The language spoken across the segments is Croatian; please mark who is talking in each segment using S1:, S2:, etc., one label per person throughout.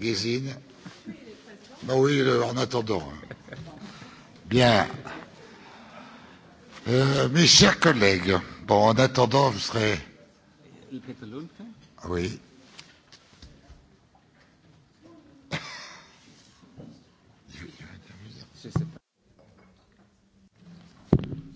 S1: Gézine. Bah oui, le, en attendant. Bien. Euh, mes chers collègues, bon, en attendant, je serai. Ah oui.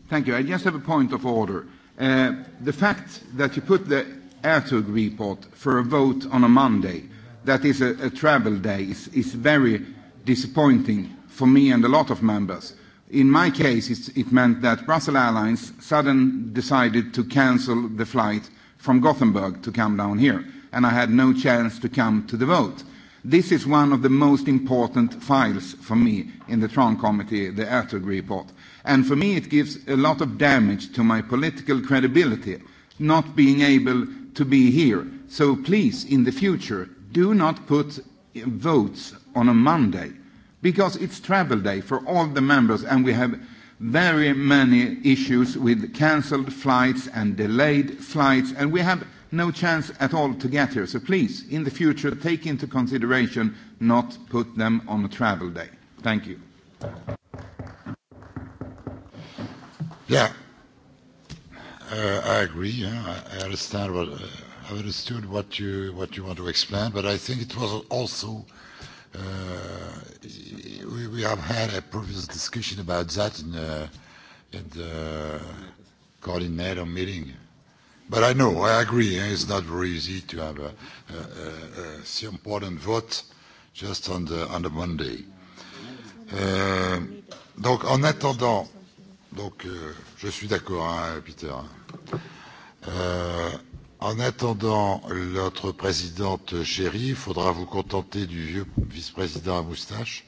S2: Thank you. I just have a point of order. Uh, the fact that you put the Ertug report for a vote on a Monday that is a, a travel day is, is very disappointing for me and a lot of members. In my case, it's, it meant that Brussels Airlines suddenly decided to cancel the flight from Gothenburg to come down here, and I had no chance to come to the vote. This is one of the most important files for me in the Tron Committee, the Ertug report. And for me, it gives a lot of damage to my political credibility, not being able to be here. So please, in the future, do not put votes on a Monday because it's travel day for all the members and we have very many issues with cancelled flights and delayed flights and we have no chance at all to get here. So please, in the future, take into consideration not put them on a travel day. Thank you. Yeah, uh, I agree.
S1: Yeah. I understand what. Uh, understood what you what you want to explain, but I think it was also uh, we, we have had a previous discussion about that in the, uh, in the coordinator meeting. But I know, I agree, eh, it's not very easy to have a, a, a, a important vote just on the, on the Monday. Euh, donc, en attendant, donc, euh, je suis d'accord, Peter. Euh, En attendant notre présidente chérie, il faudra vous contenter du vieux vice-président à moustache,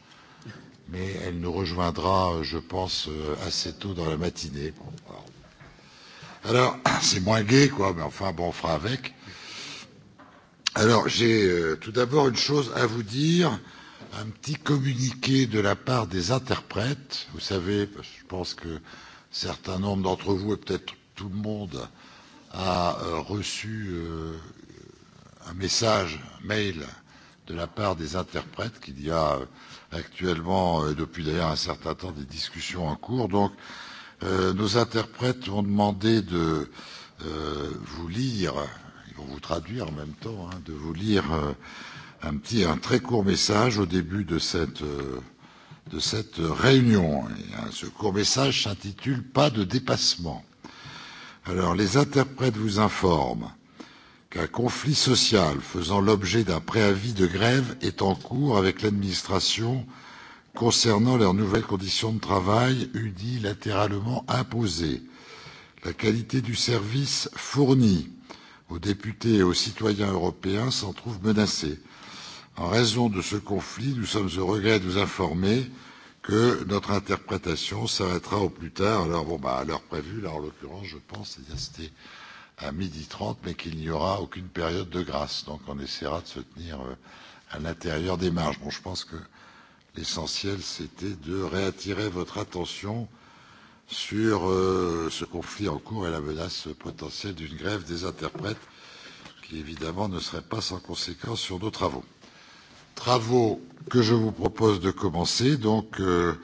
S1: mais elle nous rejoindra, je pense, euh, assez tôt dans la matinée. Alors, c'est moins gai, quoi, mais enfin, bon, on fera avec. Alors, j'ai euh, tout d'abord une chose à vous dire, un petit communiqué de la part des interprètes. Vous savez, je pense que certains nombre d'entre vous, et peut-être tout le monde, a euh, reçu euh, un message, un mail de la part des interprètes qu'il y a euh, actuellement, depuis d'ailleurs un certain temps, des discussions en cours. Donc, nos interprètes ont demandé de vous lire, ils vont vous traduire en même temps, hein, de vous lire un petit, un très court message au début de cette, de cette réunion. Et, ce court message s'intitule Pas de dépassement. Alors, les interprètes vous informent qu'un conflit social faisant l'objet d'un préavis de grève est en cours avec l'administration concernant leurs nouvelles conditions de travail unilatéralement imposées, la qualité du service fourni aux députés et aux citoyens européens s'en trouve menacée. En raison de ce conflit, nous sommes au regret de vous informer que notre interprétation s'arrêtera au plus tard, alors bon, bah, à l'heure prévue, là en l'occurrence, je pense, c'était à midi trente, mais qu'il n'y aura aucune période de grâce. Donc on essaiera de se tenir euh, à l'intérieur des marges. Bon, je pense que l'essentiel, c'était de réattirer votre attention sur euh, ce conflit en cours et la menace potentielle d'une grève des interprètes, qui évidemment ne serait pas sans conséquence sur nos travaux travaux que je vous propose de commencer. Donc, euh,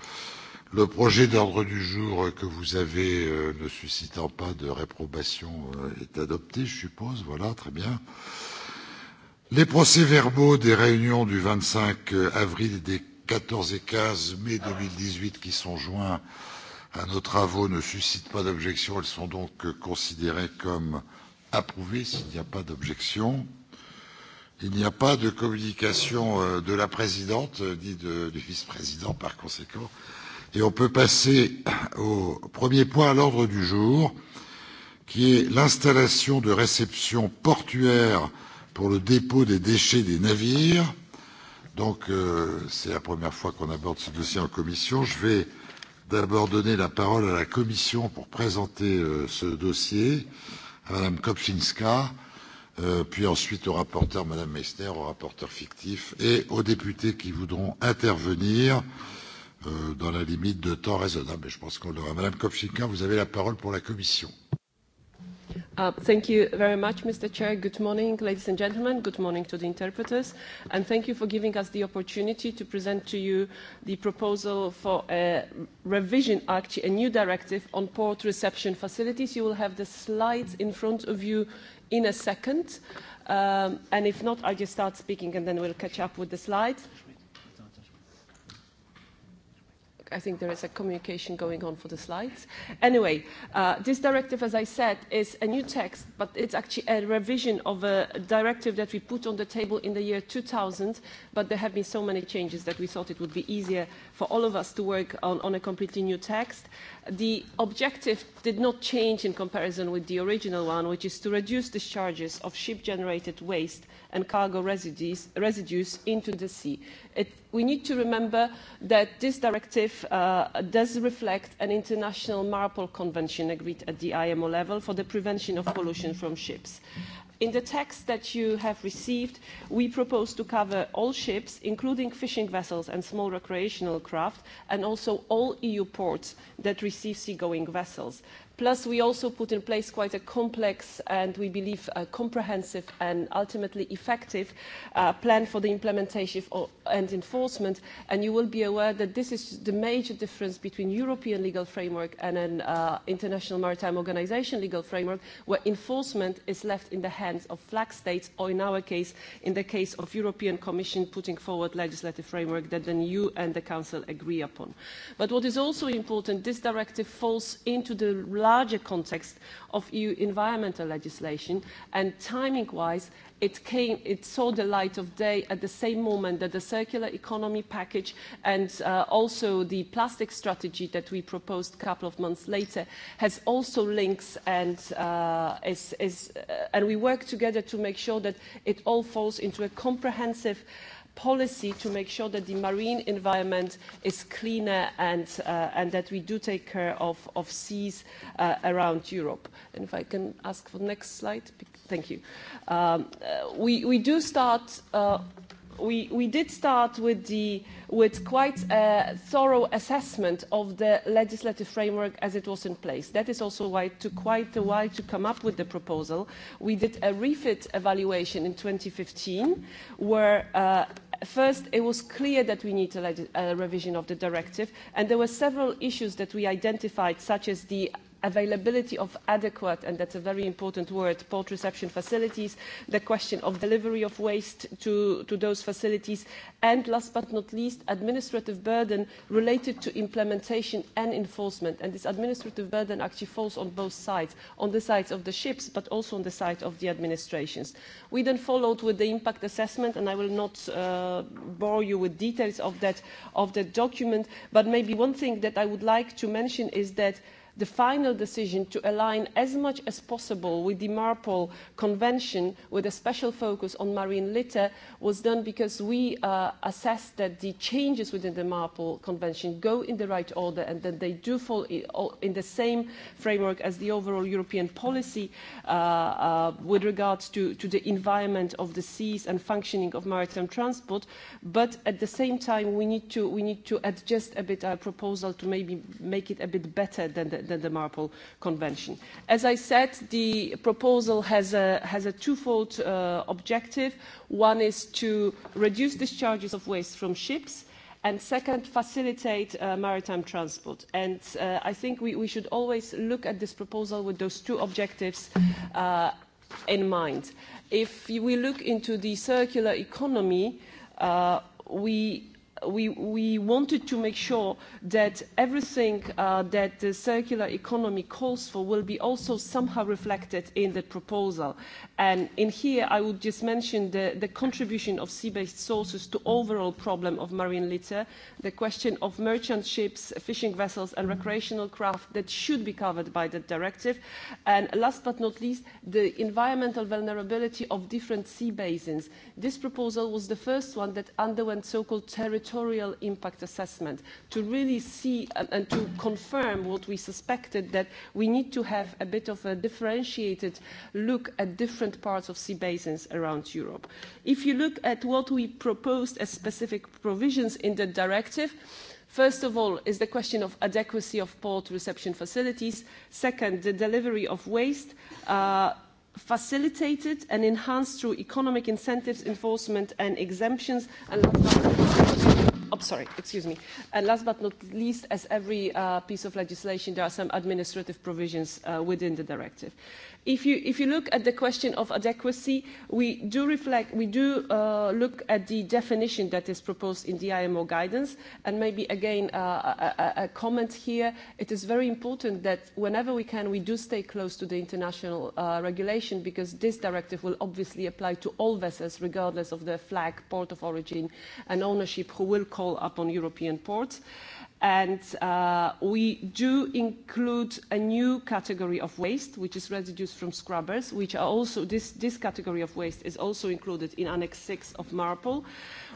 S1: le projet d'ordre du jour que vous avez euh, ne suscitant pas de réprobation euh, est adopté, je suppose. Voilà, très bien. Les procès-verbaux des réunions du 25 euh, avril et des 14 et 15 mai 2018 qui sont joints à nos travaux ne suscitent pas d'objection. Elles sont donc considérées comme approuvées s'il n'y a pas d'objection. Il n'y a pas de communication euh, de la présidente dit euh, de, du vice-président par conséquent. Et on peut passer au premier point à l'ordre du jour, qui est l'installation de réception portuaire pour le dépôt des déchets des navires. Donc, euh, c'est la première fois qu'on aborde ce dossier en commission. Je vais d'abord donner la parole à la commission pour présenter ce dossier, à Madame Kopczynska Euh, puis ensuite au rapporteur Madame Meissner, au rapporteur fictif et aux députés qui voudront intervenir euh, dans la limite de temps raisonnable. je pense qu'on l'aura. Madame Kopchinka, vous avez la parole pour la Commission.
S3: Uh, thank you very much, Mr. Chair. Good morning, ladies and gentlemen. Good morning to the interpreters. And thank you for giving us the opportunity to present to you the proposal for a revision, actually, a new directive on port reception facilities. You will have the slides in front of you in a second. Um, and if not, I'll just start speaking and then we'll catch up with the slides. I think there is a communication going on for the slides. Anyway, uh, this directive, as I said, is a new text, but it's actually a revision of a directive that we put on the table in the year 2000, but there have been so many changes that we thought it would be easier for all of us to work on, on a completely new text. The objective did not change in comparison with the original one, which is to reduce discharges of ship-generated waste and cargo residues, residues into the sea. we need to remember that this directive uh, does reflect an international MARPOL convention agreed at the IMO level for the prevention of pollution from ships. In the text that you have received, we propose to cover all ships, including fishing vessels and small recreational craft, and also all EU ports that receive seagoing vessels. Plus, we also put in place quite a complex and we believe a comprehensive and ultimately effective uh, plan for the implementation and enforcement. And you will be aware that this is the major difference between European legal framework and an uh, International Maritime Organization legal framework, where enforcement is left in the hands of flag states, or in our case, in the case of European Commission putting forward legislative framework that then you and the Council agree upon. But what is also important, this directive falls into the larger context of EU environmental legislation and timing wise it came it saw the light of day at the same moment that the circular economy package and uh, also the plastic strategy that we proposed a couple of months later has also links and uh, is, is uh, and we work together to make sure that it all falls into a comprehensive policy to make sure that the marine environment is cleaner and, uh, and that we do take care of, of seas uh, around Europe. And if I can ask for the next slide. Thank you. Um, uh, we, we do start uh, we, we did start with, the, with quite a thorough assessment of the legislative framework as it was in place. That is also why it took quite a while to come up with the proposal. We did a refit evaluation in 2015 where uh, first it was clear that we need a, a revision of the directive and there were several issues that we identified such as the availability of adequate, and that's a very important word, port reception facilities, the question of delivery of waste to, to those facilities, and last but not least, administrative burden related to implementation and enforcement. And this administrative burden actually falls on both sides, on the sides of the ships, but also on the side of the administrations. We then followed with the impact assessment, and I will not uh, bore you with details of that, of that document, but maybe one thing that I would like to mention is that the final decision to align as much as possible with the Marpol Convention with a special focus on marine litter was done because we uh, assessed that the changes within the Marpol Convention go in the right order and that they do fall in the same framework as the overall European policy uh, uh, with regards to, to the environment of the seas and functioning of maritime transport. But at the same time, we need to, we need to adjust a bit our proposal to maybe make it a bit better than the the, than the Marpol Convention. As I said, the proposal has a, has a twofold uh, objective. One is to reduce discharges of waste from ships, and second, facilitate uh, maritime transport. And uh, I think we, we should always look at this proposal with those two objectives uh, in mind. If we look into the circular economy, uh, we we, we wanted to make sure that everything uh, that the circular economy calls for will be also somehow reflected in the proposal. And in here, I would just mention the, the contribution of sea-based sources to overall problem of marine litter, the question of merchant ships, fishing vessels, and recreational craft that should be covered by the directive. And last but not least, the environmental vulnerability of different sea basins. This proposal was the first one that underwent so-called territory territorial impact assessment to really see and to confirm what we suspected that we need to have a bit of a differentiated look at different parts of sea basins around Europe. If you look at what we proposed as specific provisions in the directive, First of all is the question of adequacy of port reception facilities. Second, the delivery of waste uh, facilitated and enhanced through economic incentives, enforcement and exemptions. And last Oh, sorry, excuse me. And last but not least, as every uh, piece of legislation, there are some administrative provisions uh, within the directive. If you, if you look at the question of adequacy, we do reflect, we do uh, look at the definition that is proposed in the IMO guidance. And maybe again, uh, a, a comment here, it is very important that whenever we can, we do stay close to the international uh, regulation because this directive will obviously apply to all vessels regardless of their flag, port of origin and ownership who will call upon European ports and uh, we do include a new category of waste which is residues from scrubbers which are also this, this category of waste is also included in annex 6 of marpol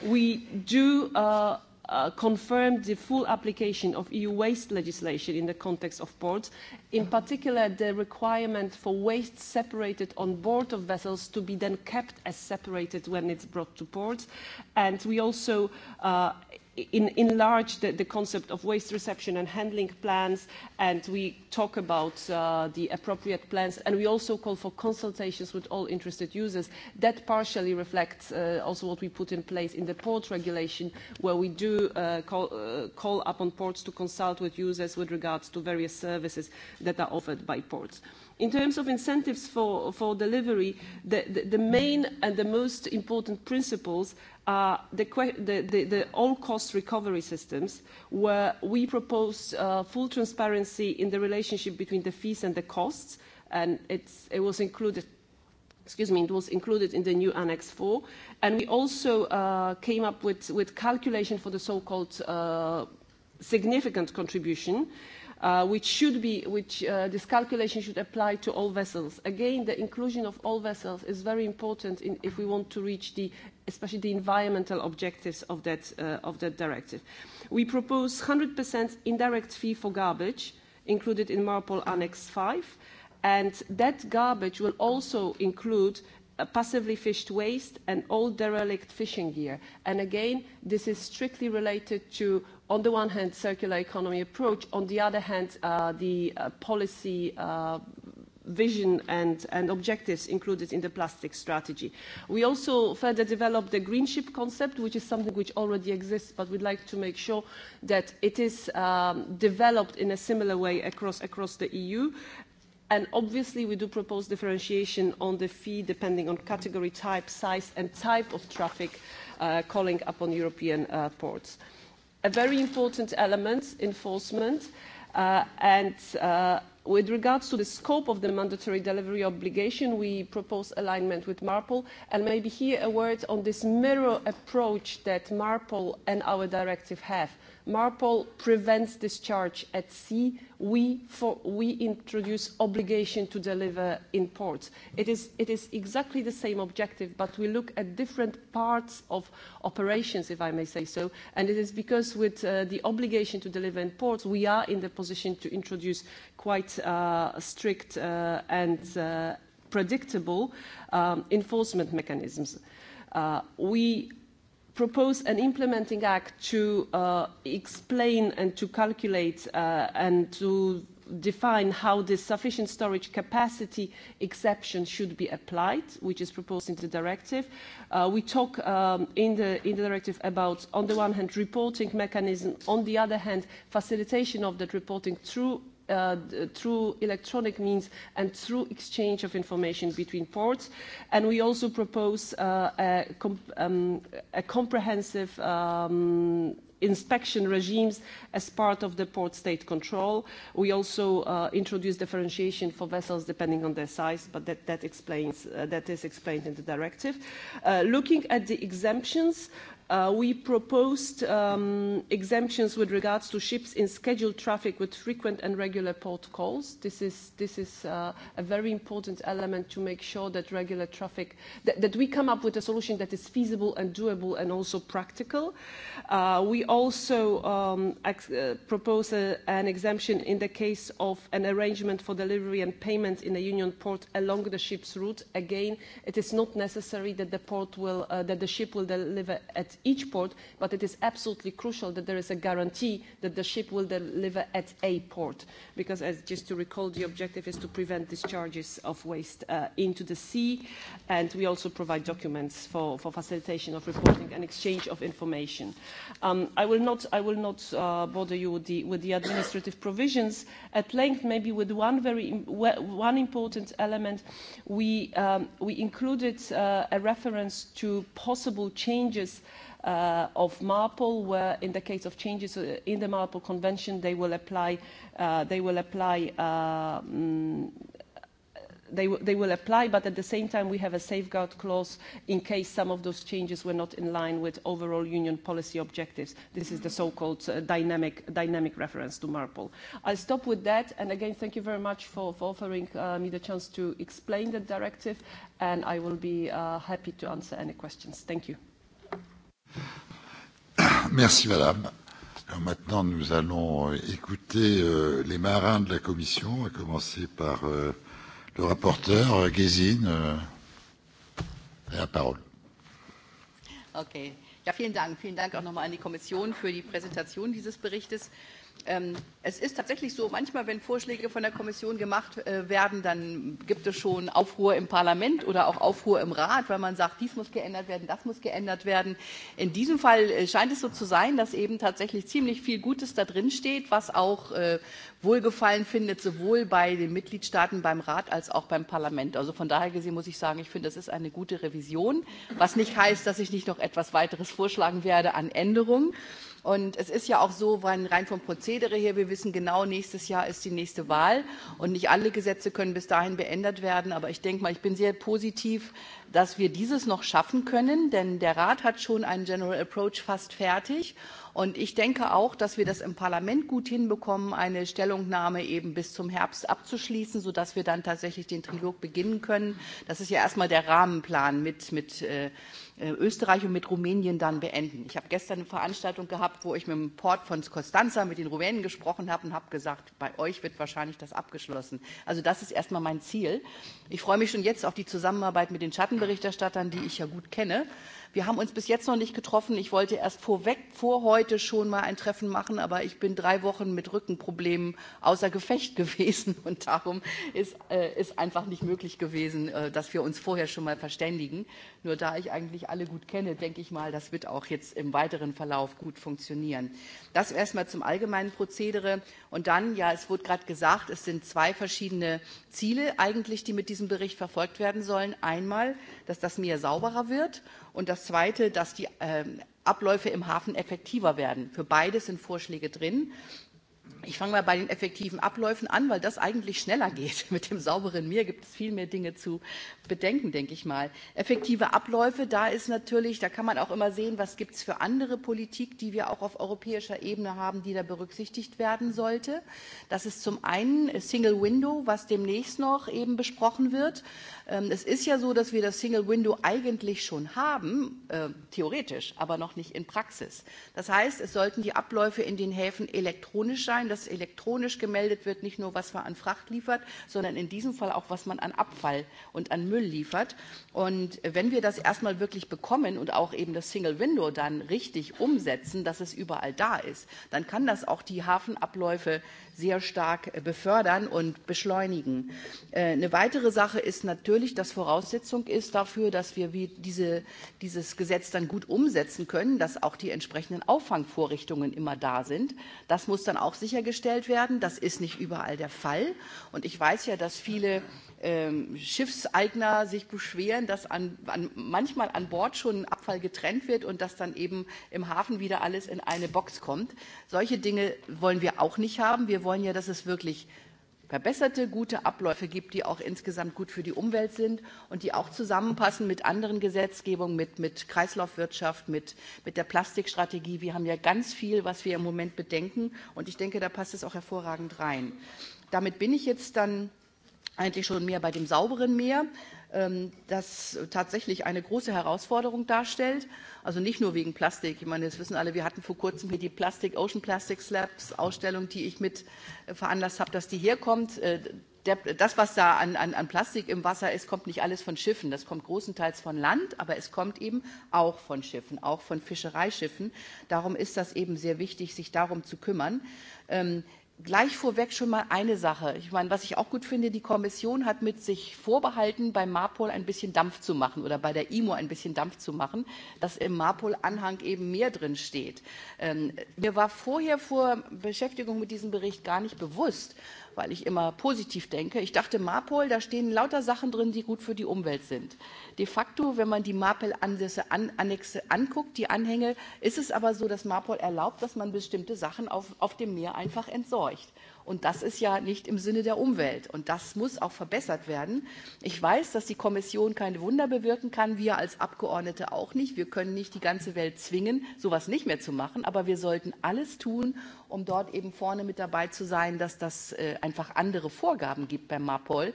S3: we do uh, uh, confirm the full application of eu waste legislation in the context of ports in particular the requirement for waste separated on board of vessels to be then kept as separated when it's brought to port and we also uh, in, enlarge the, the concept of waste reception and handling plans, and we talk about uh, the appropriate plans, and we also call for consultations with all interested users. That partially reflects uh, also what we put in place in the port regulation, where we do uh, call, call upon ports to consult with users with regards to various services that are offered by ports. In terms of incentives for, for delivery, the, the main and the most important principles Uh, the, all cost recovery systems, where we proposed uh, full transparency in the relationship between the fees and the costs, and it was included excuse me, it was included in the new Annex 4. And we also uh, came up with calculation for the so-called significant contribution, Uh, which should be, which uh, this calculation should apply to all vessels. Again, the inclusion of all vessels is very important in, if we want to reach the, especially the environmental objectives of that, uh, of that directive. We propose 100% indirect fee for garbage included in MARPOL Annex 5, and that garbage will also include uh, passively fished waste and all derelict fishing gear. And again, this is strictly related to on the one hand circular economy approach, on the other hand uh, the uh, policy uh, vision and, objectives included in the plastic strategy. We also further developed the green ship concept, which is something which already exists, but we'd like to make sure that it is um, developed in a similar way across, the EU. And obviously, we do propose differentiation on the fee depending on category type, size, and type of traffic calling upon European ports a very important element, enforcement. Uh, and uh, with regards to the scope of the mandatory delivery obligation, we propose alignment with MARPOL. And maybe here a word on this mirror approach that MARPOL and our directive have MARPOL prevents discharge at sea. We, for, we introduce obligation to deliver in ports. It is, it is exactly the same objective, but we look at different parts of operations, if I may say so. And it is because with uh, the obligation to deliver in ports, we are in the position to introduce quite uh, strict uh, and uh, predictable um, enforcement mechanisms. Uh, we propose an implementing act to uh, explain and to calculate uh, and to define how the sufficient storage capacity exception should be applied, which is proposed in the directive. Uh, we talk um, in, the, in the directive about, on the one hand, reporting mechanism, on the other hand, facilitation of that reporting through Uh, through electronic means and through exchange of information between ports. And we also propose uh, a, um, a comprehensive um, inspection regimes as part of the port state control. We also uh, introduce differentiation for vessels depending on their size, but that, that, explains, uh, that is explained in the directive. Uh, looking at the exemptions, Uh, we proposed um, exemptions with regards to ships in scheduled traffic with frequent and regular port calls. This is, this is uh, a very important element to make sure that regular traffic, that, we come up with a solution that is feasible and doable and also practical. Uh, we also um, propose an exemption in the case of an arrangement for delivery and payment in a union port along the ship's route. Again, it is not necessary that the, port will, that the ship will deliver at each port, but it is absolutely crucial that there is a guarantee that the ship will deliver at a port, because as just to recall, the objective is to prevent discharges of waste uh, into the sea, and we also provide documents for, for facilitation of reporting and exchange of information. Um, I will not, I will not uh, bother you with the, with the administrative provisions at length, maybe with one very one important element. We, um, we included uh, a reference to possible changes uh, of MARPOL, where in the case of changes uh, in the MARPOL Convention, they will apply, uh, they will apply um, they, they will apply, but at the same time we have a safeguard clause in case some of those changes were not in line with overall union policy objectives. This is the so-called dynamic, dynamic reference to MARPOL. I'll stop with that, and again, thank you very much for, offering me the chance to explain the directive, and I will be happy to answer any questions. Thank you.
S1: Merci madame. Alors maintenant, nous allons euh, écouter euh, les marins de la commission, à commencer par euh, le rapporteur, Gesine. Euh, euh la parole.
S4: Okay. Ja, vielen Dank. Vielen Dank auch nochmal an die Kommission für die Präsentation dieses Berichtes. Ähm, es ist tatsächlich so, manchmal, wenn Vorschläge von der Kommission gemacht äh, werden, dann gibt es schon Aufruhr im Parlament oder auch Aufruhr im Rat, weil man sagt, dies muss geändert werden, das muss geändert werden. In diesem Fall äh, scheint es so zu sein, dass eben tatsächlich ziemlich viel Gutes da drin steht, was auch äh, Wohlgefallen findet, sowohl bei den Mitgliedstaaten, beim Rat als auch beim Parlament. Also von daher gesehen muss ich sagen, ich finde, das ist eine gute Revision, was nicht heißt, dass ich nicht noch etwas weiteres vorschlagen werde an Änderungen. Und es ist ja auch so, rein, vom Prozedere her, wir wissen genau, nächstes Jahr ist die nächste Wahl und nicht alle Gesetze können bis dahin geändert werden. Aber ich denke mal, ich bin sehr positiv, dass wir dieses noch schaffen können, denn der Rat hat schon einen General Approach fast fertig Und ich denke auch, dass wir das im Parlament gut hinbekommen, eine Stellungnahme eben bis zum Herbst abzuschließen, sodass wir dann tatsächlich den Trilog beginnen können. Das ist ja erstmal der Rahmenplan mit, mit äh, äh, Österreich und mit Rumänien dann beenden. Ich habe gestern eine Veranstaltung gehabt, wo ich mit dem Port von Costanza mit den Rumänen gesprochen habe und habe gesagt, bei euch wird wahrscheinlich das abgeschlossen. Also das ist erstmal mein Ziel. Ich freue mich schon jetzt auf die Zusammenarbeit mit den Schattenberichterstattern, die ich ja gut kenne Wir haben uns bis jetzt noch nicht getroffen. Ich wollte erst vorweg vor heute schon mal ein Treffen machen, aber ich bin drei Wochen mit Rückenproblemen außer Gefecht gewesen und darum ist es äh, einfach nicht möglich gewesen, äh, dass wir uns vorher schon mal verständigen. Nur da ich eigentlich alle gut kenne, denke ich mal, das wird auch jetzt im weiteren Verlauf gut funktionieren. Das erstmal zum allgemeinen Prozedere. Und dann, ja, es wurde gerade gesagt, es sind zwei verschiedene Ziele eigentlich, die mit diesem Bericht verfolgt werden sollen. Einmal, dass das Meer sauberer wird und das Zweite, dass die ähm, Abläufe im Hafen effektiver werden. Für beides sind Vorschläge drin. Ich fange mal bei den effektiven Abläufen an, weil das eigentlich schneller geht. Mit dem sauberen Meer gibt es viel mehr Dinge zu bedenken, denke ich mal. Effektive Abläufe, da ist natürlich, da kann man auch immer sehen, was gibt es für andere Politik, die wir auch auf europäischer Ebene haben, die da berücksichtigt werden sollte. Das ist zum einen Single Window, was demnächst noch eben besprochen wird. Ähm, es ist ja so, dass wir das Single Window eigentlich schon haben, äh, theoretisch, aber noch nicht in Praxis. Das heißt, es sollten die Abläufe in den Häfen elektronisch sein dass elektronisch gemeldet wird, nicht nur was man an Fracht liefert, sondern in diesem Fall auch, was man an Abfall und an Müll liefert. Und wenn wir das erstmal wirklich bekommen und auch eben das Single Window dann richtig umsetzen, dass es überall da ist, dann kann das auch die Hafenabläufe sehr stark befördern und beschleunigen. Äh, eine weitere Sache ist natürlich, dass Voraussetzung ist dafür, dass wir diese, dieses Gesetz dann gut umsetzen können, dass auch die entsprechenden Auffangvorrichtungen immer da sind. Das muss dann auch sichergestellt werden. Das ist nicht überall der Fall. Und ich weiß ja, dass viele Ähm, Schiffseigner sich beschweren, dass an, an, manchmal an Bord schon Abfall getrennt wird und dass dann eben im Hafen wieder alles in eine Box kommt. Solche Dinge wollen wir auch nicht haben. Wir wollen ja, dass es wirklich verbesserte, gute Abläufe gibt, die auch insgesamt gut für die Umwelt sind und die auch zusammenpassen mit anderen Gesetzgebungen, mit, mit Kreislaufwirtschaft, mit, mit der Plastikstrategie. Wir haben ja ganz viel, was wir im Moment bedenken. Und ich denke, da passt es auch hervorragend rein. Damit bin ich jetzt dann eigentlich schon mehr bei dem sauberen Meer, ähm, das tatsächlich eine große Herausforderung darstellt. Also nicht nur wegen Plastik. Ich meine, das wissen alle, wir hatten vor kurzem hier die Plastic Ocean Plastic Slabs Ausstellung, die ich mit äh, veranlasst habe, dass die herkommt. Äh, das, was da an, an, an Plastik im Wasser ist, kommt nicht alles von Schiffen. Das kommt großenteils von Land, aber es kommt eben auch von Schiffen, auch von Fischereischiffen. Darum ist das eben sehr wichtig, sich darum zu kümmern. Ähm, gleich vorweg schon mal eine Sache. Ich meine, was ich auch gut finde, die Kommission hat mit sich vorbehalten, bei MARPOL ein bisschen Dampf zu machen oder bei der IMO ein bisschen Dampf zu machen, dass im MARPOL-Anhang eben mehr drin steht. Ähm, mir war vorher vor Beschäftigung mit diesem Bericht gar nicht bewusst, weil ich immer positiv denke. Ich dachte, Marpol, da stehen lauter Sachen drin, die gut für die Umwelt sind. De facto, wenn man die marpol ansätze an, Annexe anguckt, die Anhänge, ist es aber so, dass Marpol erlaubt, dass man bestimmte Sachen auf, auf dem Meer einfach entsorgt. Und das ist ja nicht im Sinne der Umwelt. Und das muss auch verbessert werden. Ich weiß, dass die Kommission keine Wunder bewirken kann, wir als Abgeordnete auch nicht. Wir können nicht die ganze Welt zwingen, so etwas nicht mehr zu machen. Aber wir sollten alles tun, um dort eben vorne mit dabei zu sein, dass das äh, einfach andere Vorgaben gibt beim MAPOL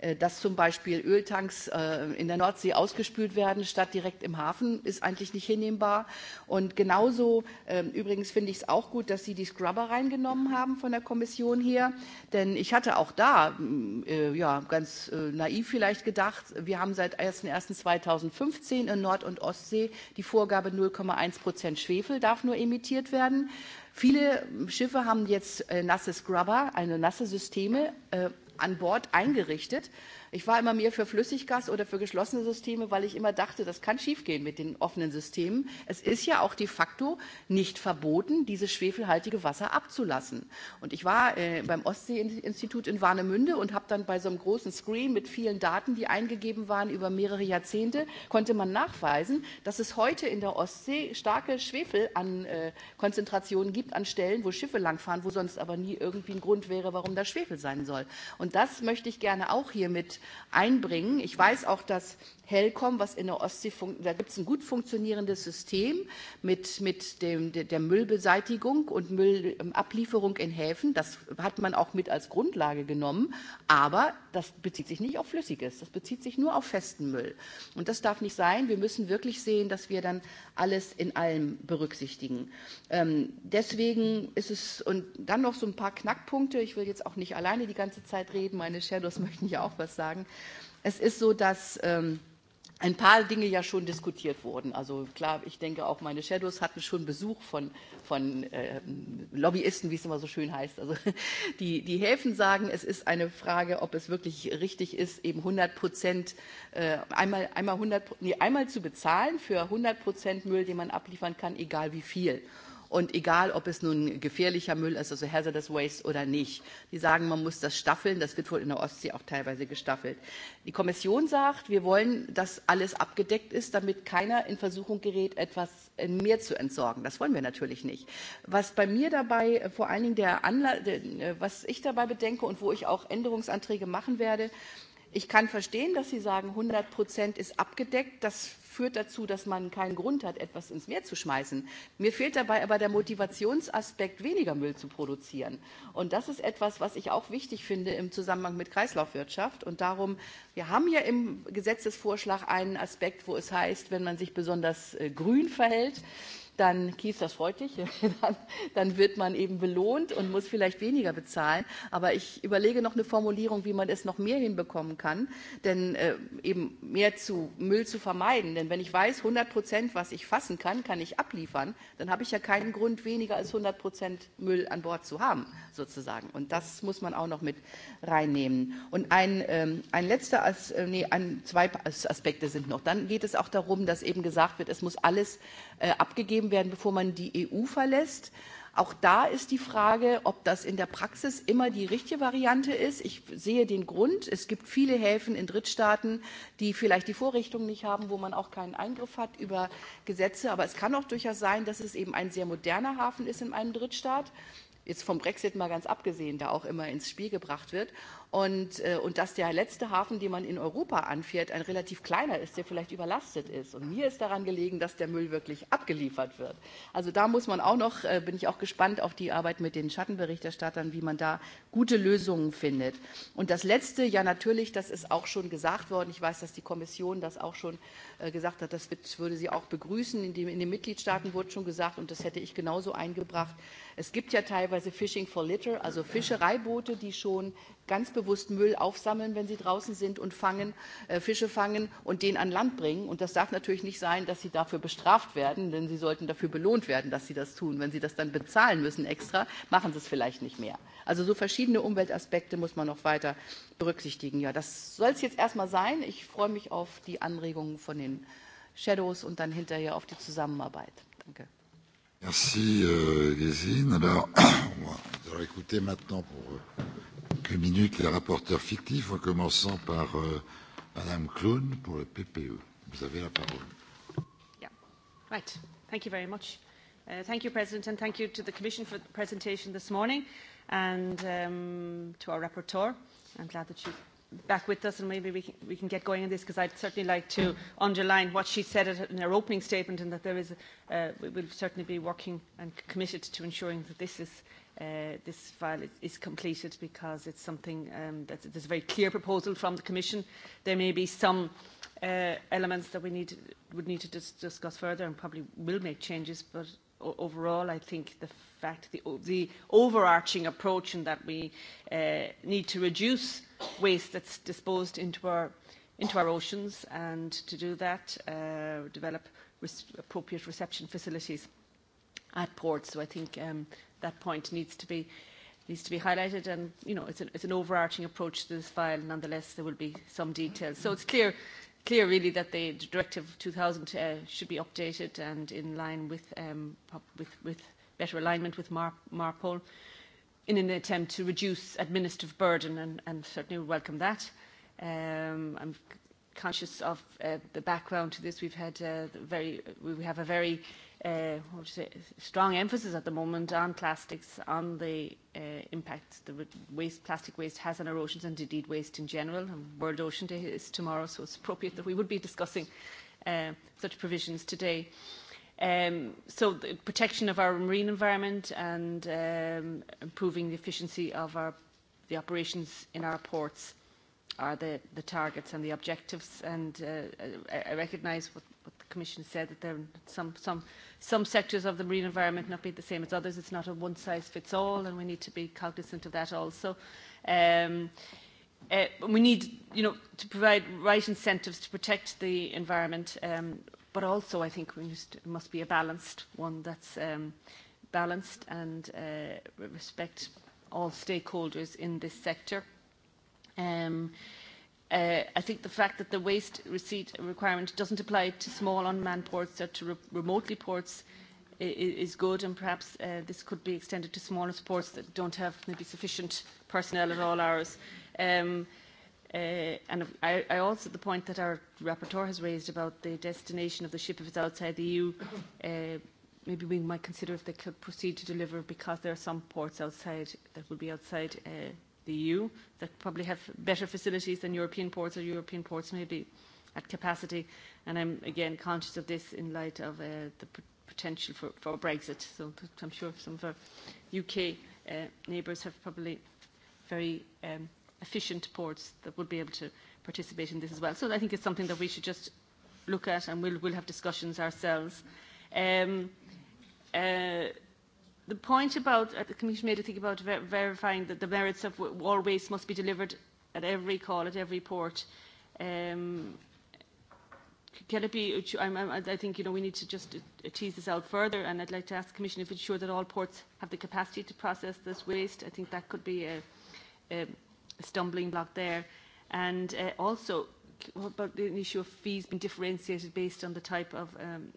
S4: Äh, dass zum Beispiel Öltanks äh, in der Nordsee ausgespült werden, statt direkt im Hafen, ist eigentlich nicht hinnehmbar. Und genauso, ähm, übrigens finde ich es auch gut, dass Sie die Scrubber reingenommen haben von der Kommission hier. Denn ich hatte auch da, mm, äh, ja, ganz naiv vielleicht gedacht, wir haben seit 1.1.2015 in Nord- und Ostsee die Vorgabe 0,1 Prozent Schwefel darf nur emittiert werden. Viele Schiffe haben jetzt nasse Scrubber, eine nasse Systeme an Bord eingerichtet. Ich war immer mehr für Flüssiggas oder für geschlossene Systeme, weil ich immer dachte, das kann schiefgehen mit den offenen Systemen. Es ist ja auch de facto nicht verboten, dieses schwefelhaltige Wasser abzulassen. Und ich war beim äh, beim Ostseeinstitut in Warnemünde und habe dann bei so einem großen Screen mit vielen Daten, die eingegeben waren über mehrere Jahrzehnte, konnte man nachweisen, dass es heute in der Ostsee starke Schwefelkonzentrationen äh, gibt an Stellen, wo Schiffe langfahren, wo sonst aber nie irgendwie ein Grund wäre, warum da Schwefel sein soll. Und das möchte ich gerne auch hier mit einbringen. ich weiß auch dass Helcom, was in der Ostsee, da gibt es ein gut funktionierendes System mit, mit dem, der Müllbeseitigung und Müllablieferung in Häfen. Das hat man auch mit als Grundlage genommen. Aber das bezieht sich nicht auf Flüssiges, das bezieht sich nur auf festen Müll. Und das darf nicht sein. Wir müssen wirklich sehen, dass wir dann alles in allem berücksichtigen. Ähm, deswegen ist es, und dann noch so ein paar Knackpunkte. Ich will jetzt auch nicht alleine die ganze Zeit reden. Meine Shadows möchten ja auch was sagen. Es ist so, dass ähm, ein paar Dinge ja schon diskutiert wurden. Also klar, ich denke auch meine Shadows hatten schon Besuch von, von ähm, Lobbyisten, wie es immer so schön heißt. Also die, die Häfen sagen, es ist eine Frage, ob es wirklich richtig ist, eben 100 Prozent, äh, einmal, einmal, 100, nee, einmal zu bezahlen für 100 Prozent Müll, den man abliefern kann, egal wie viel. Und egal, ob es nun gefährlicher Müll ist, also hazardous waste oder nicht. Die sagen, man muss das staffeln. Das wird wohl in der Ostsee auch teilweise gestaffelt. Die Kommission sagt, wir wollen, dass alles abgedeckt ist, damit keiner in Versuchung gerät, etwas mehr zu entsorgen. Das wollen wir natürlich nicht. Was bei mir dabei äh, vor allen Dingen der Anla äh, was ich dabei bedenke und wo ich auch Änderungsanträge machen werde, ich kann verstehen, dass Sie sagen, 100 Prozent ist abgedeckt. Das führt dazu, dass man keinen Grund hat, etwas ins Meer zu schmeißen. Mir fehlt dabei aber der Motivationsaspekt, weniger Müll zu produzieren. Und das ist etwas, was ich auch wichtig finde im Zusammenhang mit Kreislaufwirtschaft. Und darum, wir haben ja im Gesetzesvorschlag einen Aspekt, wo es heißt, wenn man sich besonders äh, grün verhält, dann Kies das freut dich, dann, dann wird man eben belohnt und muss vielleicht weniger bezahlen. Aber ich überlege noch eine Formulierung, wie man es noch mehr hinbekommen kann, denn äh, eben mehr zu Müll zu vermeiden. Denn wenn ich weiß, 100 Prozent, was ich fassen kann, kann ich abliefern, dann habe ich ja keinen Grund, weniger als 100 Prozent Müll an Bord zu haben, sozusagen. Und das muss man auch noch mit reinnehmen. Und ein, ähm, ein letzter, As äh, nee, ein, zwei Aspekte sind noch. Dann geht es auch darum, dass eben gesagt wird, es muss alles Äh, abgegeben werden, bevor man die EU verlässt. Auch da ist die Frage, ob das in der Praxis immer die richtige Variante ist. Ich sehe den Grund. Es gibt viele Häfen in Drittstaaten, die vielleicht die Vorrichtung nicht haben, wo man auch keinen Eingriff hat über Gesetze. Aber es kann auch durchaus sein, dass es eben ein sehr moderner Hafen ist in einem Drittstaat jetzt vom Brexit mal ganz abgesehen, da auch immer ins Spiel gebracht wird. Und, äh, und dass der letzte Hafen, den man in Europa anfährt, ein relativ kleiner ist, der vielleicht überlastet ist. Und mir ist daran gelegen, dass der Müll wirklich abgeliefert wird. Also da muss man auch noch, äh, bin ich auch gespannt auf die Arbeit mit den Schattenberichterstattern, wie man da gute Lösungen findet. Und das Letzte, ja natürlich, das ist auch schon gesagt worden. Ich weiß, dass die Kommission das auch schon äh, gesagt hat. Das würde sie auch begrüßen. In, dem, in den Mitgliedstaaten wurde schon gesagt, und das hätte ich genauso eingebracht, Es gibt ja teilweise Fishing for Litter, also Fischereiboote, die schon ganz bewusst Müll aufsammeln, wenn sie draußen sind und fangen, äh, Fische fangen und den an Land bringen. Und das darf natürlich nicht sein, dass sie dafür bestraft werden, denn sie sollten dafür belohnt werden, dass sie das tun. Wenn sie das dann bezahlen müssen extra, machen sie es vielleicht nicht mehr. Also so verschiedene Umweltaspekte muss man noch weiter berücksichtigen. Ja, das soll es jetzt erstmal sein. Ich freue mich auf die Anregungen von den Shadows und dann hinterher auf die Zusammenarbeit. Danke.
S1: Merci, euh, Gézine. Alors, on va écouter maintenant pour euh, quelques minutes les rapporteurs fictifs, en commençant par euh, Madame Clown pour le PPE. Vous avez la parole.
S5: Yeah. Right. Thank you very much. Uh, thank you, President, and thank you to the Commission for the presentation this morning and um, to our rapporteur. I'm glad that she's back with us and maybe we can, we can get going on this because I'd certainly like to underline what she said in her opening statement and that there is, uh, we will certainly be working and committed to ensuring that this is uh, this file is, is completed because it's something um, that there's a very clear proposal from the Commission. There may be some uh, elements that we need, would need to dis discuss further and probably will make changes, but overall, I think the fact the, the overarching approach in that we uh, need to reduce waste that's disposed into our, into our oceans and to do that, uh, develop res appropriate reception facilities at ports. So I think um, that point needs to be needs to be highlighted and you know it's an, it's an overarching approach to this file nonetheless there will be some details so it's clear clear really that the directive 2000 uh, should be updated and in line with um, with, with better alignment with Mar Marpol in an attempt to reduce administrative burden and, and certainly welcome that. Um, I'm conscious of uh, the background to this. We've had uh, very we have a very uh, strong emphasis at the moment on plastics, on the uh, impact the waste, plastic waste has on erosions and indeed waste in general. World Ocean Day is tomorrow, so it's appropriate that we would be discussing uh, such provisions today. Um, so the protection of our marine environment and um, improving the efficiency of our, the operations in our ports are the, the targets and the objectives. And uh, I, I recognise what, what Commission said that there some, some, some sectors of the marine environment not be the same as others. It's not a one-size-fits-all, and we need to be cognizant of that also. Um, uh, we need, you know, to provide right incentives to protect the environment, um, but also I think we must, must be a balanced one that's um, balanced and uh, respect all stakeholders in this sector. Um, Uh, I think the fact that the waste receipt requirement doesn't apply to small unmanned ports or to re remotely ports is good and perhaps uh, this could be extended to smaller ports that don't have maybe sufficient personnel at all hours. Um, uh, and I, I also, the point that our rapporteur has raised about the destination of the ship if it's outside the EU, uh, maybe we might consider if they could proceed to deliver because there are some ports outside that would be outside uh, the EU that probably have better facilities than European ports or European ports maybe at capacity. And I'm again conscious of this in light of uh, the p potential for, for Brexit. So I'm sure some of our UK uh, neighbours have probably very um, efficient ports that would be able to participate in this as well. So I think it's something that we should just look at and we'll, we'll have discussions ourselves. Um, uh, the point about, uh, the Commission made a thing about ver verifying that the merits of all waste must be delivered at every call, at every port. Um, can it be, uh, I'm, I think, you know, we need to just uh, tease this out further, and I'd like to ask the Commission if it's sure that all ports have the capacity to process this waste. I think that could be a, a stumbling block there. And uh, also, what about the issue of fees being differentiated based on the type of um,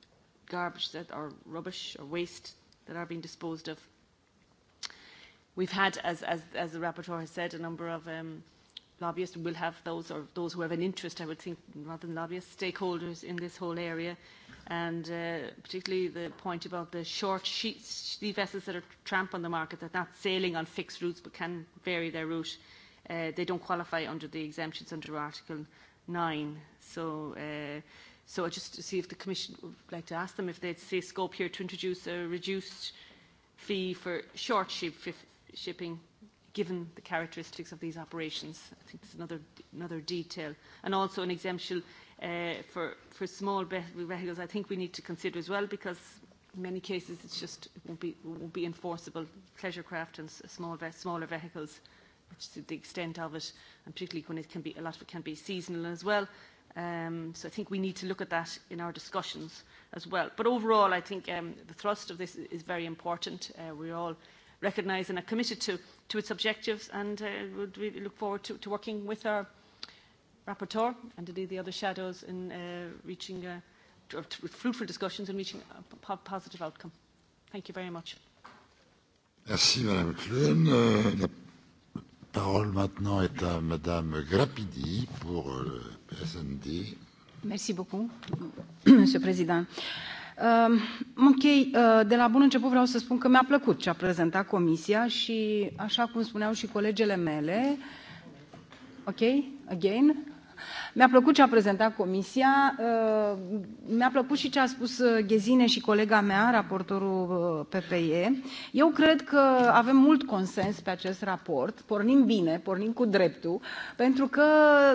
S5: garbage that, or rubbish or waste that are being disposed of. We've had, as, as, as the rapporteur has said, a number of um, lobbyists will have those, or those who have an interest, I would think, rather than lobbyists, stakeholders in this whole area. And uh, particularly the point about the short sheets, the vessels that are tramp on the market, that are not sailing on fixed routes but can vary their route, uh, they don't qualify under the exemptions under Article 9. So uh, So I just to see if the Commission would like to ask them if they'd see scope here to introduce a reduced fee for short ship shipping given the characteristics of these operations. I think there's another, another detail. And also an exemption uh, for, for small vehicles I think we need to consider as well because in many cases it's just it won't be, it won't be enforceable. Pleasure craft and small, smaller vehicles, which is the extent of it, and particularly when it can be, a lot of it can be seasonal as well. Um, so I think we need to look at that in our discussions as well. But overall, I think um, the thrust of this is very important. Uh, we all recognise and are committed to, to its objectives and uh, would really look forward to, to working with our rapporteur and indeed the other shadows in uh, reaching uh, fruitful discussions and reaching a positive outcome. Thank you very much.
S1: Merci Madame Clune. Euh, la parole maintenant est à Madame Grappidi pour euh, prezenti.
S6: Merci beaucoup, Monsieur Président. ok, ehm, eh, de la bun început vreau să spun că mi-a plăcut ce a prezentat Comisia și, așa cum spuneau și colegele mele, ok, again, mi-a plăcut ce a prezentat Comisia, uh, mi-a plăcut și ce a spus uh, Ghezine și colega mea, raportorul uh, PPE. Eu cred că avem mult consens pe acest raport, pornim bine, pornim cu dreptul, pentru că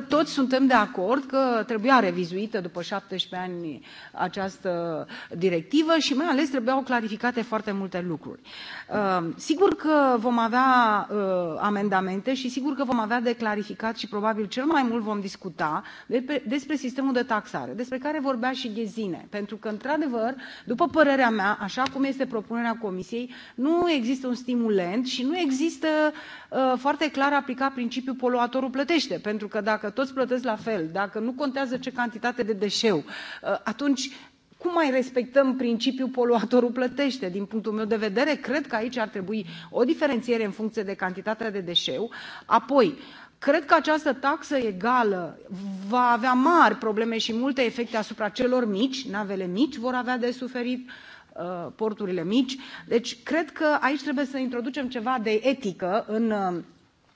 S6: toți suntem de acord că trebuia revizuită după 17 ani această directivă și mai ales trebuiau clarificate foarte multe lucruri. Sigur că vom avea amendamente și sigur că vom avea de clarificat și probabil cel mai mult vom discuta discuta despre sistemul de taxare, despre care vorbea și Ghezine. Pentru că, într-adevăr, după părerea mea, așa cum este propunerea Comisiei, nu există un stimulent și nu există foarte clar aplicat principiul poluatorul plătește. Pentru că dacă toți plătesc la fel, dacă nu contează ce cantitate de deșeu, uh, atunci cum mai respectăm principiul poluatorul plătește? Din punctul meu de vedere, cred că aici ar trebui o diferențiere în funcție de cantitatea de deșeu. Apoi, Cred că această taxă egală va avea mari probleme și multe efecte asupra celor mici, navele mici vor avea de suferit, uh, porturile mici. Deci, cred că aici trebuie să introducem ceva de etică în uh,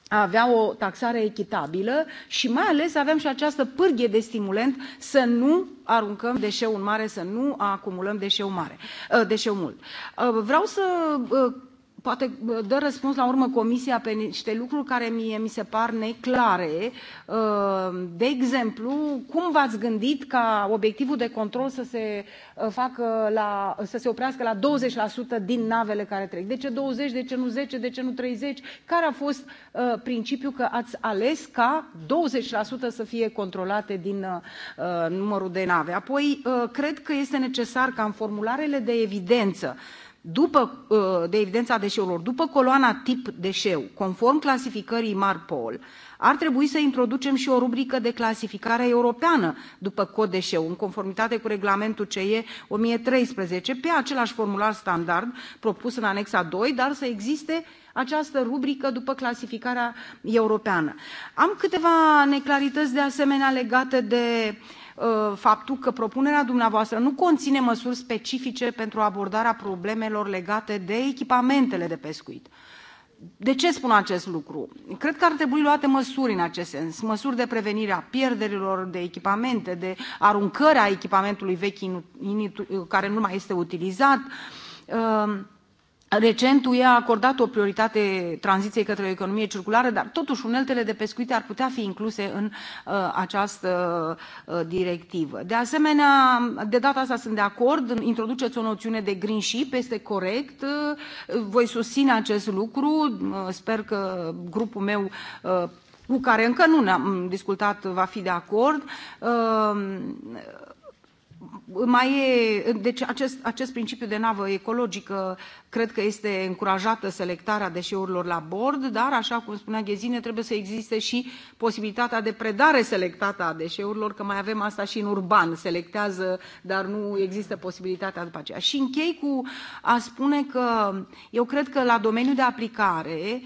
S6: a avea o taxare echitabilă și mai ales avem și această pârghie de stimulent să nu aruncăm deșeul mare, să nu acumulăm deșeul mare, uh, deșeul mult. Vreau să poate dă răspuns la urmă Comisia pe niște lucruri care mie mi se par neclare. De exemplu, cum v-ați gândit ca obiectivul de control să se, facă la, să se oprească la 20% din navele care trec? De ce 20, de ce nu 10, de ce nu 30? Care a fost principiul că ați ales ca 20% să fie controlate din numărul de nave? Apoi, cred că este necesar ca în formularele de evidență după, uh, de evidența deșeurilor după coloana tip deșeu, conform clasificării MARPOL, ar trebui să introducem și o rubrică de clasificare europeană după cod deșeu, în conformitate cu regulamentul e CE 1013, pe același formular standard propus în anexa 2, dar să existe această rubrică după clasificarea europeană. Am câteva neclarități de asemenea legate de Uh, faptul că propunerea dumneavoastră nu conține măsuri specifice pentru abordarea problemelor legate de echipamentele de pescuit. De ce spun acest lucru? Cred că ar trebui luate măsuri în acest sens, măsuri de prevenire a pierderilor de echipamente, de aruncarea echipamentului vechi care nu mai este utilizat, uh, recent ue a acordat o prioritate tranziției către o economie circulară dar totuși uneltele de pescuit ar putea fi incluse în uh, această uh, directivă. de asemenea de data asta sunt de acord introduceți o noțiune de green ship este corect uh, voi susține acest lucru uh, sper că grupul meu uh, cu care încă nu ne am discutat va fi de acord mai e, deci acest, acest principiu de navă ecologică cred că este încurajată selectarea deșeurilor la bord, dar, așa cum spunea Ghezine, trebuie să existe și posibilitatea de predare selectată a deșeurilor, că mai avem asta și în urban, selectează, dar nu există posibilitatea după aceea. Și închei cu a spune că eu cred că la domeniul de aplicare,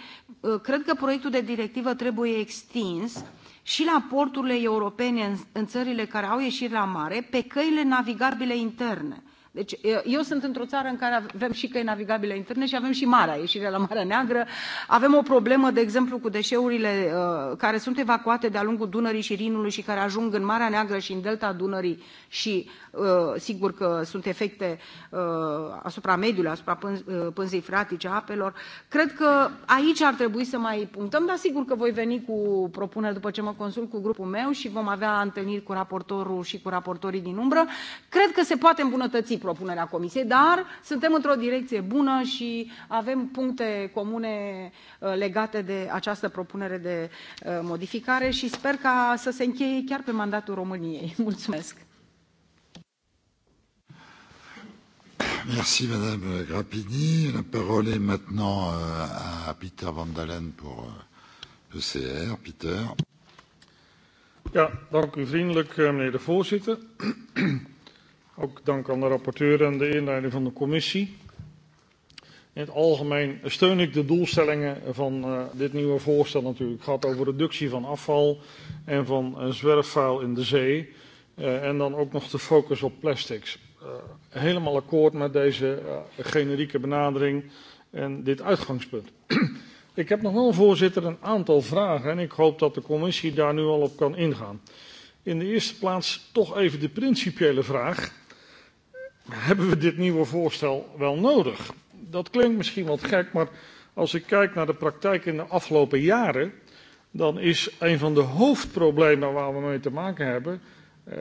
S6: cred că proiectul de directivă trebuie extins și la porturile europene în țările care au ieșiri la mare pe căile navigabile interne Deci e, eu sunt într-o țară în care avem și căi navigabile interne și avem și marea, ieșirea la Marea Neagră. Avem o problemă, de exemplu, cu deșeurile e, care sunt evacuate de-a lungul Dunării și Rinului și care ajung în Marea Neagră și în delta Dunării și e, sigur că sunt efecte asupra mediului, asupra pânzei fratice, apelor. Cred că aici ar trebui să mai punctăm, dar sigur că voi veni cu propuneri după ce mă consult cu grupul meu și vom avea întâlniri cu raportorul și cu raportorii din umbră. Cred că se poate îmbunătăți propunerea comisiei, dar suntem într-o direcție bună și avem puncte comune uh, legate de această propunere de uh, modificare și sper ca să se încheie chiar pe mandatul României. Mulțumesc!
S1: Merci Madame Grappini. La parole est maintenant euh, à Peter Van Dalen pour ECR. Euh, e Peter.
S7: Ja, dank u vriendelijk euh, meneer de voorzitter. Ook dank aan de rapporteur en de inleiding van de commissie. In het algemeen steun ik de doelstellingen van uh, dit nieuwe voorstel natuurlijk. Het gaat over reductie van afval en van uh, zwerfvuil in de zee. Uh, en dan ook nog de focus op plastics. Eh, helemaal akkoord met deze generieke benadering en dit uitgangspunt. ik heb nog wel, voorzitter, een aantal vragen en ik hoop dat de commissie daar nu al op kan ingaan. In de eerste plaats toch even de principiële vraag hebben we dit nieuwe voorstel wel nodig? Dat klinkt misschien wat gek, maar als ik kijk naar de praktijk in de afgelopen jaren, dan is een van de hoofdproblemen waar we mee te maken hebben eh,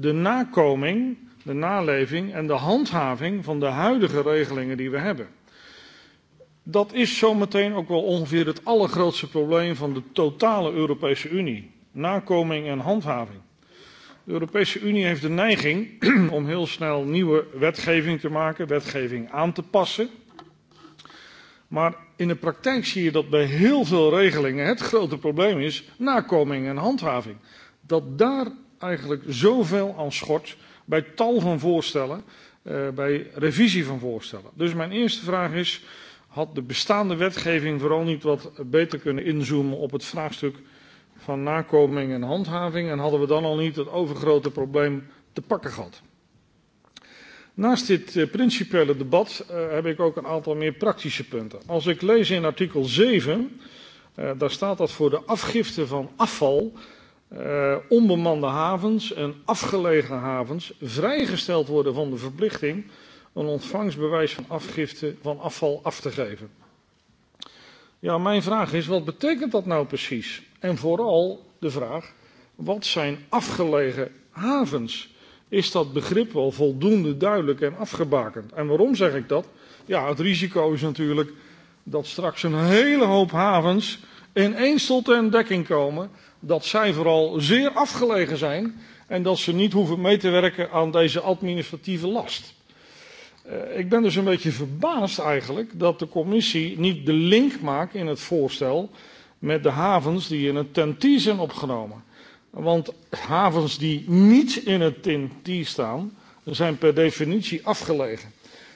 S7: de nakoming, de naleving en de handhaving van de huidige regelingen die we hebben. Dat is zometeen ook wel ongeveer het allergrootste probleem van de totale Europese Unie. Nakoming en handhaving. De Europese Unie heeft de neiging om heel snel nieuwe wetgeving te maken, wetgeving aan te passen. Maar in de praktijk zie je dat bij heel veel regelingen het grote probleem is nakoming en handhaving. Dat daar eigenlijk zoveel aan schort bij tal van voorstellen, eh, bij revisie van voorstellen. Dus mijn eerste vraag is, had de bestaande wetgeving vooral niet wat beter kunnen inzoomen op het vraagstuk van nakoming en handhaving en hadden we dan al niet het overgrote probleem te pakken gehad. Naast dit eh, principiële debat eh, heb ik ook een aantal meer praktische punten. Als ik lees in artikel 7, eh, daar staat dat voor de afgifte van afval onbemande havens en afgelegen havens vrijgesteld worden van de verplichting een ontvangsbewijs van afgifte van afval af te geven. Ja, mijn vraag is, wat betekent dat nou precies? En vooral de vraag, wat zijn afgelegen havens? Is dat begrip wel voldoende duidelijk en afgebakend? En waarom zeg ik dat? Ja, het risico is natuurlijk dat straks een hele hoop havens ineens tot de dekking komen. Dat zij vooral zeer afgelegen zijn en dat ze niet hoeven mee te werken aan deze administratieve last. Eh, ik ben dus een beetje verbaasd eigenlijk dat de commissie niet de link maakt in het voorstel met de havens die in het ten zijn opgenomen. Want havens die niet in het ten staan, zijn per definitie afgelegen.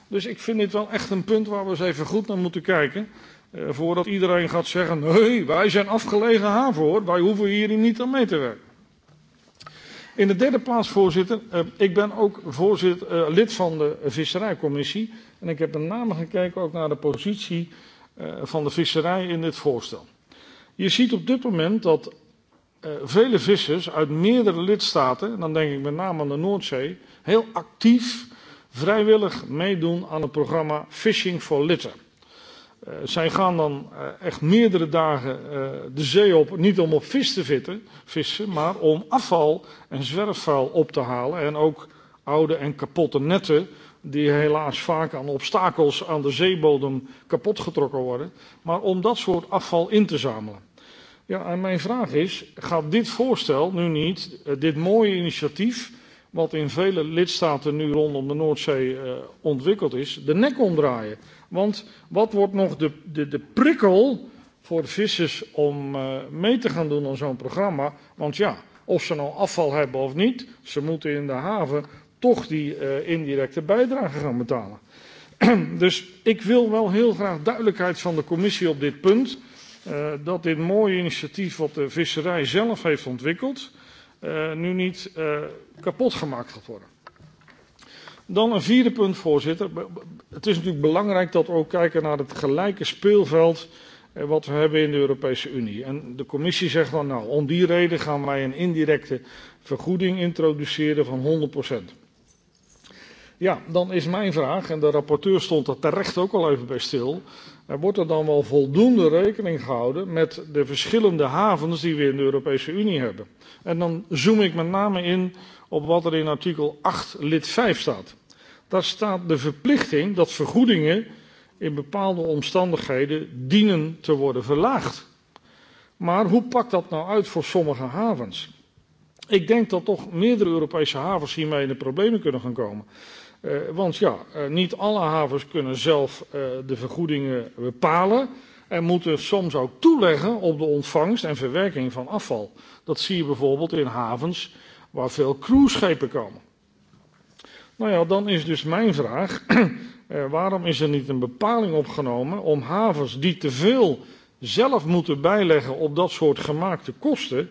S7: Dus ik vind dit wel echt een punt waar we eens even goed naar moeten kijken. Eh, voordat iedereen gaat zeggen, nee, wij zijn afgelegen haven hoor, wij hoeven hier niet aan mee te werken. In de derde plaats, voorzitter, eh, ik ben ook voorzitter, eh, lid van de visserijcommissie. En ik heb met name gekeken ook naar de positie eh, van de visserij in dit voorstel. Je ziet op dit moment dat uh, vele vissers uit meerdere lidstaten, en dan denk ik met name aan de Noordzee, heel actief vrijwillig meedoen aan het programma Fishing for Litter. Uh, zij gaan dan uh, echt meerdere dagen de zee op, niet om op vis te vitten, vissen, maar om afval en zwerfvuil op te halen en ook oude en kapotte netten die helaas vaak aan obstakels aan de zeebodem kapot getrokken worden, maar om dat soort afval in te zamelen. Ja, en mijn vraag is, gaat dit voorstel nu niet, eh, dit mooie initiatief, wat in vele lidstaten nu rondom de Noordzee uh, ontwikkeld is, de nek omdraaien? Want wat wordt nog de, de, de prikkel voor de vissers om uh, mee te gaan doen aan zo'n programma? Want ja, of ze nou afval hebben of niet, ze moeten in de haven toch die uh, indirecte bijdrage gaan betalen. dus ik wil wel heel graag duidelijkheid van de commissie op dit punt. Uh, dat dit mooie initiatief wat de visserij zelf heeft ontwikkeld, uh, nu niet uh, kapot gemaakt gaat worden. Dan een vierde punt, voorzitter. Het is natuurlijk belangrijk dat we ook kijken naar het gelijke speelveld wat we hebben in de Europese Unie. En de commissie zegt dan, nou, om die reden gaan wij een indirecte vergoeding introduceren van 100%. Ja, dan is mijn vraag, en de rapporteur stond er terecht ook al even bij stil. Er wordt er dan wel voldoende rekening gehouden met de verschillende havens die we in de Europese Unie hebben? En dan zoom ik met name in op wat er in artikel 8 lid 5 staat. Daar staat de verplichting dat vergoedingen in bepaalde omstandigheden dienen te worden verlaagd. Maar hoe pakt dat nou uit voor sommige havens? Ik denk dat toch meerdere Europese havens hiermee in de problemen kunnen gaan komen. Eh, want ja, eh, niet alle havens kunnen zelf eh, de vergoedingen bepalen en moeten soms ook toeleggen op de ontvangst en verwerking van afval. Dat zie je bijvoorbeeld in havens waar veel cruiseschepen komen. Nou ja, dan is dus mijn vraag, waarom is er niet een bepaling opgenomen om havens die te veel zelf moeten bijleggen op dat soort gemaakte kosten,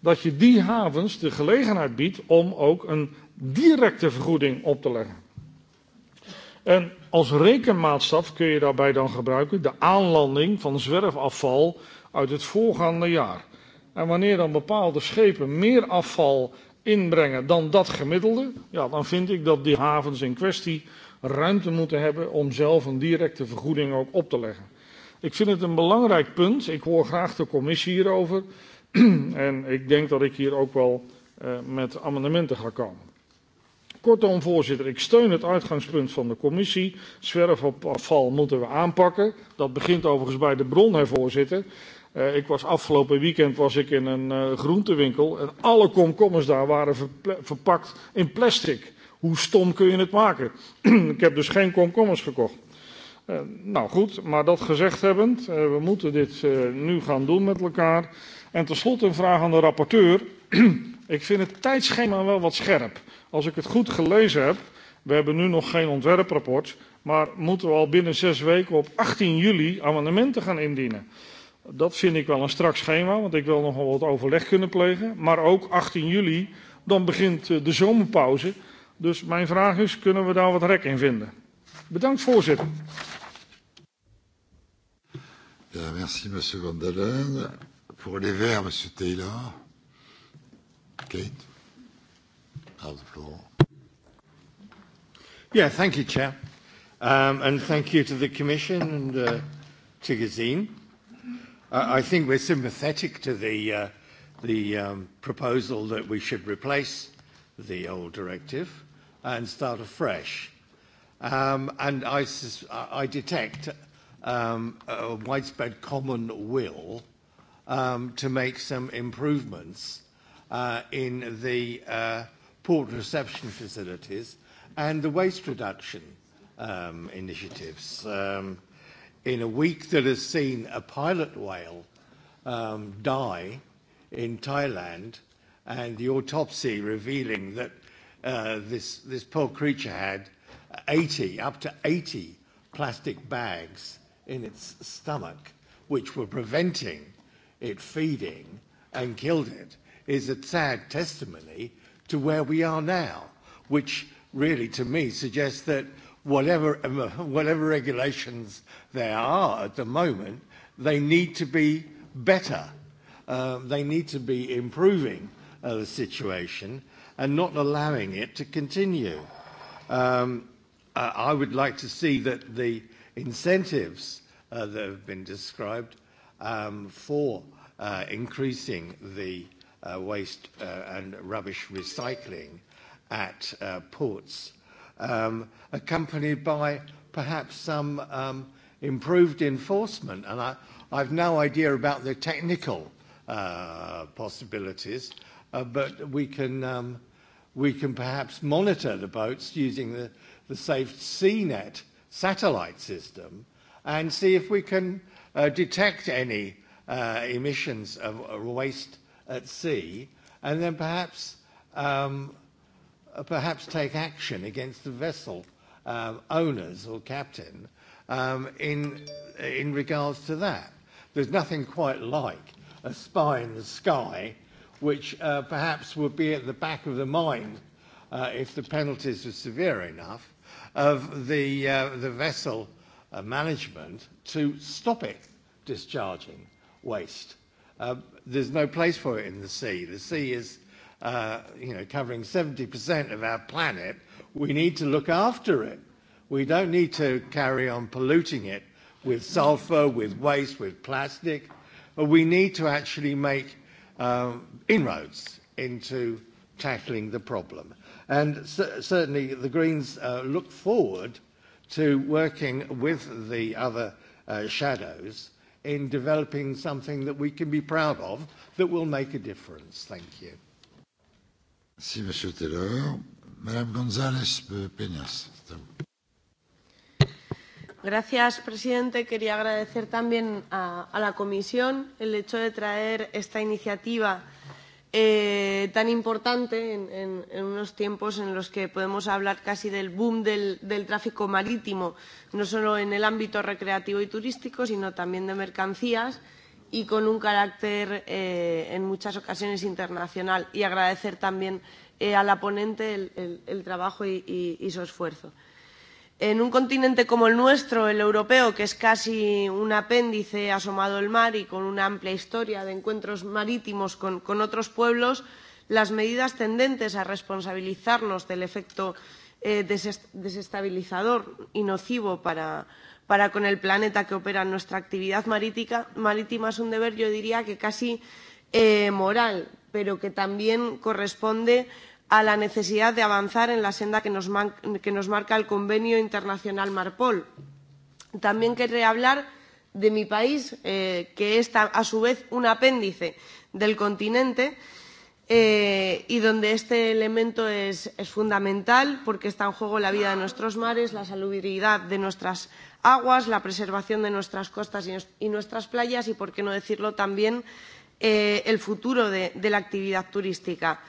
S7: dat je die havens de gelegenheid biedt om ook een directe vergoeding op te leggen. En als rekenmaatstaf kun je daarbij dan gebruiken de aanlanding van zwerfafval uit het voorgaande jaar. En wanneer dan bepaalde schepen meer afval inbrengen dan dat gemiddelde, ja, dan vind ik dat die havens in kwestie ruimte moeten hebben om zelf een directe vergoeding ook op te leggen. Ik vind het een belangrijk punt. Ik hoor graag de commissie hierover. en ik denk dat ik hier ook wel eh, met amendementen ga komen. Kortom, voorzitter, ik steun het uitgangspunt van de commissie. Zwerfafval moeten we aanpakken. Dat begint overigens bij de bron, hè, voorzitter. Eh, ik was afgelopen weekend was ik in een uh, groentewinkel en alle komkommers daar waren verpakt in plastic. Hoe stom kun je het maken? ik heb dus geen komkommers gekocht. Uh, nou goed, maar dat gezegd hebbend, we moeten dit nu gaan doen met elkaar. En tenslotte een vraag aan de rapporteur. Ik vind het tijdschema wel wat scherp. Als ik het goed gelezen heb, we hebben nu nog geen ontwerprapport, maar moeten we al binnen zes weken op 18 juli amendementen gaan indienen. Dat vind ik wel een strak schema, want ik wil nogal wat overleg kunnen plegen. Maar ook 18 juli, dan begint eh, de zomerpauze. Dus mijn vraag is, kunnen we daar wat rek in vinden? Bedankt, voorzitter.
S1: merci, monsieur Van Pour les Taylor. Kate, have the floor.
S8: Yeah, thank you, Chair. Um, and thank you to the Commission and uh, to Gazine. Uh, I think we're sympathetic to the, uh, the um, proposal that we should replace the old directive and start afresh. Um, and I, I detect um, a widespread common will um, to make some improvements uh, in the uh, port reception facilities and the waste reduction um, initiatives. Um, in a week that has seen a pilot whale um, die in Thailand and the autopsy revealing that uh, this, this poor creature had 80, up to 80 plastic bags in its stomach, which were preventing it feeding and killed it is a sad testimony to where we are now, which really to me suggests that whatever, whatever regulations there are at the moment, they need to be better. Um, they need to be improving uh, the situation and not allowing it to continue. Um, I would like to see that the incentives uh, that have been described um, for uh, increasing the Uh, waste uh, and rubbish recycling at uh, ports, um, accompanied by perhaps some um, improved enforcement. And I, I've no idea about the technical uh, possibilities, uh, but we can, um, we can perhaps monitor the boats using the, the safe CNET satellite system and see if we can uh, detect any uh, emissions of waste at sea, and then perhaps um, uh, perhaps take action against the vessel uh owners or captain um, in in regards to that. There's nothing quite like a spy in the sky, which uh, perhaps would be at the back of the mind uh, if the penalties were severe enough of the uh, the vessel uh, management to stop it discharging waste. Uh, there's no place for it in the sea. The sea is, uh, you know, covering 70% of our planet. We need to look after it. We don't need to carry on polluting it with sulfur, with waste, with plastic. We need to actually make um, inroads into tackling the problem. And certainly the Greens uh, look forward to working with the other uh, shadows in developing something that we can be proud of that will make a difference. Thank you.
S1: Merci, Monsieur Taylor. Madame González Peñas.
S8: Gracias,
S9: presidente. Quería agradecer también a, a la Comisión el hecho de traer esta iniciativa eh, tan importante en, en, en unos tiempos en los que podemos hablar casi del boom del, del tráfico marítimo, no solo en el ámbito recreativo y turístico, sino también de mercancías y con un carácter eh, en muchas ocasiones internacional. Y agradecer también eh, a la ponente el, el, el trabajo y, y, y su esfuerzo. En un continente como el nuestro, el europeo, que es casi un apéndice asomado al mar y con una amplia historia de encuentros marítimos con, con otros pueblos, las medidas tendentes a responsabilizarnos del efecto eh, desestabilizador y nocivo para, para con el planeta que opera nuestra actividad marítica, marítima es un deber, yo diría que casi eh, moral, pero que también corresponde a la necesidad de avanzar en la senda que nos, que nos marca el Convenio Internacional Marpol. También querré hablar de mi país, eh, que es a su vez un apéndice del continente eh, y donde este elemento es, es fundamental porque está en juego la vida de nuestros mares, la salubridad de nuestras aguas, la preservación de nuestras costas y, y nuestras playas y, por qué no decirlo, también eh, el futuro de, de la actividad turística.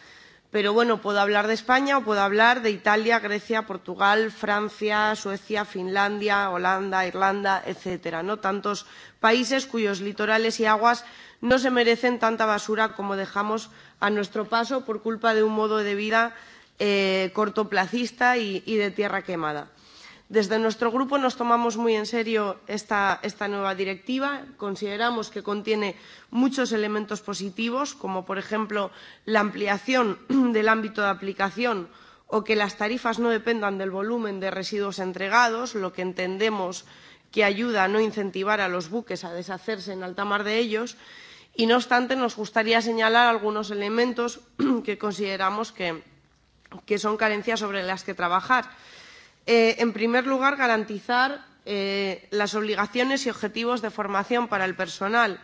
S9: Pero bueno, puedo hablar de España o puedo hablar de Italia, Grecia, Portugal, Francia, Suecia, Finlandia, Holanda, Irlanda, etcétera, ¿no? Tantos países cuyos litorales y aguas no se merecen tanta basura como dejamos a nuestro paso por culpa de un modo de vida eh, cortoplacista y, y de tierra quemada. Desde nuestro grupo nos tomamos muy en serio esta, esta nueva directiva. Consideramos que contiene muchos elementos positivos, como por ejemplo la ampliación del ámbito de aplicación o que las tarifas no dependan del volumen de residuos entregados, lo que entendemos que ayuda a no incentivar a los buques a deshacerse en alta mar de ellos. Y no obstante, nos gustaría señalar algunos elementos que consideramos que, que son carencias sobre las que trabajar Eh, en primer lugar, garantizar eh, las obligaciones y objetivos de formación para el personal,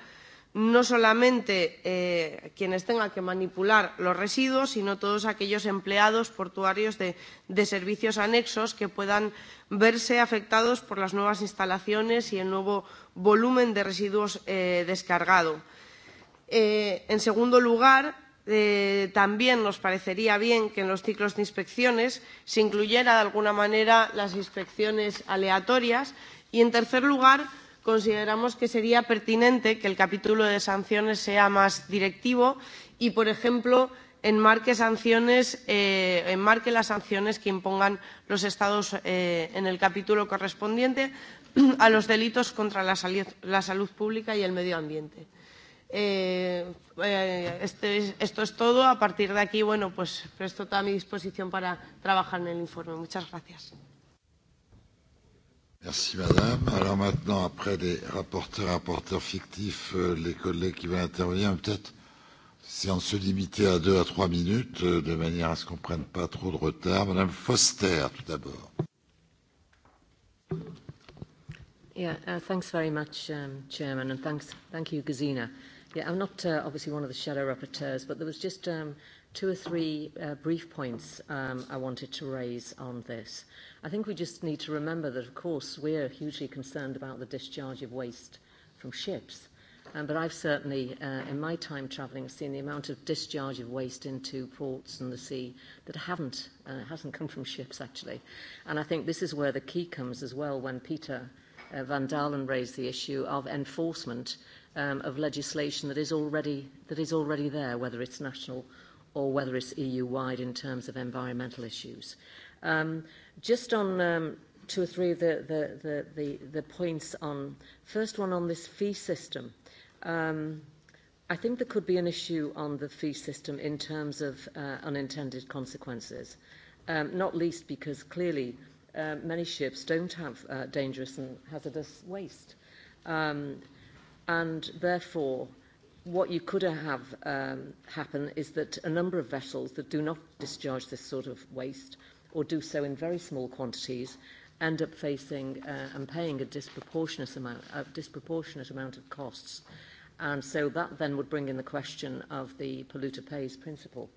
S9: no solamente eh, quienes tengan que manipular los residuos, sino todos aquellos empleados portuarios de, de servicios anexos que puedan verse afectados por las nuevas instalaciones y el nuevo volumen de residuos eh, descargado. Eh, en segundo lugar, Eh, también nos parecería bien que en los ciclos de inspecciones se incluyera de alguna manera las inspecciones aleatorias y, en tercer lugar, consideramos que sería pertinente que el capítulo de sanciones sea más directivo y, por ejemplo, enmarque, sanciones, eh, enmarque las sanciones que impongan los Estados eh, en el capítulo correspondiente a los delitos contra la, la salud pública y el medio ambiente. Eh, eh, esto, es, esto es todo. A partir de aquí, bueno, pues presto toda mi disposición para trabajar en el informe. Muchas gracias.
S1: Merci Madame. Alors maintenant, après les rapporteurs, rapporteurs fictifs, euh, les collègues qui veulent intervenir, peut-être si on se limitait à deux à trois minutes, euh, de manière à ce qu'on ne prenne pas trop de retard. Madame Foster, tout d'abord.
S10: Yeah, uh, thanks very much, um, Chairman, and thanks, thank you, Gazina. Yeah, I'm not uh, obviously one of the shadow rapporteurs, but there was just um, two or three uh, brief points um, I wanted to raise on this. I think we just need to remember that, of course, we're hugely concerned about the discharge of waste from ships. Um, but I've certainly, uh, in my time travelling, seen the amount of discharge of waste into ports and the sea that haven't, uh, hasn't come from ships, actually. And I think this is where the key comes as well when Peter uh, Van Dalen raised the issue of enforcement um, of legislation that is already that is already there, whether it's national or whether it's EU-wide in terms of environmental issues. Um, just on um, two or three of the, the, the, the, the points on, first one on this fee system. Um, I think there could be an issue on the fee system in terms of uh, unintended consequences, um, not least because clearly uh, many ships don't have uh, dangerous and hazardous waste. Um, and therefore what you could have um, happen is that a number of vessels that do not discharge this sort of waste or do so in very small quantities end up facing uh, and paying a disproportionate amount, a disproportionate amount of costs. And so that then would bring in the question of the polluter pays principle.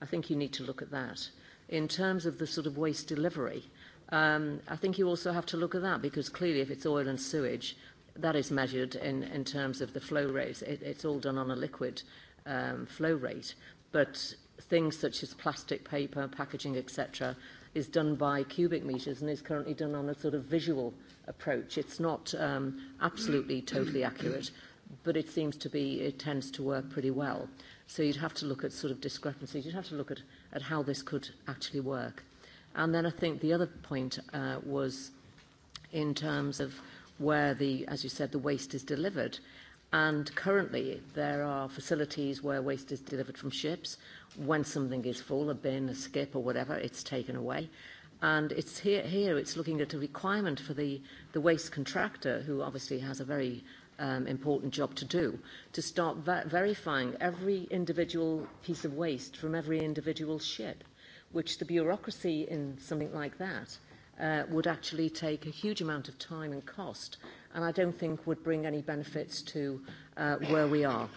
S10: I think you need to look at that. In terms of the sort of waste delivery, um, I think you also have to look at that because clearly if it's oil and sewage, that is measured in, in terms of the flow rate. It, it's all done on a liquid um, flow rate. But things such as plastic, paper, packaging, etc., is done by cubic meters and is currently done on a sort of visual approach. It's not um, absolutely totally accurate, but it seems to be, it tends to work pretty well. So you'd have to look at sort of discrepancies. You'd have to look at, at how this could actually work. And then I think the other point uh, was in terms of where the, as you said, the waste is delivered. And currently, there are facilities where waste is delivered from ships. When something is full, a bin, a skip, or whatever, it's taken away. And it's here, here it's looking at a requirement for the, the waste contractor, who obviously has a very um, important job to do, to start ver verifying every individual piece of waste from every individual ship, which the bureaucracy in something like that uh, would actually take a huge amount of time and cost, and I don't think would bring any benefits to uh, where we are.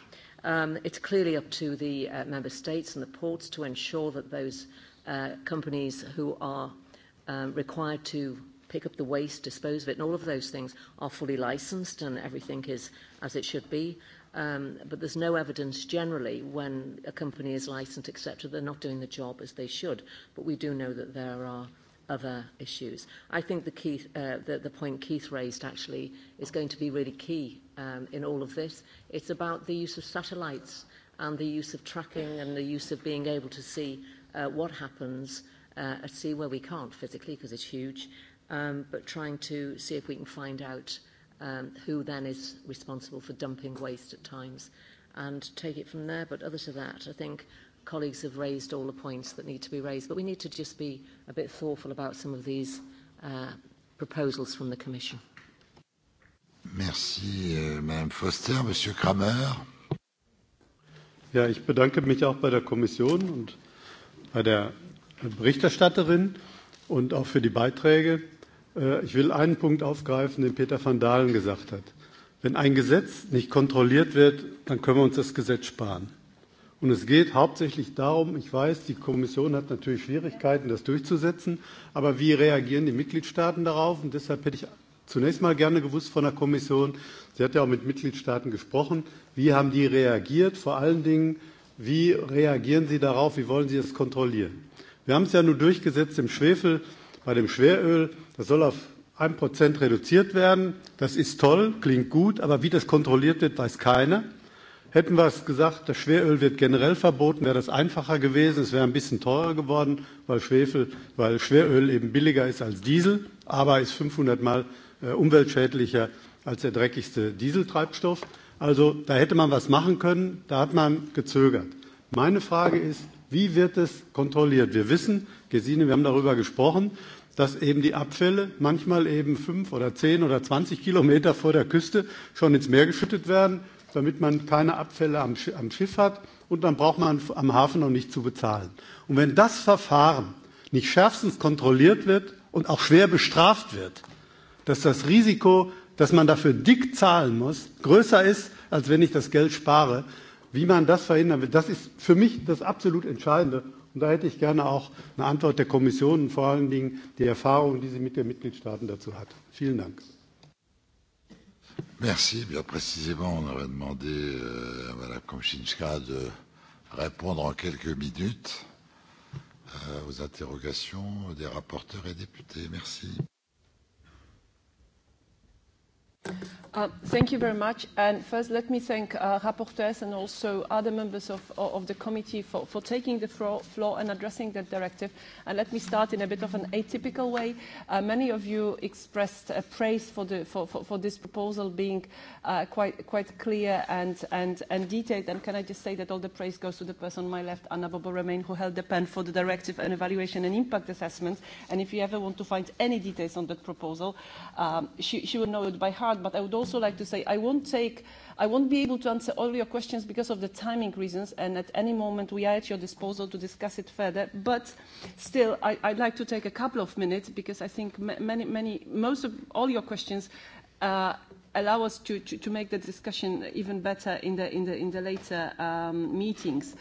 S10: Um, it's clearly up to the uh, member states and the ports to ensure that those uh, companies who are um, required to pick up the waste, dispose of it, and all of those things are fully licensed and everything is as it should be. Um, but there's no evidence generally when a company is licensed, etc., they're not doing the job as they should. But we do know that there are other issues. I think the, key, uh, the, the point Keith raised actually is going to be really key um, in all of this. It's about the use of satellites and the use of tracking and the use of being able to see uh, what happens uh, at sea where we can't physically because it's huge, um, but trying to see if we can find out um, who then is responsible for dumping waste at times and take it from there. But other to that, I think colleagues have raised all the points that need to be raised, but we need to just be a bit thoughtful about some of these uh, proposals from the Commission.
S1: Merci, euh, Madame Foster. Monsieur Kramer.
S11: Ja, ich bedanke mich auch bei der Kommission und bei der Berichterstatterin und auch für die Beiträge. Äh, ich will einen Punkt aufgreifen, den Peter van Dalen gesagt hat. Wenn ein Gesetz nicht kontrolliert wird, dann können wir uns das Gesetz sparen. Und es geht hauptsächlich darum, ich weiß, die Kommission hat natürlich Schwierigkeiten, das durchzusetzen, aber wie reagieren die Mitgliedstaaten darauf? Und deshalb hätte ich zunächst mal gerne gewusst von der Kommission, sie hat ja auch mit Mitgliedstaaten gesprochen, wie haben die reagiert? Vor allen Dingen, wie reagieren sie darauf? Wie wollen sie es kontrollieren? Wir haben es ja nur durchgesetzt im Schwefel, bei dem Schweröl, das soll auf 1% reduziert werden. Das ist toll, klingt gut, aber wie das kontrolliert wird, weiß keiner. Hätten wir es gesagt, das Schweröl wird generell verboten, wäre das einfacher gewesen. Es wäre ein bisschen teurer geworden, weil, Schwefel, weil Schweröl eben billiger ist als Diesel, aber ist 500 Mal äh, umweltschädlicher als der dreckigste Dieseltreibstoff. Also da hätte man was machen können, da hat man gezögert. Meine Frage ist, wie wird es kontrolliert? Wir wissen, Gesine, wir haben darüber gesprochen, dass eben die Abfälle manchmal eben fünf oder zehn oder zwanzig Kilometer vor der Küste schon ins Meer geschüttet werden damit man keine Abfälle am, am Schiff hat und dann braucht man am Hafen noch nicht zu bezahlen. Und wenn das Verfahren nicht schärfstens kontrolliert wird und auch schwer bestraft wird, dass das Risiko, dass man dafür dick zahlen muss, größer ist, als wenn ich das Geld spare, wie man das verhindern will, das ist für mich das absolut Entscheidende. Und da hätte ich gerne auch eine Antwort der Kommission und vor allen Dingen die Erfahrung, die sie mit den Mitgliedstaaten dazu hat. Vielen Dank.
S1: Merci. Eh bien précisément, on aurait demandé euh, à Mme Komchinska de répondre en quelques minutes euh, aux interrogations des rapporteurs et députés. Merci.
S3: Uh, thank you very much. And first, let me thank uh, rapporteurs and also other members of, of the committee for, for taking the floor, and addressing the directive. And let me start in a bit of an atypical way. Uh, many of you expressed praise for, the, for, for, this proposal being quite, quite clear and, and, and detailed. And can I just say that all the praise goes to the person on my left, Anna Bobo Remain, who held the pen for the directive and evaluation and impact assessment. And if you ever want to find any details on that proposal, um, she, she would know it by heart. But I would also also like to say I won't take I won't be able to answer all your questions because of the timing reasons, and at any moment we are at your disposal to discuss it further. But still, I, I'd like to take a couple of minutes because I think many, many, most of all your questions uh, allow us to, to, to make the discussion even better in the, in the, in the later um, meetings.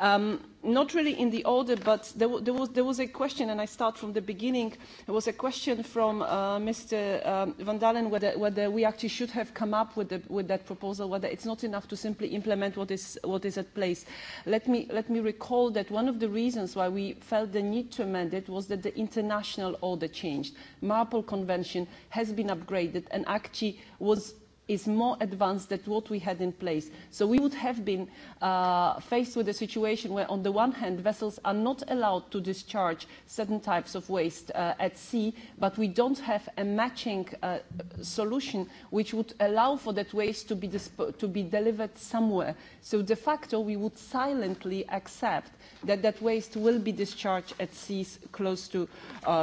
S3: Um, not really in the order, but there, there, was, there was a question, and I start from the beginning. There was a question from uh, Mr. Vandalen um, Van Dalen whether, we actually should have come up with, with that proposal, whether it's not enough to simply implement what is, what is at place. Let me, let me recall that one of the reasons why we felt the need to amend it was that the international order changed. MARPOL Convention has been upgraded and actually was is more advanced than what we had in place. So we would have been uh, faced with a situation where, on the one hand, vessels are not allowed to discharge certain types of waste uh, at sea, but we don't have a matching uh, solution which would allow for that waste to be, to be delivered somewhere. So de facto, we would silently accept that that waste will be discharged at seas close to,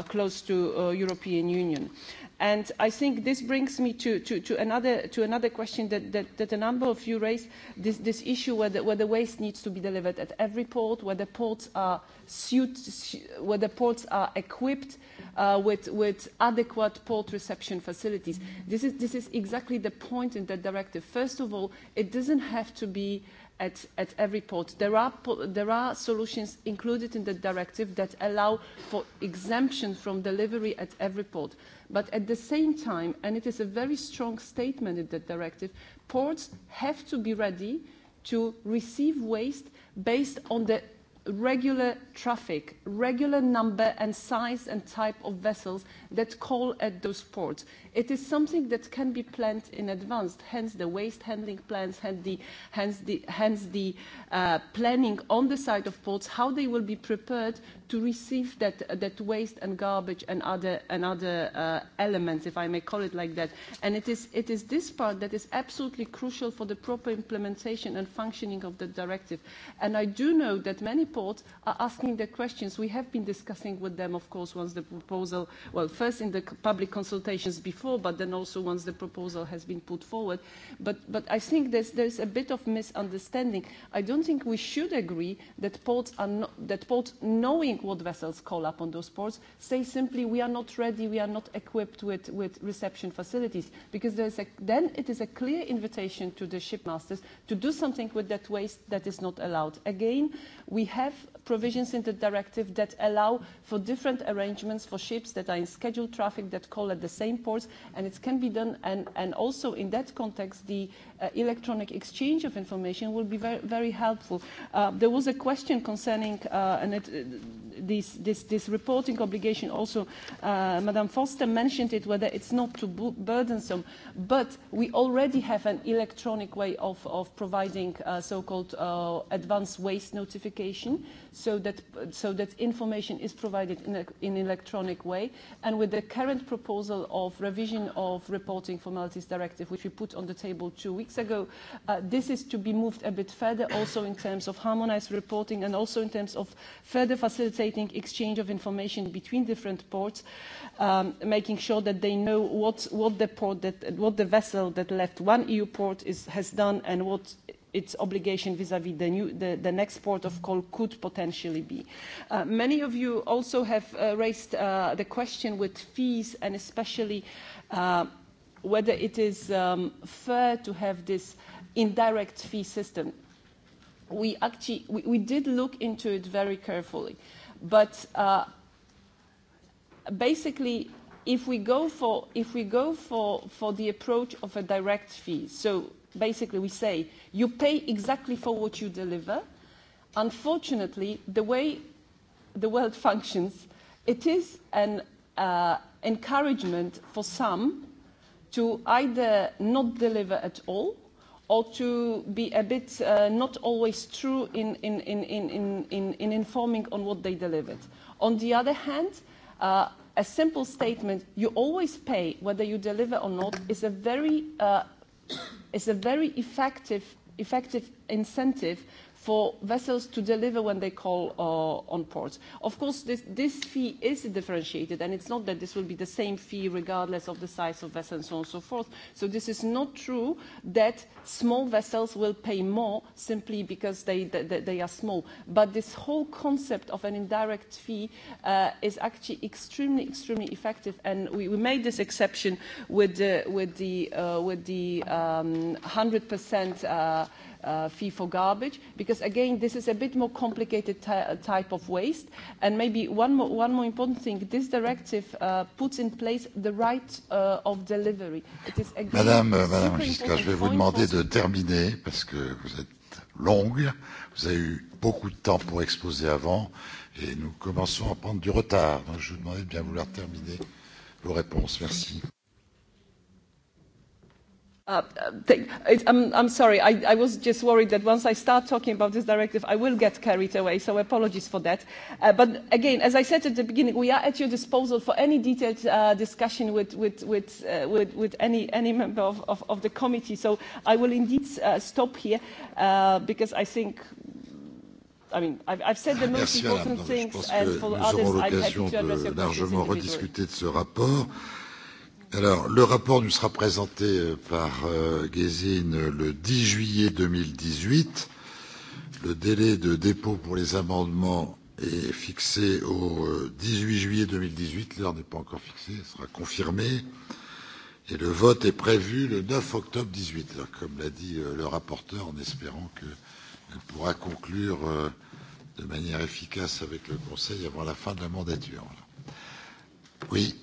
S3: close to European Union. And I think this brings me to, to, another, to another question that, that, a number of you raised, this, this issue whether, the waste needs to be delivered at every port, the ports are, suit, the ports are equipped uh, with, with adequate port reception facilities. This is, this is exactly the point in the directive. First of all, it doesn't have to be at, at every port. There are, there are solutions included in the directive that allow for exemption from delivery at every port. But at the same time, and it is a very strong statement in the directive, ports have to be ready to receive waste based on the regular traffic, regular number and size and type of vessels that call at those ports. It is something that can be planned in advance, hence the waste handling plans, hence the, uh, planning on the side of ports, how they will be prepared to receive that, that waste and garbage and other, and other uh, elements, if I may call it like that. And it is, it is this part that is absolutely crucial for the proper implementation and functioning of the directive. And I do know that many report are asking the questions. We have been discussing with them, of course, once the proposal, well, first in the public consultations before, but then also once the proposal has been put forward. But, but I think there's, there's a bit of misunderstanding. I don't think we should agree that ports, are not, that ports knowing what vessels call up on those ports, say simply we are not ready, we are not equipped with, with reception facilities. Because there's a, then it is a clear invitation to the shipmasters to do something with that waste that is not allowed. Again, we have have provisions in the directive that allow for different arrangements for ships that are in scheduled traffic that call at the same ports, and it can be done. And, and also in that context, the uh, electronic exchange of information will be very, very helpful. Uh, there was a question concerning uh, and it, uh, this, this, this reporting obligation. Also, uh, Madame Foster mentioned it, whether it's not too burdensome, but we already have an electronic way of, of providing uh, so-called uh, advanced waste notification Hvala što so that, information is provided in, an electronic way. And with the current proposal of revision of reporting formalities directive, which we put on the table two weeks ago, uh, this is to be moved a bit further also in terms of harmonized reporting and also in terms of further facilitating exchange of information between different ports, um, making sure that they know what, what the port that, what the vessel that left one EU port is, has done and what its obligation vis-à-vis the, the next port of call could potentially potentially be. Uh, many of you also have uh, raised uh, the question with fees and especially uh, whether it is um, fair to have this indirect fee system. We actually we, we did look into it very carefully, but uh, basically if we go for if we go for for the approach of a direct fee, so basically we say you pay exactly for what you deliver Unfortunately, the way the world functions, it is an uh, encouragement for some to either not deliver at all or to be a bit uh, not always true in, in, in, in, in, in informing on what they delivered. On the other hand, uh, a simple statement, you always pay whether you deliver or not, is a very, uh, is a very effective, effective incentive for vessels to deliver when they call uh, on ports. Of course, this, this fee is differentiated, and it's not that this will be the same fee regardless of the size of vessels and so on and so forth. So this is not true that small vessels will pay more simply because they, they, are small. But this whole concept of an indirect fee uh, is actually extremely, extremely effective, and we, we made this exception with the, with the, uh, with the um, 100% uh, fee for garbage, because again, this is a bit more complicated type of waste. And maybe one more, one more important thing, this directive uh, puts in place the right uh, of delivery. It is again Madame, uh, Madame Giscard, je vais vous
S1: demander de terminer, parce que vous êtes longue, vous avez eu beaucoup de temps pour exposer avant, et nous commençons à prendre du retard. Donc je vous demande de bien vouloir terminer vos réponses. Merci.
S3: Uh, I'm, I'm sorry, I, I was just worried that once I start talking about this directive, I will get carried away, so apologies for that. Uh, but again, as I said at the beginning, we are at your disposal for any detailed uh, discussion with, with, with, uh, with, with any, any member of, of, of the committee. So I will indeed uh, stop here uh, because I think I mean, I've, I've said the most Merci important things, and for others, I'd happy to address your rediscuter
S1: rapport. Alors, le rapport nous sera présenté euh, par euh, euh le 10 juillet 2018. Le délai de dépôt pour les amendements est fixé au 18 euh, juillet 2018. L'heure n'est pas encore fixée, elle sera confirmée. Et le vote est prévu le 9 octobre 18. Alors, comme l'a dit euh, le rapporteur, en espérant qu'elle pourra conclure euh, de manière efficace avec le Conseil avant la fin de la mandature. Oui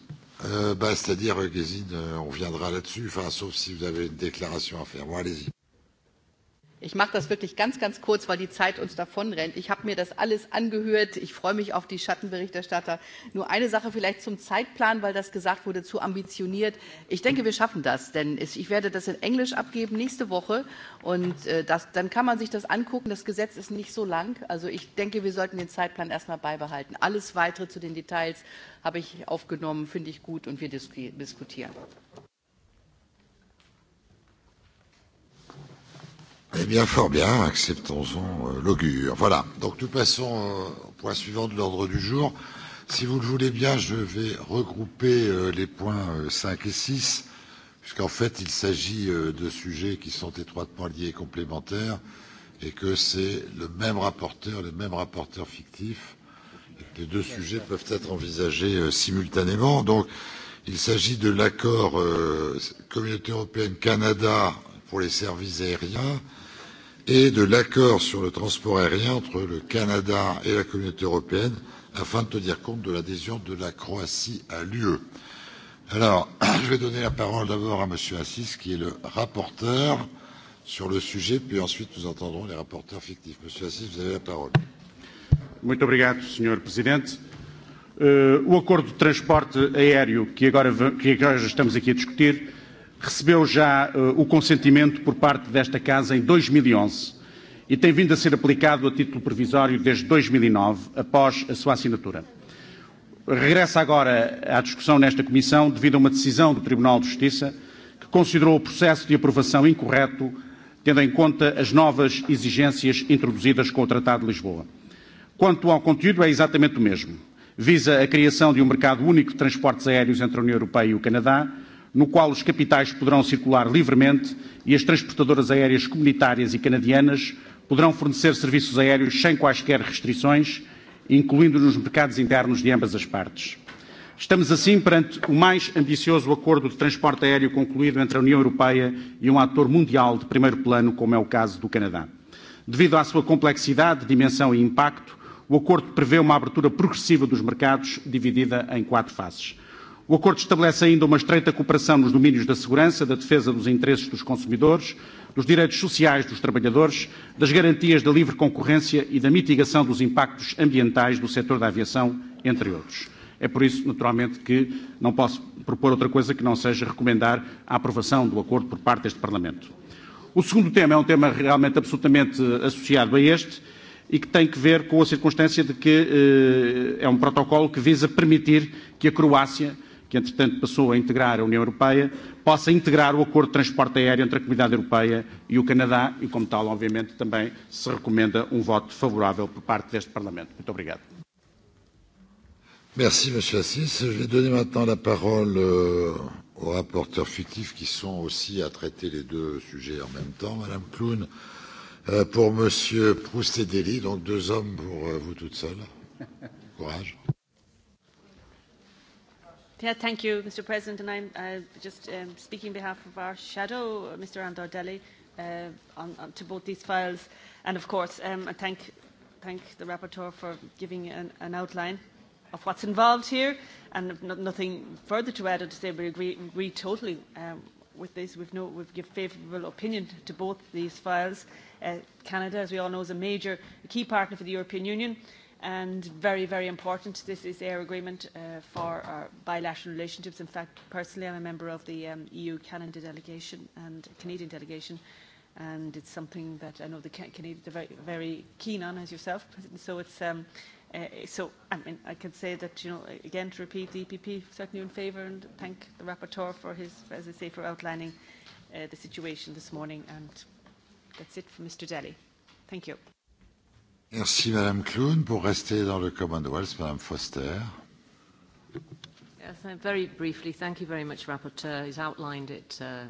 S1: euh, bah, C'est-à-dire, euh, Gézine, euh, on viendra là-dessus, enfin, sauf si vous avez une déclaration à faire. Bon, allez-y
S4: ich mache das wirklich ganz, ganz kurz, weil die Zeit uns davonrennt. Ich habe mir das alles angehört. Ich freue mich auf die Schattenberichterstatter. Nur eine Sache vielleicht zum Zeitplan, weil das gesagt wurde, zu ambitioniert. Ich denke, wir schaffen das, denn ich werde das in Englisch abgeben nächste Woche. Und äh, das, dann kann man sich das angucken. Das Gesetz ist nicht so lang. Also ich denke, wir sollten den Zeitplan erstmal beibehalten. Alles Weitere zu den Details habe ich aufgenommen, finde ich gut und wir diskutieren.
S1: Eh bien, fort bien, acceptons-en euh, l'augure. Voilà, donc nous passons euh, au point suivant de l'ordre du jour. Si vous le voulez bien, je vais regrouper euh, les points 5 et 6, puisqu'en fait, il s'agit de sujets qui sont étroitement liés et complémentaires, et que c'est le même rapporteur, le même rapporteur fictif. Les deux sujets peuvent être envisagés simultanément. Donc, il s'agit de l'accord Communauté européenne-Canada pour les services aériens, et de l'accord sur le transport aérien entre le Canada et la communauté européenne afin de tenir compte de l'adhésion de la Croatie à l'UE. Alors, je vais donner la parole d'abord à Monsieur Assis, qui est le rapporteur sur le sujet, puis ensuite nous entendrons les rapporteurs fictifs. Monsieur Assis, vous avez la parole. Muito obrigado, Presidente.
S12: Eh, o acordo de transporte aéreo que agora, que agora estamos aqui a discutir recebeu já uh, o consentimento por parte desta Casa em 2011 e, e tem vindo a ser aplicado a título provisório desde 2009, e após a sua assinatura. Regressa agora à discussão nesta Comissão devido a uma decisão do Tribunal de Justiça que considerou o processo de aprovação incorreto, tendo em conta as novas exigências introduzidas com o Tratado de Lisboa. Quanto ao conteúdo, é exatamente o mesmo. Visa a criação de um mercado único de transportes aéreos entre a União Europeia e o Canadá, no qual os capitais poderão circular livremente e as transportadoras aéreas comunitárias e canadianas poderão fornecer serviços aéreos sem quaisquer restrições, incluindo nos mercados internos de ambas as partes. Estamos assim perante o mais ambicioso acordo de transporte aéreo concluído entre a União Europeia e um ator mundial de primeiro plano, como é o caso do Canadá. Devido à sua complexidade, dimensão e impacto, o acordo prevê uma abertura progressiva dos mercados, dividida em quatro fases o acordo estabelece ainda uma estreita cooperação nos domínios da segurança da defesa dos interesses dos consumidores dos direitos sociais dos trabalhadores das garantias da livre concorrência e da mitigação dos impactos ambientais do setor da aviação entre outros. É por isso, naturalmente, que não posso propor outra coisa que não seja recomendar a aprovação do acordo por parte deste Parlamento. O segundo tema é um tema realmente absolutamente associado a este e que tem que ver com a circunstância de que eh, é um protocolo que visa permitir que a Croácia que entretanto passou a integrar a União Europeia, possa integrar o acordo de transporte aéreo entre a Comunidade Europeia e o Canadá e como tal, obviamente, também se recomenda um voto favorável por parte deste Parlamento. Muito obrigado.
S1: Merci, Monsieur Assis. Je vais donner maintenant la parole euh, aux rapporteurs fictifs qui sont aussi à traiter les deux sujets en même temps. Madame Clown, euh, pour Monsieur Proust et Deli, donc deux hommes pour euh, vous toutes seules. Courage
S5: thank you, Mr. President, and I'm uh, just um, speaking on behalf of our shadow, uh, Mr. Andor Deli, uh, on, to both these files, and of course, um, I thank thank the rapporteur for giving an, an outline of what's involved here, and nothing further to add. to say we agree, agree totally um, with this. We've no, we've give favourable opinion to both these files. Uh, Canada, as we all know, is a major a key partner for the European Union and very, very important. This is air agreement uh, for our bilateral relationships. In fact, personally, I'm a member of the um, EU Canada delegation and Canadian delegation, and it's something that I know the Canadians are very, very keen on, as yourself. So it's um, uh, so I mean I can say that you know again to repeat the EPP certainly in favour and thank the rapporteur for his as I say for outlining uh, the situation this morning and that's it for Mr. Daly. Thank you.
S1: Merci Madame Clune. Pour rester dans le Commonwealth, Madame Foster.
S10: Yes, very briefly, thank you very much, Rapporteur. He's outlined it uh,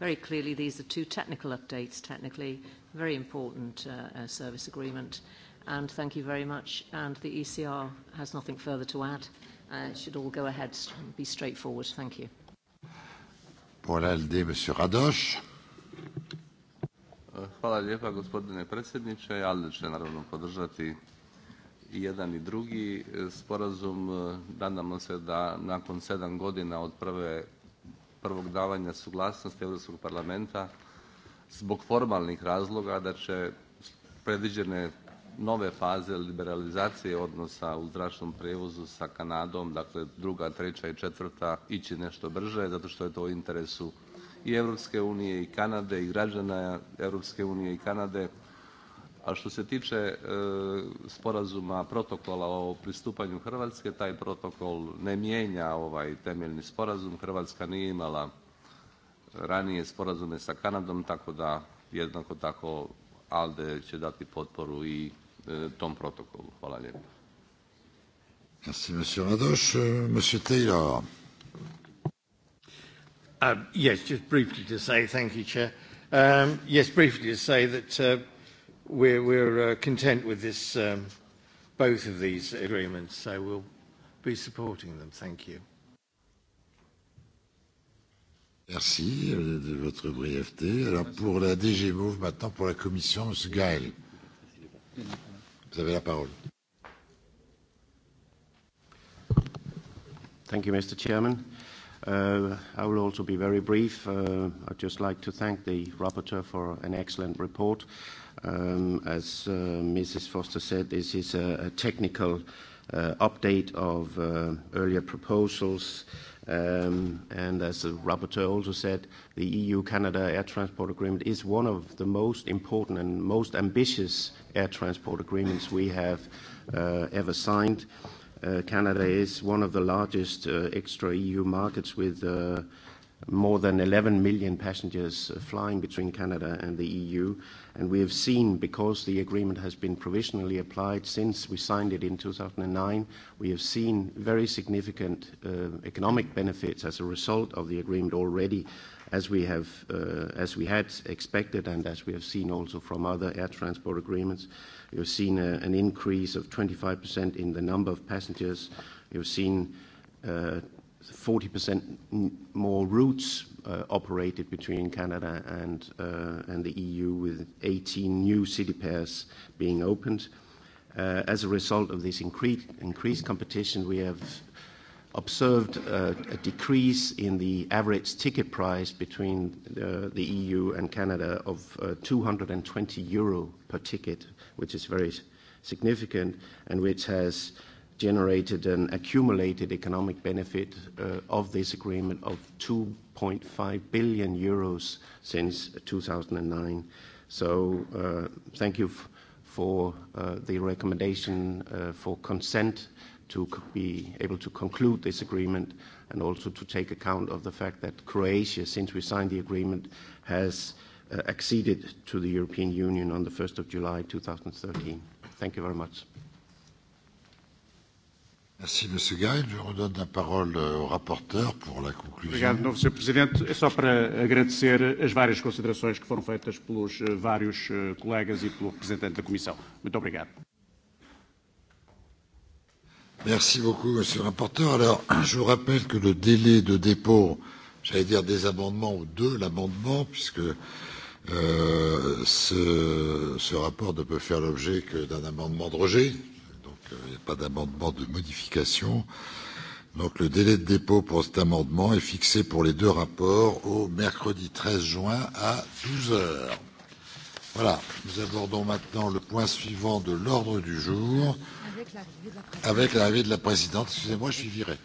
S10: very clearly. These are two technical updates, technically very important uh, uh, service agreement. And thank you very much. And the ECR has nothing further to add. Uh, it should all go ahead, be straightforward. Thank you.
S1: Pour l'ALD, Monsieur Radoche. Hvala lijepa gospodine predsjedniče. ALDE će naravno
S6: podržati i jedan i drugi sporazum. Nadamo se da nakon sedam godina od prve, prvog davanja suglasnosti Europskog parlamenta zbog formalnih razloga da će predviđene nove faze liberalizacije odnosa u zračnom prijevozu sa Kanadom, dakle druga, treća i četvrta ići nešto brže zato što je to u interesu i Europske unije i Kanade i građana Europske unije i Kanade. A što se tiče e, sporazuma, protokola o pristupanju Hrvatske, taj protokol ne mijenja ovaj temeljni sporazum. Hrvatska nije imala ranije sporazume sa Kanadom tako da jednako tako ALDE će dati potporu i
S8: e, tom protokolu. Hvala lijepo. Um, yes, just briefly to say, thank you, Chair. Um, yes, briefly to say that uh, we're, uh, content with this, um, both of these agreements, so we'll be supporting them. Thank you.
S1: Merci euh, de votre brièveté. Alors pour la DG Move, maintenant pour la Commission, Monsieur Gaël.
S13: Vous
S1: avez la parole.
S14: Thank you, Mr. Chairman. Uh, I will also be very brief. Uh, I'd just like to thank the rapporteur for an excellent report. Um, as uh, Mrs. Foster said, this is a, technical update of earlier proposals. Um, and as the rapporteur also said, the EU-Canada Air Transport Agreement is one of the most important and most ambitious air transport agreements we have ever signed. Uh, Canada is one of the largest uh, extra EU markets with uh, more than 11 million passengers flying between Canada and the EU. And we have seen, because the agreement has been provisionally applied since we signed it in 2009, we have seen very significant economic benefits as a result of the agreement already, as we have, as we had expected and as we have seen also from other air transport agreements. You've seen uh, an increase of 25% in the number of passengers. You've seen 40% uh, more routes uh, operated between Canada and, and the EU, with 18 new city pairs being opened. as a result of this increased competition, we have observed a decrease in the average ticket price between the EU and Canada of 220 euro per ticket which is very significant and which has generated an accumulated economic benefit uh, of this agreement of 2.5 billion euros since 2009. So uh, thank you for uh, the recommendation for consent to be able to conclude this agreement and also to take account of the fact that Croatia, since we signed the agreement, has Uh, acceded to the European Union on the 1st of July 2013. Thank you very much.
S1: Merci, Monsieur Gain. Je redonne la parole euh, au rapporteur pour la conclusion.
S12: Obrigado, novo Sr. Presidente. É só para agradecer as várias considerações que foram feitas pelos eh, vários eh, colegas e pelo representante da Comissão. Muito obrigado.
S1: Merci beaucoup, Monsieur le rapporteur. Alors, je vous rappelle que le délai de dépôt, j'allais dire des amendements ou de l'amendement, puisque Euh, ce, ce rapport ne peut faire l'objet que d'un amendement de rejet, donc euh, il n'y a pas d'amendement de modification. Donc le délai de dépôt pour cet amendement est fixé pour les deux rapports au mercredi 13 juin à 12 heures. Voilà, nous abordons maintenant le point suivant de l'ordre du jour avec l'arrivée de la présidente. Excusez-moi, je suis viré.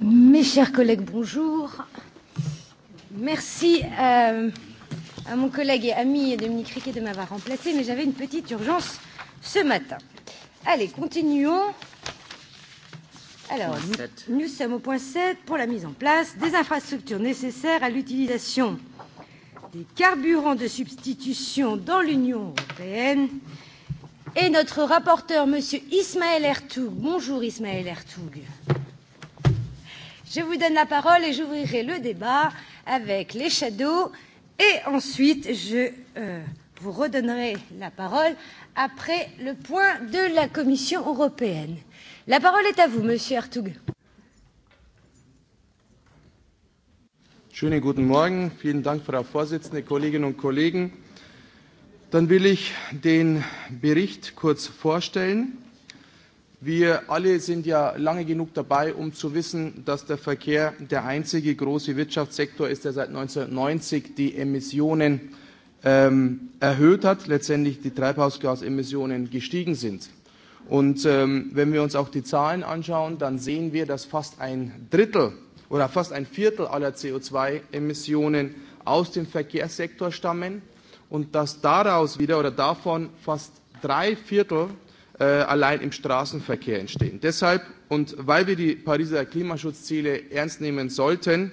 S13: Mes chers collègues, bonjour. Merci à, euh, à mon collègue et ami Dominique Riquet de m'avoir remplacé, mais j'avais une petite urgence ce matin. Allez, continuons. Alors, nous, nous sommes au point 7 pour la mise en place des infrastructures nécessaires à l'utilisation des carburants de substitution dans l'Union européenne et notre rapporteur, M. Ismaël Ertug. Bonjour Ismaël Ertug. Je vous donne la parole et j'ouvrirai le débat avec les shadows et ensuite je euh, vous redonnerai la parole après le point de la Commission européenne. La parole est à vous, Monsieur Ertug.
S15: Schönen guten Morgen. Vielen Dank, Frau Vorsitzende, Kolleginnen und Kollegen. Dann will ich den Bericht kurz vorstellen. Wir alle sind ja lange genug dabei, um zu wissen, dass der Verkehr der einzige große Wirtschaftssektor ist, der seit 1990 die Emissionen ähm, erhöht hat, letztendlich die Treibhausgasemissionen gestiegen sind. Und ähm, wenn wir uns auch die Zahlen anschauen, dann sehen wir, dass fast ein Drittel oder fast ein Viertel aller CO2-Emissionen aus dem Verkehrssektor stammen und dass daraus wieder oder davon fast drei Viertel äh, allein im Straßenverkehr entstehen. Deshalb und weil wir die Pariser Klimaschutzziele ernst nehmen sollten,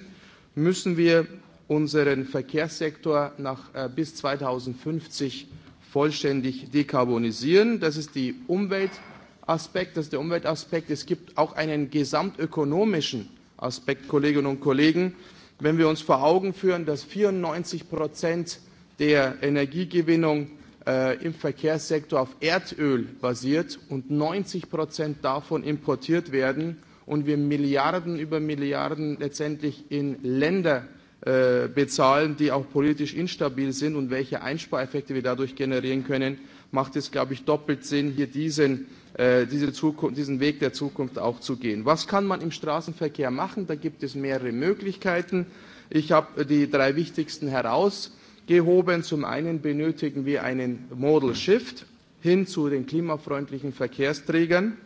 S15: müssen wir unseren Verkehrssektor nach äh, bis 2050 vollständig dekarbonisieren. Das ist die Umweltaspekt, das ist der Umweltaspekt. Es gibt auch einen gesamtökonomischen Aspekt, Kolleginnen und Kollegen. Wenn wir uns vor Augen führen, dass 94 Prozent der Energiegewinnung äh, im Verkehrssektor auf Erdöl basiert und 90 Prozent davon importiert werden und wir Milliarden über Milliarden letztendlich in Länder äh, bezahlen, die auch politisch instabil sind und welche Einspareffekte wir dadurch generieren können, macht es, glaube ich, doppelt Sinn, hier diesen, äh, diese Zukunft, diesen Weg der Zukunft auch zu gehen. Was kann man im Straßenverkehr machen? Da gibt es mehrere Möglichkeiten. Ich habe die drei wichtigsten herausgehoben. Zum einen benötigen wir einen Model Shift hin zu den klimafreundlichen Verkehrsträgern.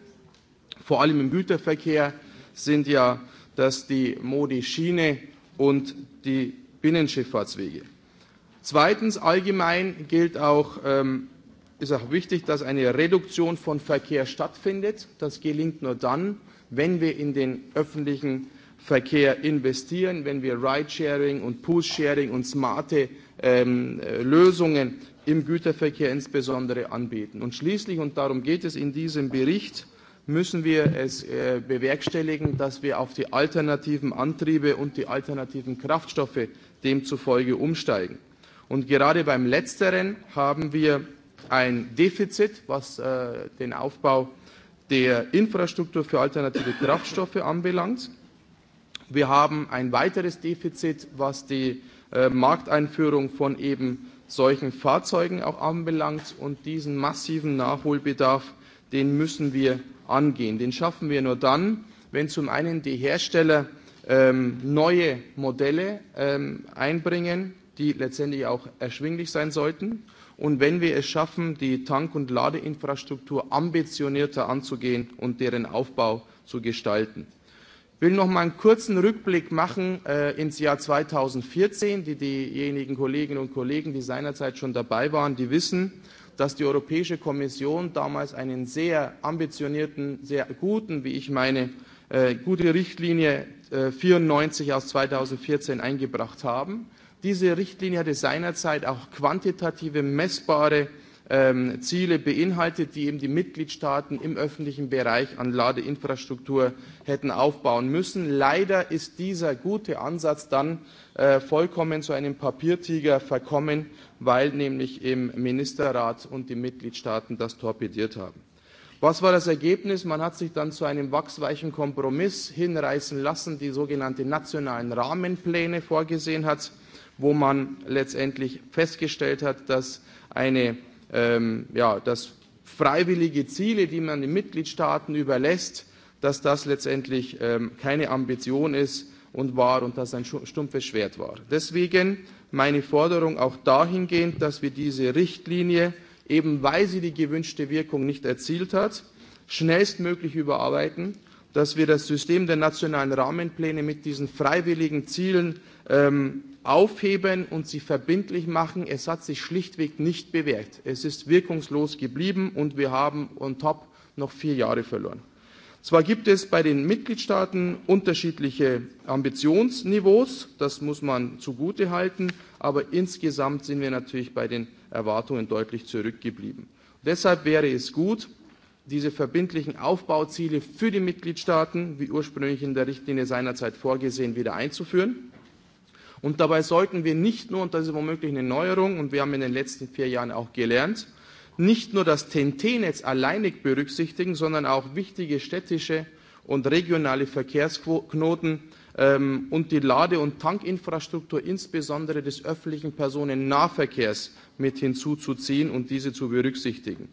S15: Vor allem im Güterverkehr sind ja das die Modi Schiene und die Binnenschifffahrtswege. Zweitens allgemein gilt auch ähm, ist auch wichtig, dass eine Reduktion von Verkehr stattfindet. Das gelingt nur dann, wenn wir in den öffentlichen Verkehr investieren, wenn wir Ridesharing und Poolsharing und smarte ähm, äh, Lösungen im Güterverkehr insbesondere anbieten. Und schließlich, und darum geht es in diesem Bericht, müssen wir es äh, bewerkstelligen, dass wir auf die alternativen Antriebe und die alternativen Kraftstoffe demzufolge umsteigen. Und gerade beim Letzteren haben wir ein Defizit, was äh, den Aufbau der Infrastruktur für alternative Kraftstoffe anbelangt. Wir haben ein weiteres Defizit, was die äh, Markteinführung von eben solchen Fahrzeugen auch anbelangt. Und diesen massiven Nachholbedarf, den müssen wir angehen. Den schaffen wir nur dann, wenn zum einen die Hersteller ähm, neue Modelle ähm, einbringen, die letztendlich auch erschwinglich sein sollten und wenn wir es schaffen, die Tank- und Ladeinfrastruktur ambitionierter anzugehen und deren Aufbau zu gestalten. Ich will noch mal einen kurzen Rückblick machen äh, ins Jahr 2014. Die, diejenigen Kolleginnen und Kollegen, die seinerzeit schon dabei waren, die wissen, dass die Europäische Kommission damals einen sehr ambitionierten, sehr guten, wie ich meine, äh, gute Richtlinie äh, 94 aus 2014 eingebracht haben Diese Richtlinie hatte seinerzeit auch quantitative, messbare ähm, Ziele beinhaltet, die eben die Mitgliedstaaten im öffentlichen Bereich an Ladeinfrastruktur hätten aufbauen müssen. Leider ist dieser gute Ansatz dann äh, vollkommen zu einem Papiertiger verkommen, weil nämlich im Ministerrat und die Mitgliedstaaten das torpediert haben. Was war das Ergebnis? Man hat sich dann zu einem wachsweichen Kompromiss hinreißen lassen, die sogenannte nationalen Rahmenpläne vorgesehen hat wo man letztendlich festgestellt hat, dass eine ähm, ja, dass freiwillige Ziele, die man den Mitgliedstaaten überlässt, dass das letztendlich ähm, keine Ambition ist und war und das ein stumpfes Schwert war. Deswegen meine Forderung auch dahingehend, dass wir diese Richtlinie, eben weil sie die gewünschte Wirkung nicht erzielt hat, schnellstmöglich überarbeiten, dass wir das System der nationalen Rahmenpläne mit diesen freiwilligen Zielen ähm, aufheben und sie verbindlich machen. Es hat sich schlichtweg nicht bewährt. Es ist wirkungslos geblieben und wir haben on top noch vier Jahre verloren. Zwar gibt es bei den Mitgliedstaaten unterschiedliche Ambitionsniveaus, das muss man zugute halten, aber insgesamt sind wir natürlich bei den Erwartungen deutlich zurückgeblieben. Deshalb wäre es gut, diese verbindlichen Aufbauziele für die Mitgliedstaaten, wie ursprünglich in der Richtlinie seinerzeit vorgesehen, wieder einzuführen Und dabei sollten wir nicht nur, und das ist womöglich eine Neuerung, und wir haben in den letzten vier Jahren auch gelernt, nicht nur das TNT-Netz alleinig berücksichtigen, sondern auch wichtige städtische und regionale Verkehrsknoten ähm, und die Lade- und Tankinfrastruktur, insbesondere des öffentlichen Personennahverkehrs, mit hinzuzuziehen und diese zu berücksichtigen.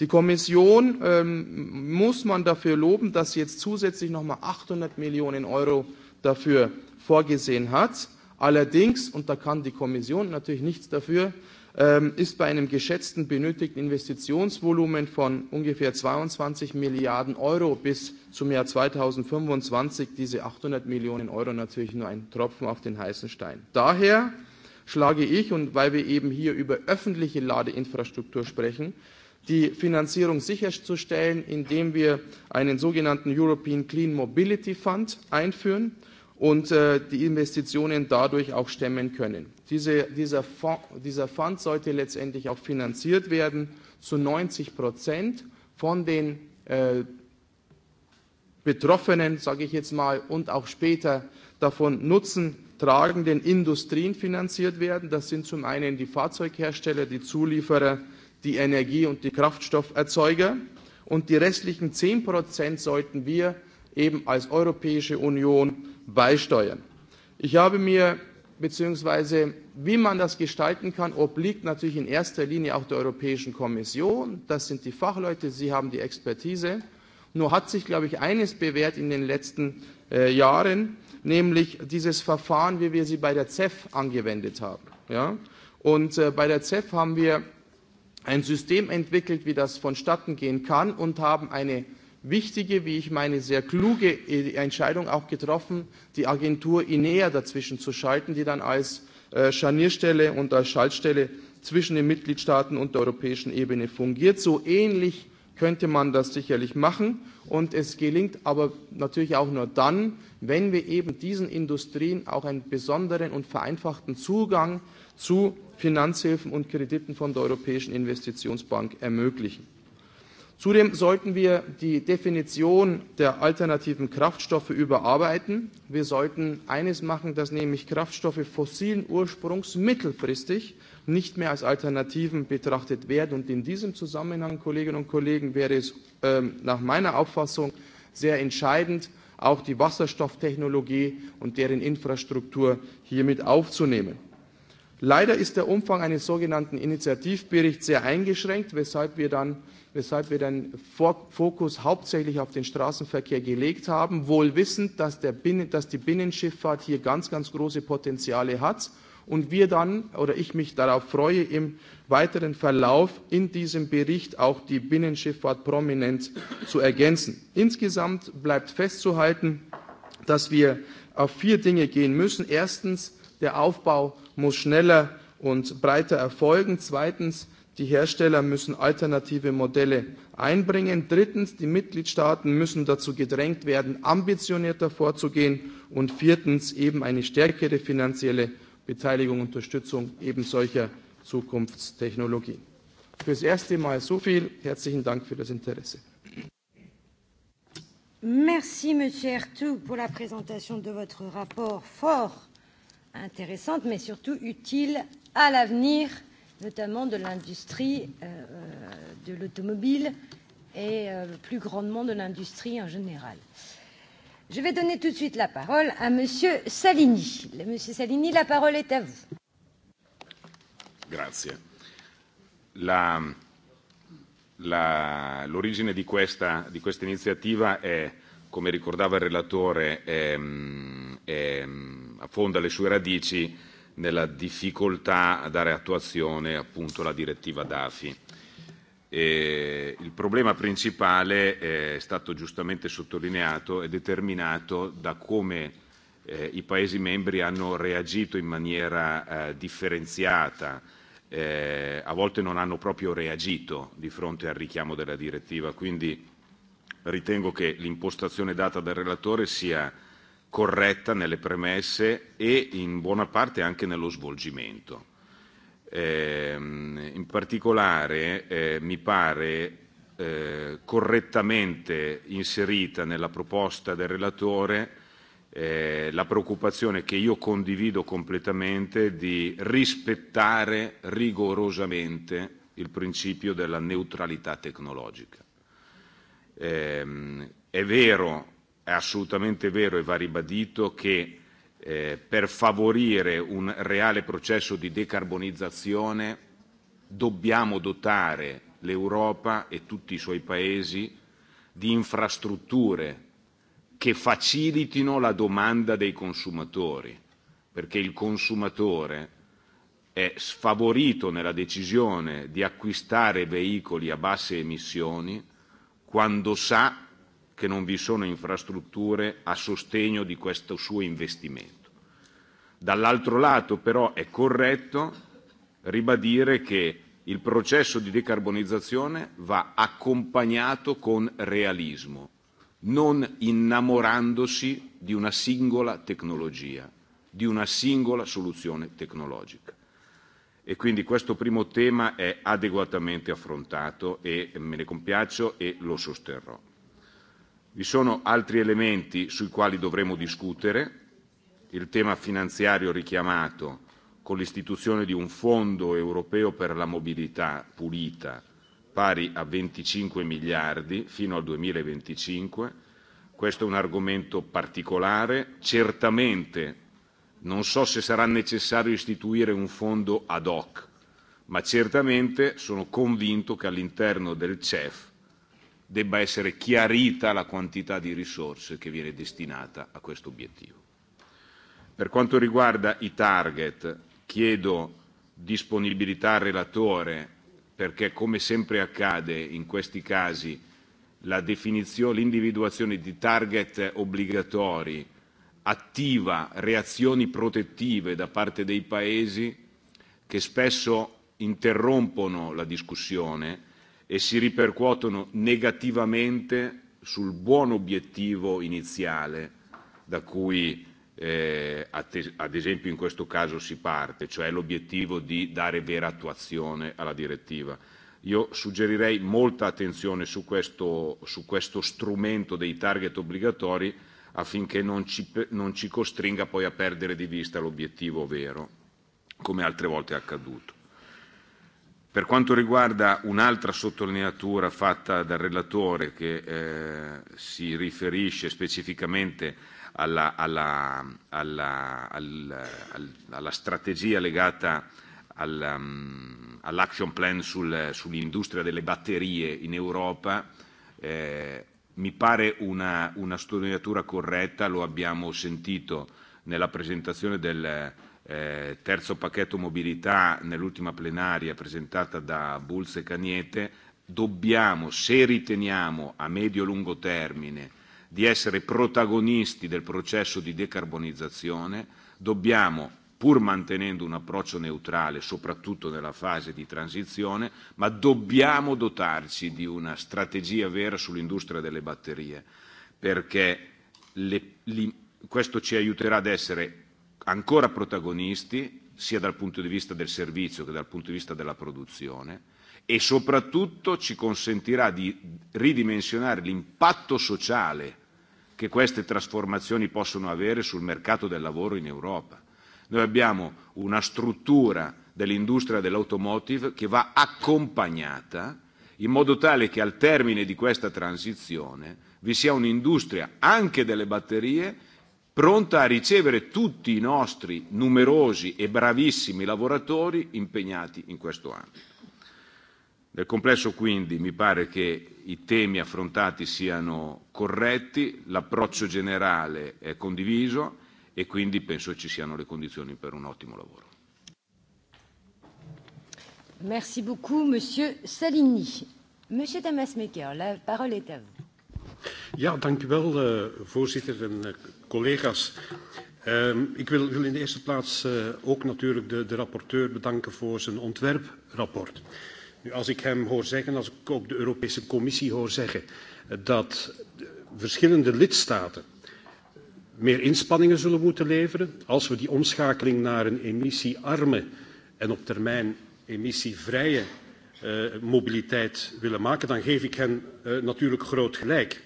S15: Die Kommission ähm, muss man dafür loben, dass sie jetzt zusätzlich noch nochmal 800 Millionen Euro dafür vorgesehen hat. Allerdings, und da kann die Kommission natürlich nichts dafür, ähm, ist bei einem geschätzten benötigten Investitionsvolumen von ungefähr 22 Milliarden Euro bis zum Jahr 2025 diese 800 Millionen Euro natürlich nur ein Tropfen auf den heißen Stein. Daher schlage ich, und weil wir eben hier über öffentliche Ladeinfrastruktur sprechen, die Finanzierung sicherzustellen, indem wir einen sogenannten European Clean Mobility Fund einführen und äh, die Investitionen dadurch auch stemmen können. Diese, dieser, Fonds, dieser Fonds sollte letztendlich auch finanziert werden zu 90 Prozent von den äh, Betroffenen, sage ich jetzt mal, und auch später davon Nutzen tragenden Industrien finanziert werden. Das sind zum einen die Fahrzeughersteller, die Zulieferer, die Energie- und die Kraftstofferzeuger. Und die restlichen 10 Prozent sollten wir eben als Europäische Union beisteuern. Ich habe mir beziehungsweise wie man das gestalten kann, obliegt natürlich in erster Linie auch der Europäischen Kommission. Das sind die Fachleute, sie haben die Expertise. Nur hat sich, glaube ich, eines bewährt in den letzten äh, Jahren, nämlich dieses Verfahren, wie wir sie bei der CEF angewendet haben. Ja? Und äh, bei der ZEF haben wir ein System entwickelt, wie das vonstatten gehen kann und haben eine wichtige, wie ich meine, sehr kluge e- Entscheidung auch getroffen, die Agentur INEA dazwischen zu schalten, die dann als äh, Scharnierstelle und als Schaltstelle zwischen den Mitgliedstaaten und der europäischen Ebene fungiert. So ähnlich könnte man das sicherlich machen. Und es gelingt aber natürlich auch nur dann, wenn wir eben diesen Industrien auch einen besonderen und vereinfachten Zugang zu Finanzhilfen und Krediten von der Europäischen Investitionsbank ermöglichen. Zudem sollten wir die Definition der alternativen Kraftstoffe überarbeiten. Wir sollten eines machen, dass nämlich Kraftstoffe fossilen Ursprungs mittelfristig nicht mehr als Alternativen betrachtet werden. Und in diesem Zusammenhang, Kolleginnen und Kollegen, wäre es ähm, nach meiner Auffassung sehr entscheidend, auch die Wasserstofftechnologie und deren Infrastruktur hiermit aufzunehmen. Leider ist der Umfang eines sogenannten Initiativberichts sehr eingeschränkt, weshalb wir dann weshalb wir den Fokus hauptsächlich auf den Straßenverkehr gelegt haben, wohl wissend, dass, der Binnen, dass die Binnenschifffahrt hier ganz, ganz große Potenziale hat und wir dann oder ich mich darauf freue, im weiteren Verlauf in diesem Bericht auch die Binnenschifffahrt prominent zu ergänzen. Insgesamt bleibt festzuhalten, dass wir auf vier Dinge gehen müssen. Erstens, der Aufbau muss schneller und breiter erfolgen. Zweitens, Die Hersteller müssen alternative Modelle einbringen. Drittens, die Mitgliedstaaten müssen dazu gedrängt werden, ambitionierter vorzugehen. Und viertens, eben eine stärkere finanzielle Beteiligung, und Unterstützung eben solcher Zukunftstechnologien. Fürs erste Mal so viel. Herzlichen Dank für das Interesse.
S13: Merci, Monsieur pour la présentation de votre rapport fort mais surtout utile à l'avenir notamment de l'industrie euh, euh, de l'automobile et euh, plus grandement de l'industrie en général. Je vais donner tout de suite la parole à Monsieur Salini. Monsieur Salini, la parole est à vous.
S16: Grazie. La, la, l'origine di questa, di questa iniziativa è, come ricordava il relatore, è, è, affonda le sue radici nella difficoltà a dare attuazione appunto alla direttiva DAFI. E il problema principale eh, è stato giustamente sottolineato e determinato da come eh, i Paesi membri hanno reagito in maniera eh, differenziata, eh, a volte non hanno proprio reagito di fronte al richiamo della direttiva. Quindi ritengo che l'impostazione data dal relatore sia corretta nelle premesse e in buona parte anche nello svolgimento. Ehm, in particolare eh, mi pare eh, correttamente inserita nella proposta del relatore eh, la preoccupazione che io condivido completamente di rispettare rigorosamente il principio della neutralità tecnologica. Ehm, è vero È assolutamente vero e va ribadito che eh, per favorire un reale processo di decarbonizzazione dobbiamo dotare l'Europa e tutti i suoi paesi di infrastrutture che facilitino la domanda dei consumatori, perché il consumatore è sfavorito nella decisione di acquistare veicoli a basse emissioni quando sa che non vi sono infrastrutture a sostegno di questo suo investimento. Dall'altro lato però è corretto ribadire che il processo di decarbonizzazione va accompagnato con realismo, non innamorandosi di una singola tecnologia, di una singola soluzione tecnologica. E quindi questo primo tema è adeguatamente affrontato e me ne compiaccio e lo sosterrò vi sono altri elementi sui quali dovremo discutere il tema finanziario richiamato con l'istituzione di un fondo europeo per la mobilità pulita pari a 25 miliardi fino al 2025 questo è un argomento particolare certamente non so se sarà necessario istituire un fondo ad hoc ma certamente sono convinto che all'interno del CEF debba essere chiarita la quantità di risorse che viene destinata a questo obiettivo. Per quanto riguarda i target, chiedo disponibilità al relatore perché, come sempre accade in questi casi, la definizione, l'individuazione di target obbligatori attiva reazioni protettive da parte dei paesi che spesso interrompono la discussione e si ripercuotono negativamente sul buon obiettivo iniziale da cui eh, ad esempio in questo caso si parte, cioè l'obiettivo di dare vera attuazione alla direttiva. Io suggerirei molta attenzione su questo, su questo strumento dei target obbligatori affinché non ci, non ci costringa poi a perdere di vista l'obiettivo vero, come altre volte è accaduto. Per quanto riguarda un'altra sottolineatura fatta dal relatore che eh, si riferisce specificamente alla, alla, alla, alla, alla strategia legata mm, all'action plan sul, sull'industria delle batterie in Europa, eh, mi pare una, una sottolineatura corretta, lo abbiamo sentito nella presentazione del Eh, terzo pacchetto mobilità nell'ultima plenaria presentata da Bulls e Caniete, dobbiamo, se riteniamo a medio-lungo e termine di essere protagonisti del processo di decarbonizzazione, dobbiamo pur mantenendo un approccio neutrale, soprattutto nella fase di transizione, ma dobbiamo dotarci di una strategia vera sull'industria delle batterie, perché le, questo ci aiuterà ad essere ancora protagonisti sia dal punto di vista del servizio che dal punto di vista della produzione e soprattutto ci consentirà di ridimensionare l'impatto sociale che queste trasformazioni possono avere sul mercato del lavoro in Europa. Noi abbiamo una struttura dell'industria dell'automotive che va accompagnata in modo tale che al termine di questa transizione vi sia un'industria anche delle batterie pronta a ricevere tutti i nostri numerosi e bravissimi lavoratori impegnati in questo ambito. Nel complesso quindi mi pare che i temi affrontati siano corretti, l'approccio generale è condiviso e quindi penso ci siano le condizioni per un ottimo lavoro.
S13: Merci beaucoup monsieur Salini. Monsieur la parole est à vous.
S17: Ja, dank u wel, uh, voorzitter en uh, collega's. Ehm, ik wil, wil in de eerste plaats uh, ook natuurlijk de, de rapporteur bedanken voor zijn ontwerprapport. Nu, als ik hem hoor zeggen, als ik ook de Europese Commissie hoor zeggen, dat verschillende lidstaten meer inspanningen zullen moeten leveren als we die omschakeling naar een emissiearme en op termijn emissievrije uh, mobiliteit willen maken, dan geef ik hen uh, natuurlijk groot gelijk.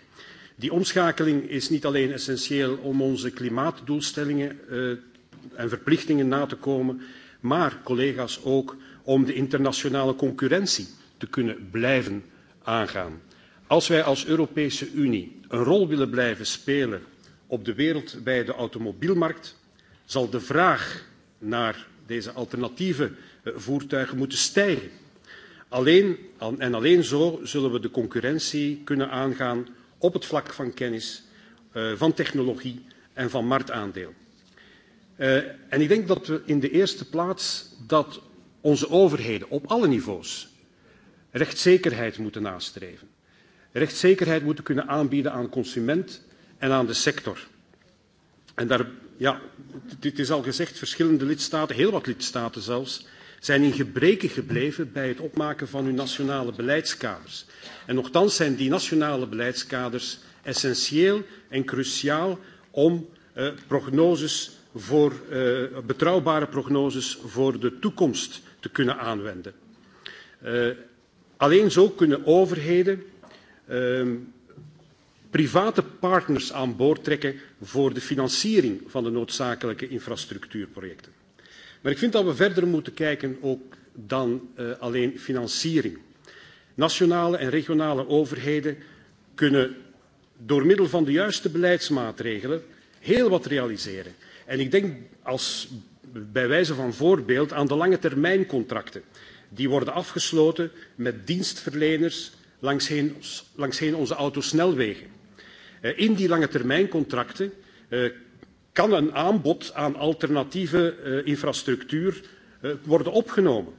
S17: Die omschakeling is niet alleen essentieel om onze klimaatdoelstellingen eh, en verplichtingen na te komen, maar collega's ook om de internationale concurrentie te kunnen blijven aangaan. Als wij als Europese Unie een rol willen blijven spelen op de wereldwijde automobielmarkt, zal de vraag naar deze alternatieve eh, voertuigen moeten stijgen. Alleen, en alleen zo zullen we de concurrentie kunnen aangaan op het vlak van kennis, eh, van technologie en van marktaandeel. Eh, en ik denk dat we in de eerste plaats dat onze overheden op alle niveaus rechtszekerheid moeten nastreven. Rechtszekerheid moeten kunnen aanbieden aan consument en aan de sector. En daar, ja, dit is al gezegd, verschillende lidstaten, heel wat lidstaten zelfs, zijn in gebreke gebleven bij het opmaken van hun nationale beleidskaders. En nochtans zijn die nationale beleidskaders essentieel en cruciaal om eh, voor, eh, betrouwbare prognoses voor de toekomst te kunnen aanwenden. Eh, alleen zo kunnen overheden ehm, private partners aan boord trekken voor de financiering van de noodzakelijke infrastructuurprojecten. Maar ik vind dat we verder moeten kijken ook dan eh, alleen financiering. Nationale en regionale overheden kunnen door middel van de juiste beleidsmaatregelen heel wat realiseren. En ik denk bij wijze van voorbeeld aan de lange termijn contracten. Die worden afgesloten met dienstverleners langsheen, langsheen onze autosnelwegen. Eh, in die lange termijn contracten eh, kan een aanbod aan alternatieve eh, infrastructuur eh, worden opgenomen.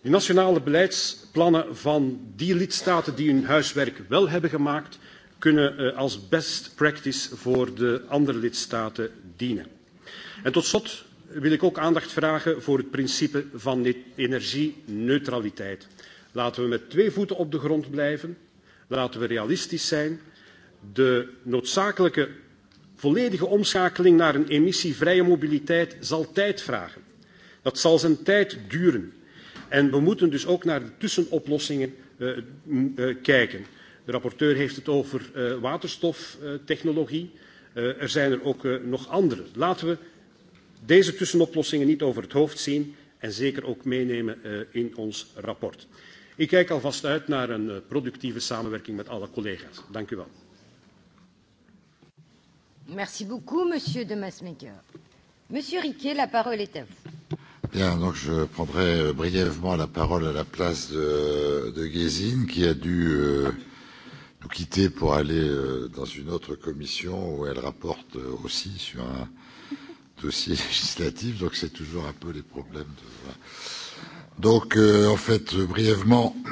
S17: de nationale beleidsplannen van die lidstaten die hun huiswerk wel hebben gemaakt kunnen eh, als best practice voor de andere lidstaten dienen. en tot slot wil ik ook aandacht vragen voor het principe van energieneutraliteit. laten we met twee voeten op de grond blijven laten we realistisch zijn de noodzakelijke volledige omschakeling naar een emissievrije mobiliteit zal tijd vragen. Dat zal zijn tijd duren. En we moeten dus ook naar de tussenoplossingen eh, eh, kijken. De rapporteur heeft het over eh, waterstoftechnologie. Er zijn er ook nog andere. Laten we deze tussenoplossingen niet over het hoofd zien en zeker ook meenemen in ons rapport. Ik kijk alvast uit naar een productieve samenwerking met alle collega's. Dank u wel.
S13: Merci beaucoup, Monsieur de Masmaker. Monsieur Riquet, la parole est à vous.
S1: Bien, donc je prendrai euh, brièvement la parole à la place de, de Gézine, qui a dû euh, nous quitter pour aller euh, dans une autre commission où elle rapporte euh, aussi sur un dossier législatif, donc c'est toujours un peu les problèmes de... Donc, euh, en fait, euh, brièvement,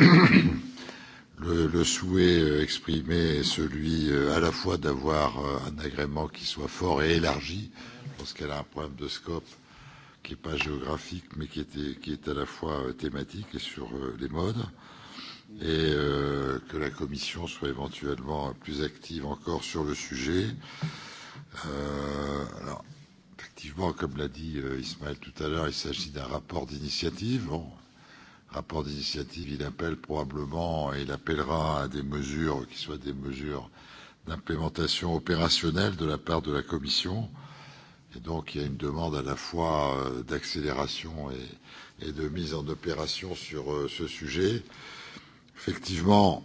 S1: le, le souhait euh, exprimé est celui euh, à la fois d'avoir euh, un agrément qui soit fort et élargi, qu'elle a un problème de scope qui n'est pas géographique, mais qui, était, qui est à la fois thématique et sur les modes, et euh, que la Commission soit éventuellement plus active encore sur le sujet. Euh, alors, effectivement, comme l'a dit Ismaël tout à l'heure, il s'agit d'un rapport d'initiative. Bon, rapport d'initiative, il appelle probablement, et il appellera à des mesures qui soient des mesures d'implémentation opérationnelle de la part de la Commission. Et donc, il y a une demande à la fois euh, d'accélération et, et de mise en opération sur euh, ce sujet. Effectivement,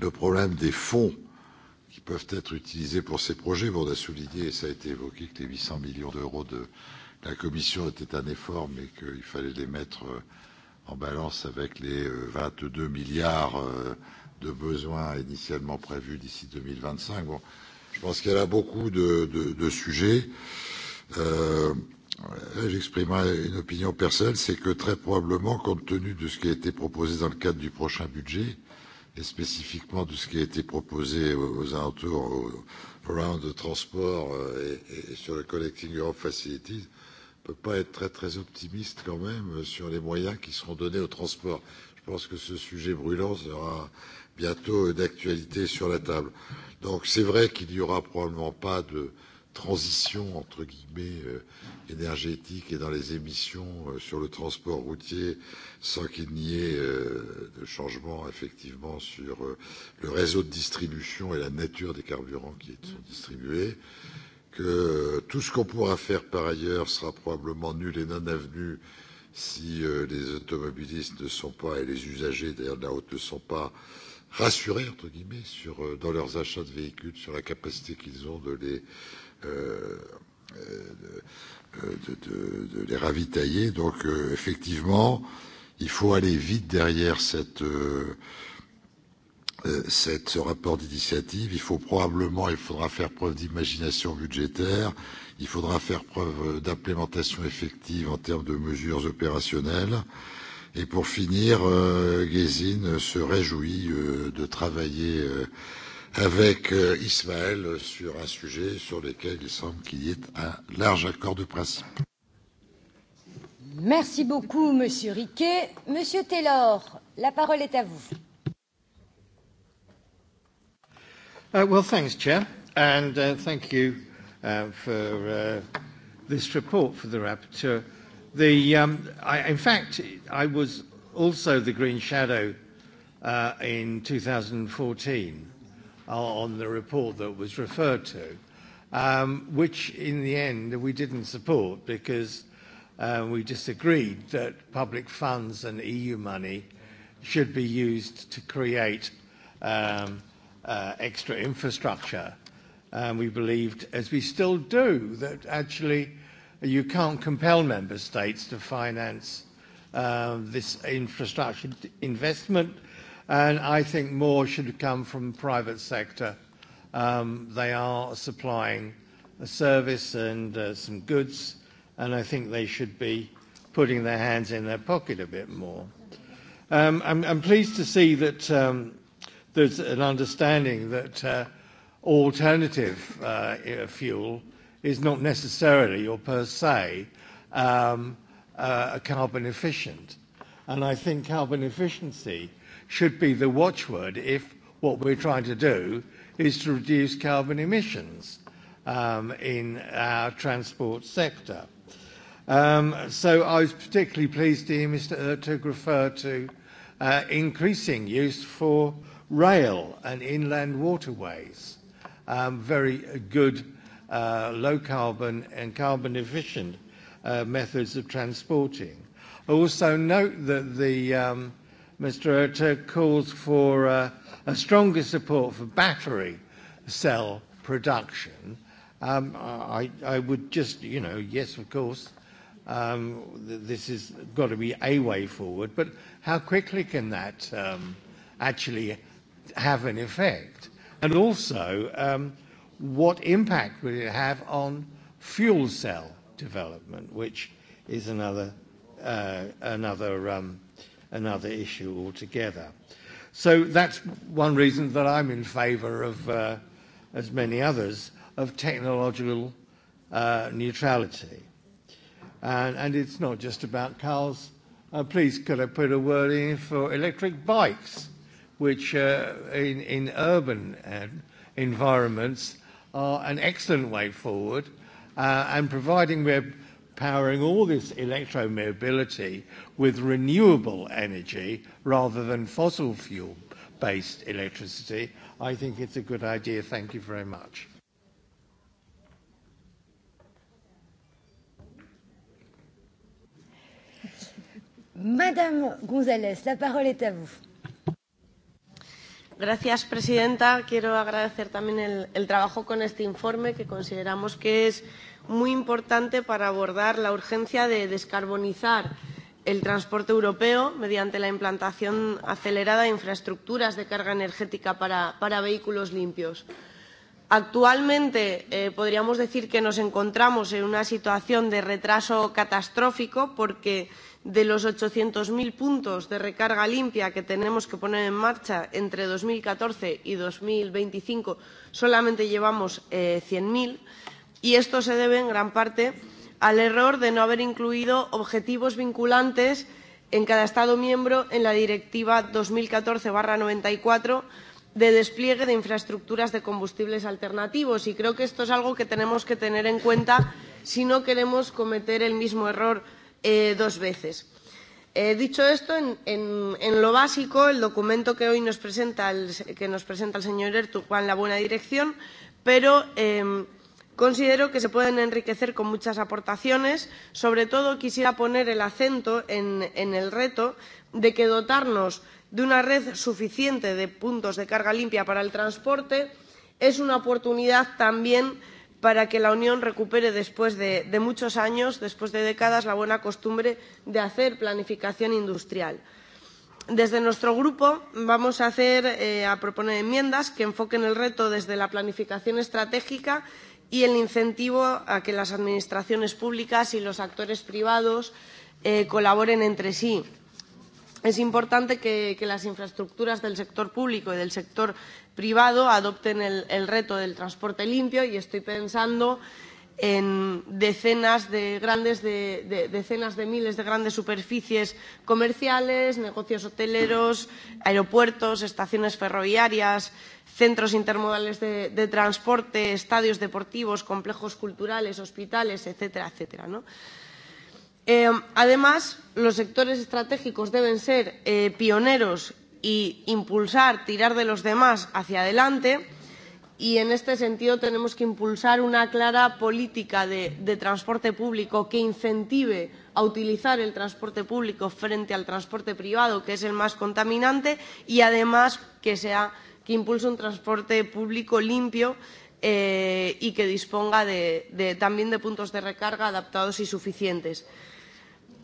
S1: le problème des fonds qui peuvent être utilisés pour ces projets, bon, on a souligné, et ça a été évoqué, que les 800 millions d'euros de la Commission étaient un effort, mais qu'il fallait les mettre euh, en balance avec les 22 euh, milliards euh, de besoins initialement prévus d'ici 2025. Bon, je pense qu'elle a beaucoup de, de, de sujets. Euh, J'exprimerai une opinion personnelle, c'est que très probablement, compte tenu de ce qui a été proposé dans le cadre du prochain budget, et spécifiquement de ce qui a été proposé aux alentours, au round de transport euh, et sur le Collecting Europe Facilities, ne peut pas être très, très optimiste quand même euh, sur les moyens qui seront donnés au transport. Je pense que ce sujet brûlant sera bientôt euh, d'actualité sur la table. Donc c'est vrai qu'il n'y aura probablement pas de transition entre guillemets euh, énergétique et dans les émissions euh, sur le transport routier sans qu'il n'y ait euh, de changement effectivement sur euh, le réseau de distribution et la nature des carburants qui sont distribués que tout ce qu'on pourra faire par ailleurs sera probablement nul et non avenu si euh, les automobilistes ne sont pas et les usagers d'ailleurs de la route ne sont pas rassurés entre guillemets sur euh, dans leurs achats de véhicules sur la capacité qu'ils ont de les euh, euh de, de, de les ravitailler donc euh, effectivement il faut aller vite derrière cette euh, Euh, cette, ce rapport d'initiative. Il faut probablement, il faudra faire preuve d'imagination budgétaire, il faudra faire preuve euh, d'implémentation effective en termes de mesures opérationnelles. Et pour finir, euh, se réjouit euh, de travailler avec Ismaël sur un sujet sur lequel il semble qu'il y ait un large accord de principe.
S13: Merci beaucoup, Monsieur Riquet. Monsieur Taylor, la parole est à vous.
S8: Uh, well, thanks, Chair, and uh, thank you uh, for this report for the rapporteur. The, um, I, in fact, I was also the Green Shadow uh, in 2014 on the report that was referred to, um, which in the end we didn't support because we disagreed that public funds and EU money should be used to create um, – Uh, extra infrastructure. And we believed, as we still do, that actually you can't compel member states to finance uh, this infrastructure investment. And I think more should come from the private sector. Um, they are supplying a service and uh, some goods, and I think they should be putting their hands in their pocket a bit more. Um, I'm, I'm pleased to see that um, there's an understanding that uh, alternative uh, fuel is not necessarily or per se um, uh, carbon efficient. And I think carbon efficiency should be the watchword if what we're trying to do is to reduce carbon emissions um, in our transport sector. Um, so I was particularly pleased to hear Mr. Ertug refer to uh, increasing use for rail and inland waterways, um, very good uh, low carbon and carbon efficient uh, methods of transporting. also note that the, um, Mr. Erta calls for uh, a stronger support for battery cell production. Um, I, I would just, you know, yes, of course, um, this has got to be a way forward, but how quickly can that um, actually have an effect? And also, um, what impact will it have on fuel cell development, which is another uh, another um, another issue altogether. So that's one reason that I'm in favour of, uh, as many others, of technological uh, neutrality. And, and it's not just about cars. Uh, please, could I put a word in for electric bikes? which uh, in, in urban uh, environments are an excellent way forward. Uh, and providing we're powering all this electromobility with renewable energy rather than fossil fuel based electricity, I think it's a good idea. Thank you very much.
S13: Madame Gonzalez, la parole est à vous. Gracias,
S9: presidenta. Quiero agradecer también el, trabajo con este informe, que consideramos que es muy importante para abordar la urgencia de descarbonizar el transporte europeo mediante la implantación acelerada de infraestructuras de carga energética para, para vehículos limpios. Actualmente eh, podríamos decir que nos encontramos en una situación de retraso catastrófico porque de los 800.000 puntos de recarga limpia que tenemos que poner en marcha entre 2014 y 2025, solamente llevamos eh, 100.000 y esto se debe en gran parte al error de no haber incluido objetivos vinculantes en cada Estado miembro en la Directiva 2014-94 de despliegue de infraestructuras de combustibles alternativos. Y creo que esto es algo que tenemos que tener en cuenta si no queremos cometer el mismo error eh, dos veces. Eh, dicho esto, en, en, en lo básico, el documento que hoy nos presenta el, que nos presenta el señor Ertug va en la buena dirección, pero eh, considero que se pueden enriquecer con muchas aportaciones. Sobre todo, quisiera poner el acento en, en el reto de que dotarnos de una red suficiente de puntos de carga limpia para el transporte es una oportunidad también para que la Unión recupere después de, de muchos años, después de décadas, la buena costumbre de hacer planificación industrial. Desde nuestro grupo vamos a, hacer, eh, a proponer enmiendas que enfoquen el reto desde la planificación estratégica y el incentivo a que las administraciones públicas y los actores privados eh, colaboren entre sí es importante que, que las infraestructuras del sector público y del sector privado adopten el, el reto del transporte limpio y estoy pensando en decenas de grandes de, de decenas de miles de grandes superficies comerciales, negocios hoteleros, aeropuertos, estaciones ferroviarias, centros intermodales de, de transporte, estadios deportivos, complejos culturales, hospitales, etcétera, etcétera, ¿no? Eh, además, los sectores estratégicos deben ser eh, pioneros y impulsar, tirar de los demás hacia adelante. Y en este sentido tenemos que impulsar una clara política de, de transporte público que incentive a utilizar el transporte público frente al transporte privado, que es el más contaminante, y además que, sea, que impulse un transporte público limpio eh, y que disponga de, de, también de puntos de recarga adaptados y suficientes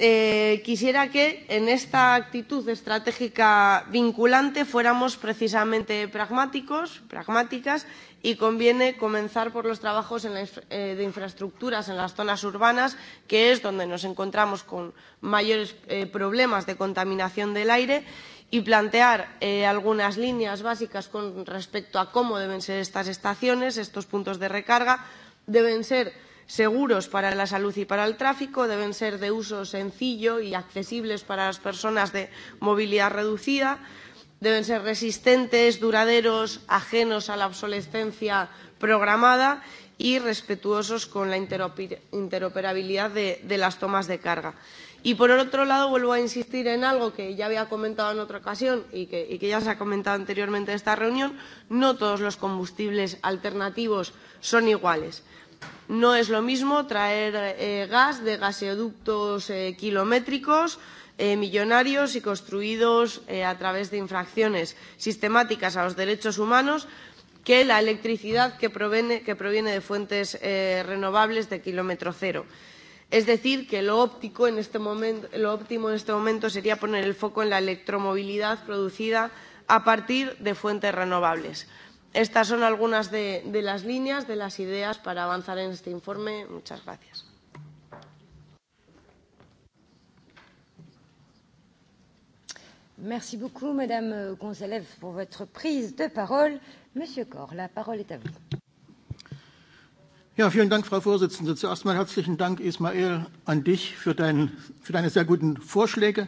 S9: eh, quisiera que en esta actitud estratégica vinculante fuéramos precisamente pragmáticos, pragmáticas, y conviene comenzar por los trabajos en la, eh, de infraestructuras en las zonas urbanas, que es donde nos encontramos con mayores eh, problemas de contaminación del aire, y plantear eh, algunas líneas básicas con respecto a cómo deben ser estas estaciones, estos puntos de recarga, deben ser seguros para la salud y para el tráfico, deben ser de uso sencillo y accesibles para las personas de movilidad reducida, deben ser resistentes, duraderos, ajenos a la obsolescencia programada y respetuosos con la interoperabilidad de, de las tomas de carga. Y por otro lado, vuelvo a insistir en algo que ya había comentado en otra ocasión y que, y que ya se ha comentado anteriormente en esta reunión, no todos los combustibles alternativos son iguales. No es lo mismo traer eh, gas de gaseoductos eh, kilométricos eh, millonarios y construidos eh, a través de infracciones sistemáticas a los derechos humanos que la electricidad que proviene, que proviene de fuentes eh, renovables de kilómetro cero. Es decir, que lo, óptico en este momento, lo óptimo en este momento sería poner el foco en la electromovilidad producida a partir de fuentes renovables. Estas son algunas de, de las líneas, de las ideas para avanzar en este informe. Muchas gracias.
S13: Merci beaucoup, Madame Gonzalez, pour votre prise de parole. Monsieur Corr, la parole est à vous.
S18: Ja, vielen Dank, Frau Vorsitzende. Zuerst mal herzlichen Dank, Ismail, an dich für, dein, für deine sehr guten Vorschläge.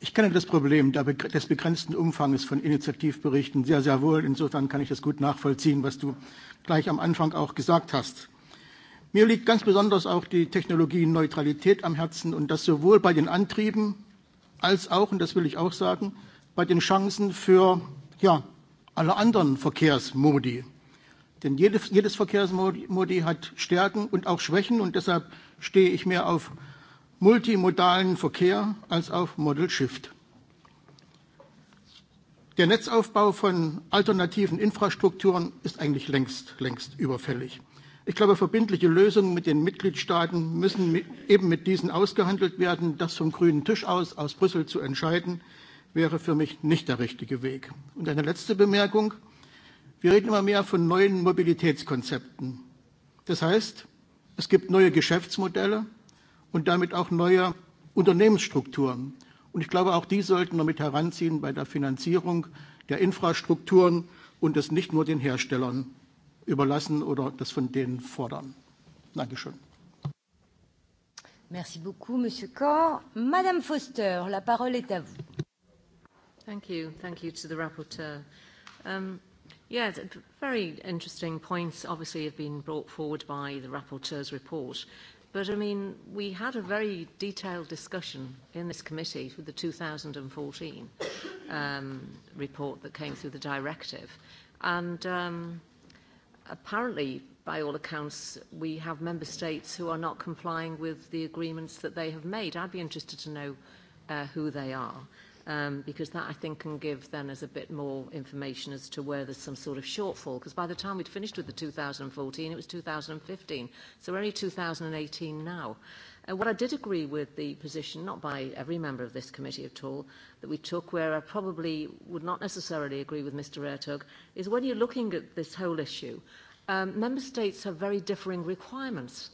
S18: Ich kenne das Problem des begrenzten Umfangs von Initiativberichten sehr, sehr wohl. Insofern kann ich das gut nachvollziehen, was du gleich am Anfang auch gesagt hast. Mir liegt ganz besonders auch die Technologieneutralität am Herzen und das sowohl bei den Antrieben als auch, und das will ich auch sagen, bei den Chancen für ja, alle anderen Verkehrsmodi. Denn jedes, jedes Verkehrsmodi hat Stärken und auch Schwächen und deshalb stehe ich mehr auf multimodalen Verkehr als auch Model Shift. Der Netzaufbau von alternativen Infrastrukturen ist eigentlich längst, längst überfällig. Ich glaube, verbindliche Lösungen mit den Mitgliedstaaten müssen mit, eben mit diesen ausgehandelt werden. Das vom grünen Tisch aus, aus Brüssel zu entscheiden, wäre für mich nicht der richtige Weg. Und eine letzte Bemerkung. Wir reden immer mehr von neuen Mobilitätskonzepten. Das heißt, es gibt neue Geschäftsmodelle, und damit auch neuer Unternehmensstrukturen. Und ich glaube, auch die sollten wir mit heranziehen bei der Finanzierung der Infrastrukturen und es nicht nur den Herstellern überlassen oder das von denen fordern. Dankeschön.
S13: Merci beaucoup, Monsieur Corr. Madame Foster, la parole est à vous. Thank
S10: you. Thank you to the rapporteur. Um, yeah, very interesting points obviously have been brought forward by the rapporteur's report. But I mean, we had a very detailed discussion in this committee with the 2014 um, report that came through the directive. And um, apparently, by all accounts, we have member states who are not complying with the agreements that they have made. I'd be interested to know uh, who they are um, because that I think can give then us a bit more information as to where there's some sort of shortfall. Because by the time we'd finished with the 2014, it was 2015. So we're only 2018 now. And uh, what I did agree with the position, not by every member of this committee at all, that we took, where I probably would not necessarily agree with Mr Ertug, is when you're looking at this whole issue, um, member states have very differing requirements.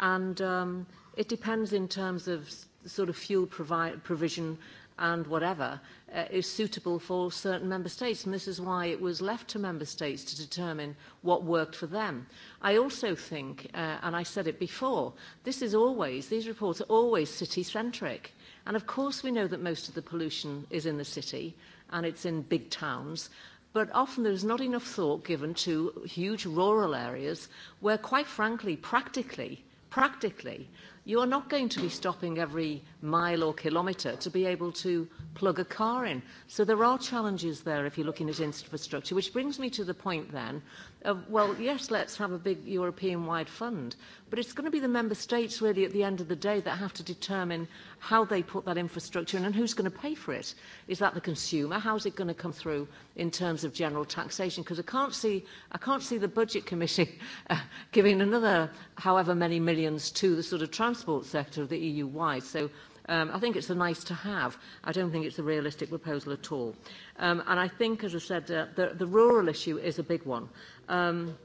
S10: And um, it depends in terms of sort of fuel provi provision and whatever uh, is suitable for certain member states. And this is why it was left to member states to determine what worked for them. I also think, uh, and I said it before, this is always, these reports are always city-centric. And of course we know that most of the pollution is in the city and it's in big towns. But often there is not enough thought given to huge rural areas where, quite frankly, practically, practically, you are not going to be stopping every mile or kilometre to be able to plug a car in. So there are challenges there if you're looking at infrastructure, which brings me to the point then of, well, yes, let's have a big European-wide fund, but it's going to be the member states really at the end of the day that have to determine how they put that infrastructure in and who's going to pay for it. Is that the consumer? How's it going to come through in terms of general taxation? Because I can't see, I can't see the Budget Committee giving another however many millions to the sort of transport sector of the EU-wide. So Um, I think it's a nice to have. I don't think it's a realistic proposal at all. Um, and I think, as I said, uh, the, the rural issue is a big one. Um,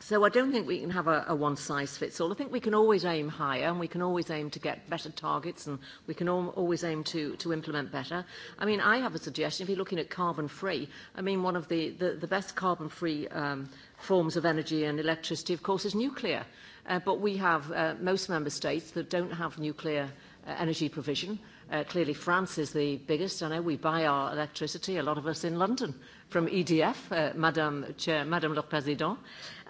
S10: So I don't think we can have a, a one-size-fits-all. I think we can always aim higher and we can always aim to get better targets and we can always aim to, to implement better. I mean, I have a suggestion. If you're looking at carbon-free, I mean, one of the, the, the best carbon-free um, forms of energy and electricity, of course, is nuclear. Uh, but we have uh, most member states that don't have nuclear Uh, energy provision. Uh, clearly, France is the biggest. I know we buy our electricity, a lot of us in London, from EDF, uh, Madame, Chair, Madame Le Président.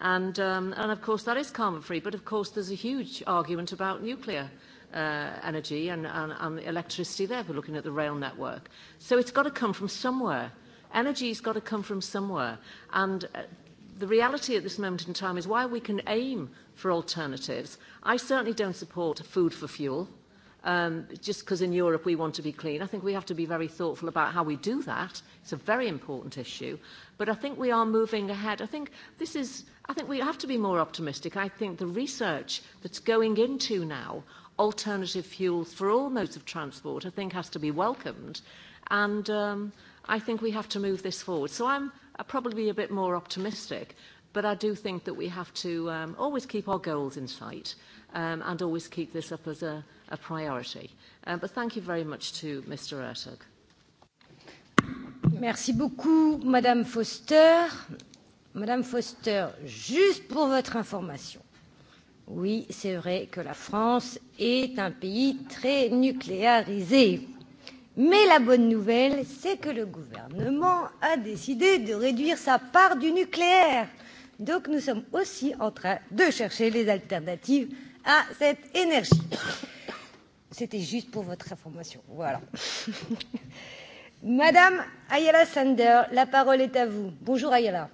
S10: And, um, and of course, that is carbon free. But of course, there's a huge argument about nuclear uh, energy and, and, and electricity there we're looking at the rail network. So it's got to come from somewhere. Energy's got to come from somewhere. And uh, the reality at this moment in time is why we can aim for alternatives, I certainly don't support food for fuel um, just because in Europe we want to be clean. I think we have to be very thoughtful about how we do that. It's a very important issue. But I think we are moving ahead. I think this is, I think we have to be more optimistic. I think the research that's going into now alternative fuels for all modes of transport, I think has to be welcomed. And um, I think we have to move this forward. So I'm probably a bit more optimistic. But I do think that we have to um, always keep our goals in sight um, and always keep this up as a, a priority. Uh, but thank you very much to Mr. Ertug.
S13: Merci beaucoup, Madame Foster. Madame Foster, juste pour votre information, oui, c'est vrai que la France est un pays très nucléarisé. Mais la bonne nouvelle, c'est que le gouvernement a décidé de réduire sa part du nucléaire. Donc nous sommes aussi en train de chercher les alternatives à cette énergie. C'était juste pour votre information. Voilà. Madame Ayala Sander, la parole est à vous. Bonjour Ayala.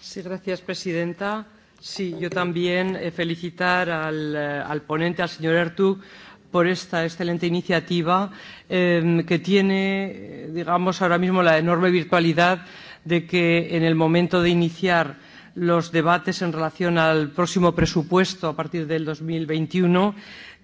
S19: Sí, gracias, presidenta. Sí, yo también eh, felicitar al, eh, al ponente, al señor Ertug, por esta excelente iniciativa eh, que tiene, eh, digamos, ahora mismo la enorme virtualidad de que en el momento de iniciar los debates en relación al próximo presupuesto a partir del 2021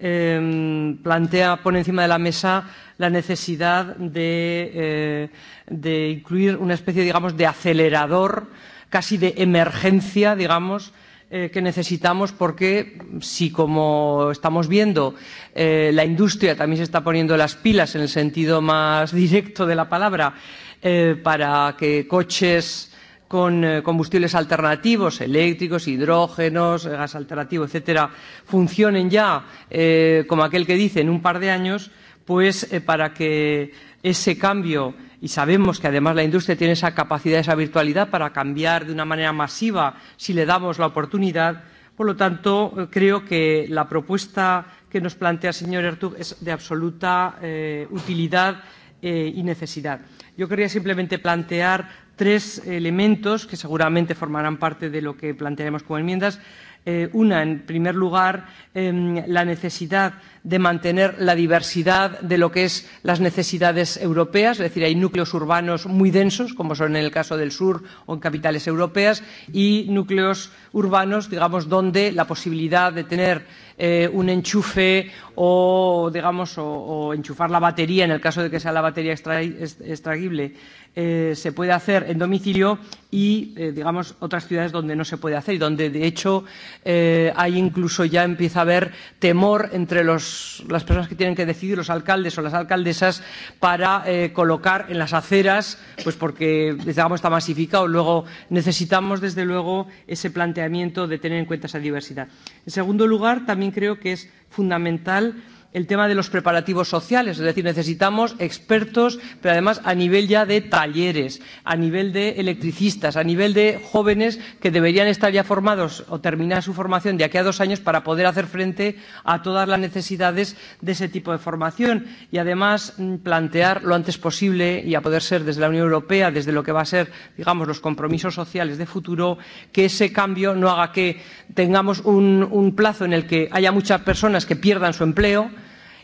S19: eh, plantea, pone encima de la mesa la necesidad de, eh, de incluir una especie, digamos, de acelerador, casi de emergencia, digamos, eh, que necesitamos porque si como estamos viendo eh, la industria también se está poniendo las pilas en el sentido más directo de la palabra eh, para que coches con eh, combustibles alternativos, eléctricos, hidrógenos, eh, gas alternativo, etcétera, funcionen ya, eh, como aquel que dice, en un par de años, pues eh, para que ese cambio y sabemos que además la industria tiene esa capacidad, esa virtualidad para cambiar de una manera masiva si le damos la oportunidad. Por lo tanto, eh, creo que la propuesta que nos plantea el señor Ertug es de absoluta eh, utilidad eh, y necesidad. Yo quería simplemente plantear tres elementos que seguramente formarán parte de lo que plantearemos como enmiendas. Eh, una, en primer lugar, eh, la necesidad de mantener la diversidad de lo que es las necesidades europeas, es decir, hay núcleos urbanos muy densos, como son en el caso del sur o en capitales europeas, y núcleos urbanos, digamos, donde la posibilidad de tener eh, un enchufe o, digamos, o, o enchufar la batería, en el caso de que sea la batería extra, extraíble, eh, se puede hacer en domicilio y, eh, digamos, otras ciudades donde no se puede hacer y donde, de hecho, eh, hay incluso ya empieza a haber temor entre los las personas que tienen que decidir, los alcaldes o las alcaldesas, para eh, colocar en las aceras, pues porque, digamos, está masificado. Luego necesitamos, desde luego, ese planteamiento de tener en cuenta esa diversidad. En segundo lugar, también creo que es fundamental el tema de los preparativos sociales, es decir, necesitamos expertos, pero además a nivel ya de talleres, a nivel de electricistas, a nivel de jóvenes que deberían estar ya formados o terminar su formación de aquí a dos años para poder hacer frente a todas las necesidades de ese tipo de formación y además mm, plantear lo antes posible y a poder ser desde la Unión Europea, desde lo que va a ser, digamos, los compromisos sociales de futuro, que ese cambio no haga que tengamos un, un plazo en el que haya muchas personas que pierdan su empleo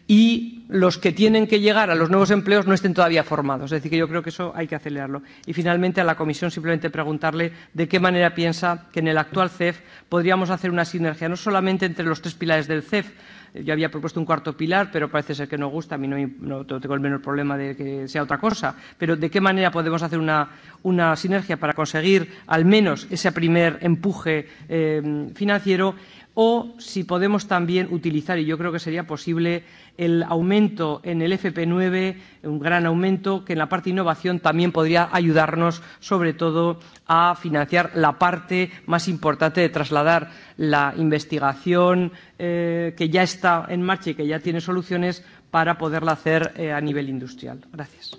S19: y los que tienen que llegar a los nuevos empleos no estén todavía formados. Es decir, que yo creo que eso hay que acelerarlo. Y finalmente, a la Comisión simplemente preguntarle de qué manera piensa que en el actual CEF podríamos hacer una sinergia, no solamente entre los tres pilares del CEF, yo había propuesto un cuarto pilar, pero parece ser que no gusta. A mí no, no tengo el menor problema de que sea otra cosa. Pero ¿de qué manera podemos hacer una, una sinergia para conseguir al menos ese primer empuje eh, financiero? o si podemos también utilizar, y yo creo que sería posible, el aumento en el FP9, un gran aumento que en la parte de innovación también podría ayudarnos, sobre todo, a financiar la parte más importante de trasladar la investigación eh, que ya está en marcha y que ya tiene soluciones para poderla hacer eh, a nivel industrial. Gracias.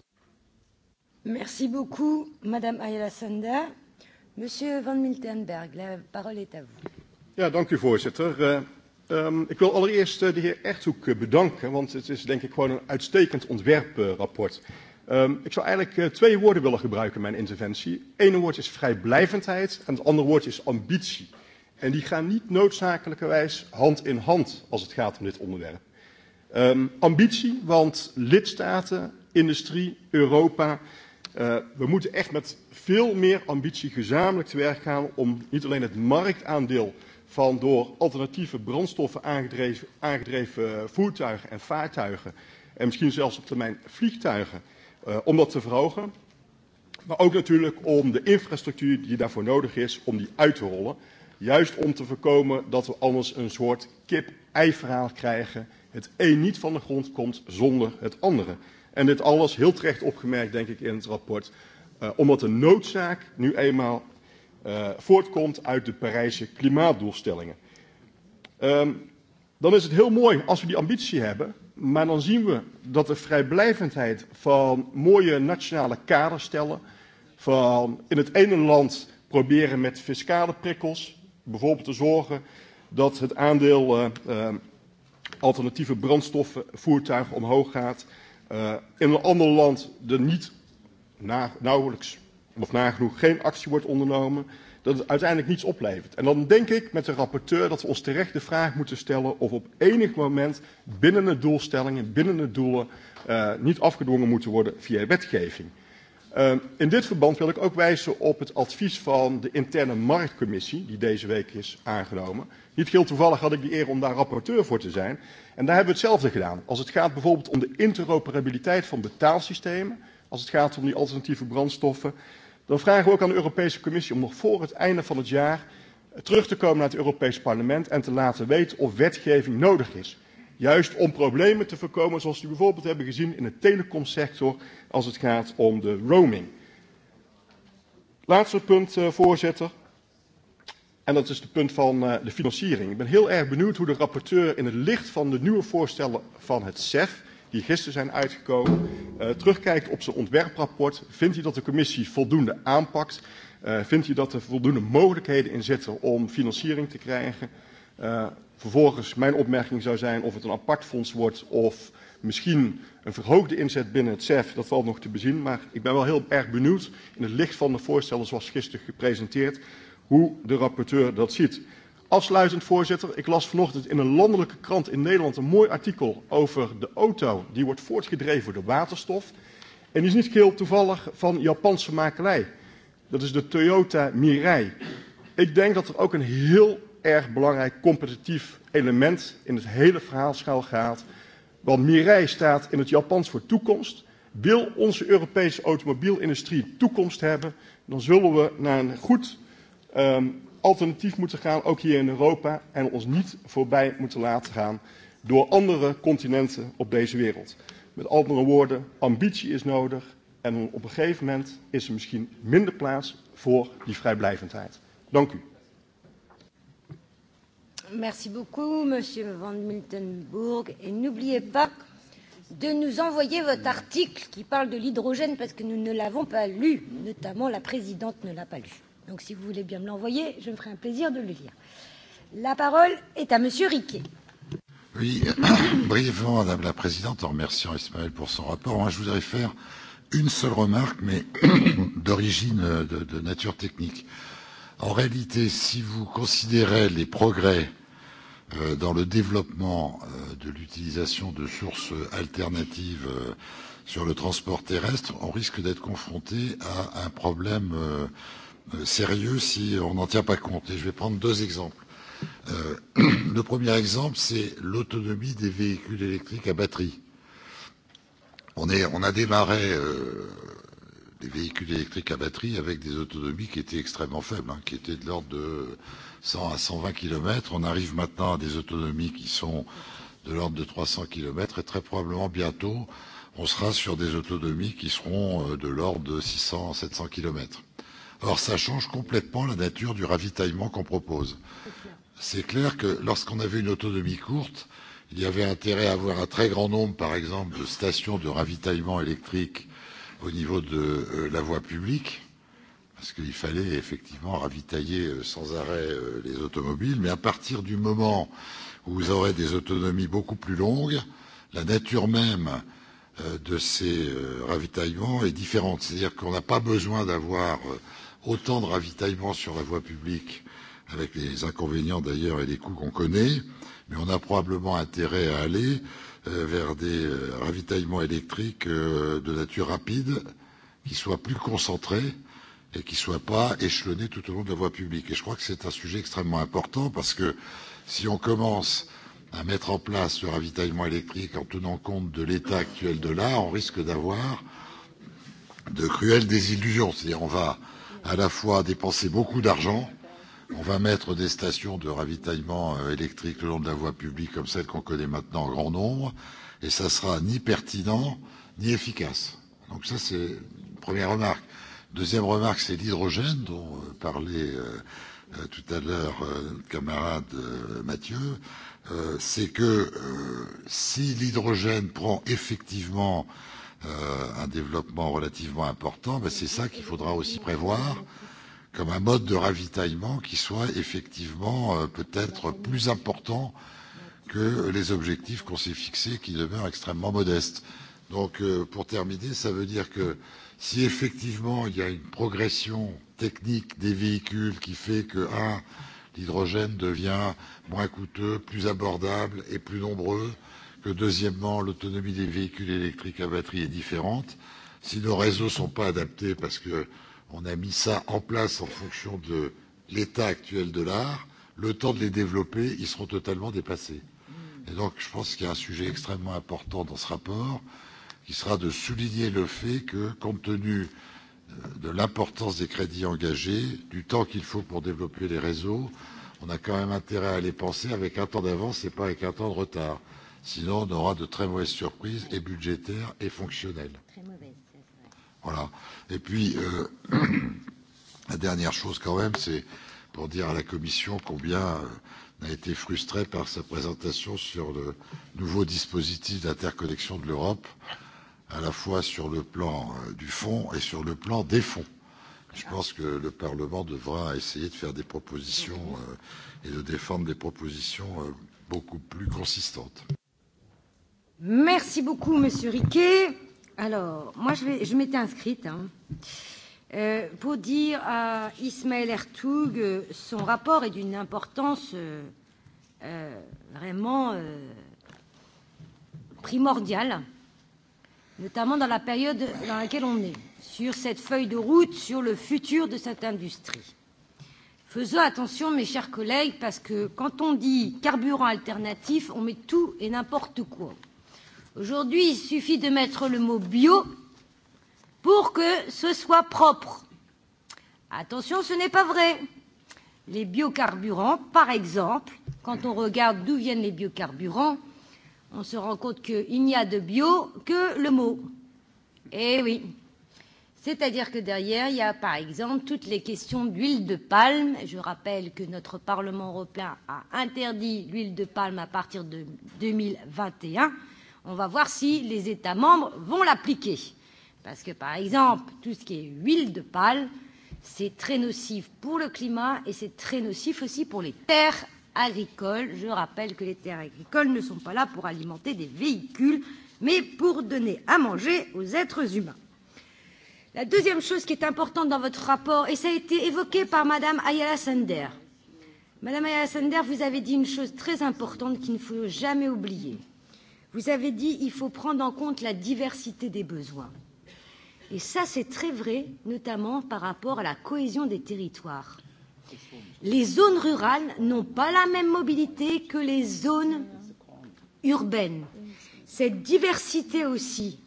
S13: Merci beaucoup, Madame Ayala Sander, Monsieur Van Miltenberg, la parole est à vous.
S19: Ja, dank u
S20: voorzitter. Uh, um, ik wil allereerst eh, de heer Erthoek eh, bedanken, want het is denk ik gewoon een uitstekend ontwerprapport. Um, ik zou eigenlijk twee woorden willen gebruiken in mijn interventie. Eén woord is vrijblijvendheid en het andere woord is ambitie. En die gaan niet noodzakelijkerwijs hand in hand als het gaat om dit onderwerp. Um, ambitie, want lidstaten, industrie, Europa, uh, we moeten echt met veel meer ambitie gezamenlijk te werk gaan om niet alleen het marktaandeel van door alternatieve brandstoffen aangedreven, aangedreven eh, voertuigen en vaartuigen. En misschien zelfs op termijn vliegtuigen. Uh, om dat te verhogen. Maar ook natuurlijk om de infrastructuur die daarvoor nodig is, om die uit te rollen. Juist om te voorkomen dat we anders een soort kip-ei-verhaal krijgen. Het een niet van de grond komt zonder het andere. En dit alles heel terecht opgemerkt, denk ik, in het rapport. Uh, omdat de noodzaak nu eenmaal Eh, voortkomt uit de Parijse klimaatdoelstellingen. Um, dan is het heel mooi als we die ambitie hebben, maar dan zien we dat de vrijblijvendheid van mooie nationale kaders stellen, van in het ene land proberen met fiscale prikkels bijvoorbeeld te zorgen dat het aandeel uh, uh, alternatieve brandstoffen, voertuigen omhoog gaat. Uh, in een ander land de er niet nauwelijks of nagenoeg geen actie wordt ondernomen, dat het uiteindelijk niets oplevert. En dan denk ik met de rapporteur dat we ons terecht de vraag moeten stellen of op enig moment binnen de doelstellingen, binnen de doelen, uh, niet afgedwongen moeten worden via wetgeving. Uh, in dit verband wil ik ook wijzen op het advies van de interne marktcommissie, die deze week is aangenomen. Niet heel toevallig had ik de eer om daar rapporteur voor te zijn. En daar hebben we hetzelfde gedaan. Als het gaat bijvoorbeeld om de interoperabiliteit van betaalsystemen, als het gaat om die alternatieve brandstoffen, Dan vragen we ook aan de Europese Commissie om nog voor het einde van het jaar terug te komen naar het Europees Parlement en te laten weten of wetgeving nodig is. Juist om problemen te voorkomen zoals we bijvoorbeeld hebben gezien in de telecomsector als het gaat om de roaming. Laatste punt, eh, voorzitter. En dat is het punt van eh, de financiering. Ik ben heel erg benieuwd hoe de rapporteur in het licht van de nieuwe voorstellen van het CEF die gisteren zijn uitgekomen, uh, eh, terugkijkt op zijn ontwerprapport, vindt u dat de commissie voldoende aanpakt? Uh, vindt u dat er voldoende mogelijkheden in zitten om financiering te krijgen? Uh, vervolgens, mijn opmerking zou zijn of het een apart fonds wordt of misschien een verhoogde inzet binnen het CEF, dat valt nog te bezien. Maar ik ben wel heel erg benieuwd in het licht van de voorstellen zoals gisteren gepresenteerd, hoe de rapporteur dat ziet. Afsluitend, voorzitter. Ik las vanochtend in een landelijke krant in Nederland een mooi artikel over de auto. Die wordt voortgedreven door waterstof. En die is niet heel toevallig van Japanse makelij. Dat is de Toyota Mirai. Ik denk dat er ook een heel erg belangrijk competitief element in het hele verhaal schuil gaat. Want Mirai staat in het Japans voor toekomst. Wil onze Europese automobielindustrie toekomst hebben, dan zullen we naar een goed um, alternatief moeten gaan, ook hier in Europa, en ons niet voorbij moeten laten gaan door andere continenten op deze wereld. Met andere woorden, ambitie is nodig en op een gegeven moment is er misschien minder plaats voor die vrijblijvendheid. Dank u.
S13: Merci beaucoup, monsieur Van Miltenburg. Et n'oubliez pas de nous envoyer votre article qui parle de l'hydrogène parce que nous ne l'avons pas lu, notamment la présidente ne l'a pas lu. Donc si vous voulez bien me l'envoyer, je me ferai un plaisir de le lire. La parole est à Monsieur Riquet.
S1: Oui, brièvement, Madame la Présidente, en remerciant Ismaël pour son rapport. Moi, je voudrais faire une seule remarque, mais d'origine de, de nature technique. En réalité, si vous considérez les progrès euh, dans le développement euh, de l'utilisation de sources alternatives euh, sur le transport terrestre, on risque d'être confronté à un problème euh, Euh, sérieux si on n'en tient pas compte. Et je vais prendre deux exemples. Euh, le premier exemple, c'est l'autonomie des véhicules électriques à batterie. On, est, on a démarré euh, des véhicules électriques à batterie avec des autonomies qui étaient extrêmement faibles, hein, qui étaient de l'ordre de 100 à 120 km. On arrive maintenant à des autonomies qui sont de l'ordre de 300 km et très probablement bientôt, on sera sur des autonomies qui seront euh, de l'ordre de 600 à 700 km. Or ça change complètement la nature du ravitaillement qu'on propose. C'est clair que lorsqu'on avait une autonomie courte, il y avait intérêt à avoir un très grand nombre, par exemple, de stations de ravitaillement électrique au niveau de euh, la voie publique, parce qu'il fallait effectivement ravitailler euh, sans arrêt euh, les automobiles. Mais à partir du moment où vous aurez des autonomies beaucoup plus longues, la nature même de ces ravitaillements est différente. C'est-à-dire qu'on n'a pas besoin d'avoir autant de ravitaillement sur la voie publique, avec les inconvénients d'ailleurs et les coûts qu'on connaît, mais on a probablement intérêt à aller euh, vers des euh, ravitaillements électriques euh, de nature rapide, qui soient plus concentrés et qui ne soient pas échelonnés tout au long de la voie publique. Et je crois que c'est un sujet extrêmement important parce que si on commence à mettre en place le ravitaillement électrique en tenant compte de l'état actuel de l'art, on risque d'avoir de cruelles désillusions. C'est-à-dire on va à la fois dépenser beaucoup d'argent. On va mettre des stations de ravitaillement euh, électrique le long de la voie publique comme celle qu'on connaît maintenant en grand nombre et ça sera ni pertinent ni efficace. Donc ça c'est une première remarque. Deuxième remarque, c'est l'hydrogène dont euh, parlait euh, tout à l'heure notre camarade Mathieu. C'est que si l'hydrogène prend effectivement Euh, un développement relativement important, ben c'est ça qu'il faudra aussi prévoir comme un mode de ravitaillement qui soit effectivement euh, peut-être plus important que les objectifs qu'on s'est fixés, qui demeurent extrêmement modestes. Donc, euh, pour terminer, ça veut dire que si effectivement il y a une progression technique des véhicules qui fait que, un, l'hydrogène devient moins coûteux, plus abordable et plus nombreux, que deuxièmement, l'autonomie des véhicules électriques à batterie est différente. Si nos réseaux ne sont pas adaptés, parce qu'on a mis ça en place en fonction de l'état actuel de l'art, le temps de les développer, ils seront totalement dépassés. Et donc, je pense qu'il y a un sujet extrêmement important dans ce rapport, qui sera de souligner le fait que, compte tenu euh, de l'importance des crédits engagés, du temps qu'il faut pour développer les réseaux, on a quand même intérêt à les penser avec un temps d'avance et pas avec un temps de retard. Sinon, on aura de très mauvaises surprises, et budgétaires et fonctionnelles. Très Voilà. Et puis, euh, la dernière chose quand même, c'est pour dire à la Commission combien on euh, a été frustré par sa présentation sur le nouveau dispositif d'interconnexion de l'Europe, à la fois sur le plan euh, du fonds et sur le plan des fonds. Je pense que le Parlement devra essayer de faire des propositions euh, et de défendre des propositions beaucoup plus consistantes.
S13: Merci beaucoup, monsieur Riquet. Alors, moi, je, vais, je m'étais inscrite hein, euh, pour dire à Ismaël Ertoug, euh, son rapport est d'une importance euh, euh, vraiment euh, primordiale, notamment dans la période dans laquelle on est, sur cette feuille de route, sur le futur de cette industrie. Faisons attention, mes chers collègues, parce que quand on dit carburant alternatif, on met tout et n'importe quoi. Aujourd'hui, il suffit de mettre le mot bio pour que ce soit propre. Attention, ce n'est pas vrai. Les biocarburants, par exemple, quand on regarde d'où viennent les biocarburants, on se rend compte qu'il n'y a de bio que le mot. Eh oui. C'est-à-dire que derrière, il y a par exemple toutes les questions d'huile de palme. Je rappelle que notre Parlement européen a interdit l'huile de palme à partir de 2021 on va voir si les États membres vont l'appliquer. Parce que, par exemple, tout ce qui est huile de palme, c'est très nocif pour le climat et c'est très nocif aussi pour les terres agricoles. Je rappelle que les terres agricoles ne sont pas là pour alimenter des véhicules, mais pour donner à manger aux êtres humains. La deuxième chose qui est importante dans votre rapport, et ça a été évoqué par Madame Ayala Sander. Madame Ayala Sander, vous avez dit une chose très importante qu'il ne faut jamais oublier. Vous avez dit qu'il faut prendre en compte la diversité des besoins. Et ça, c'est très vrai, notamment par rapport à la cohésion des territoires. Les zones rurales n'ont pas la même mobilité que les zones urbaines. Cette diversité aussi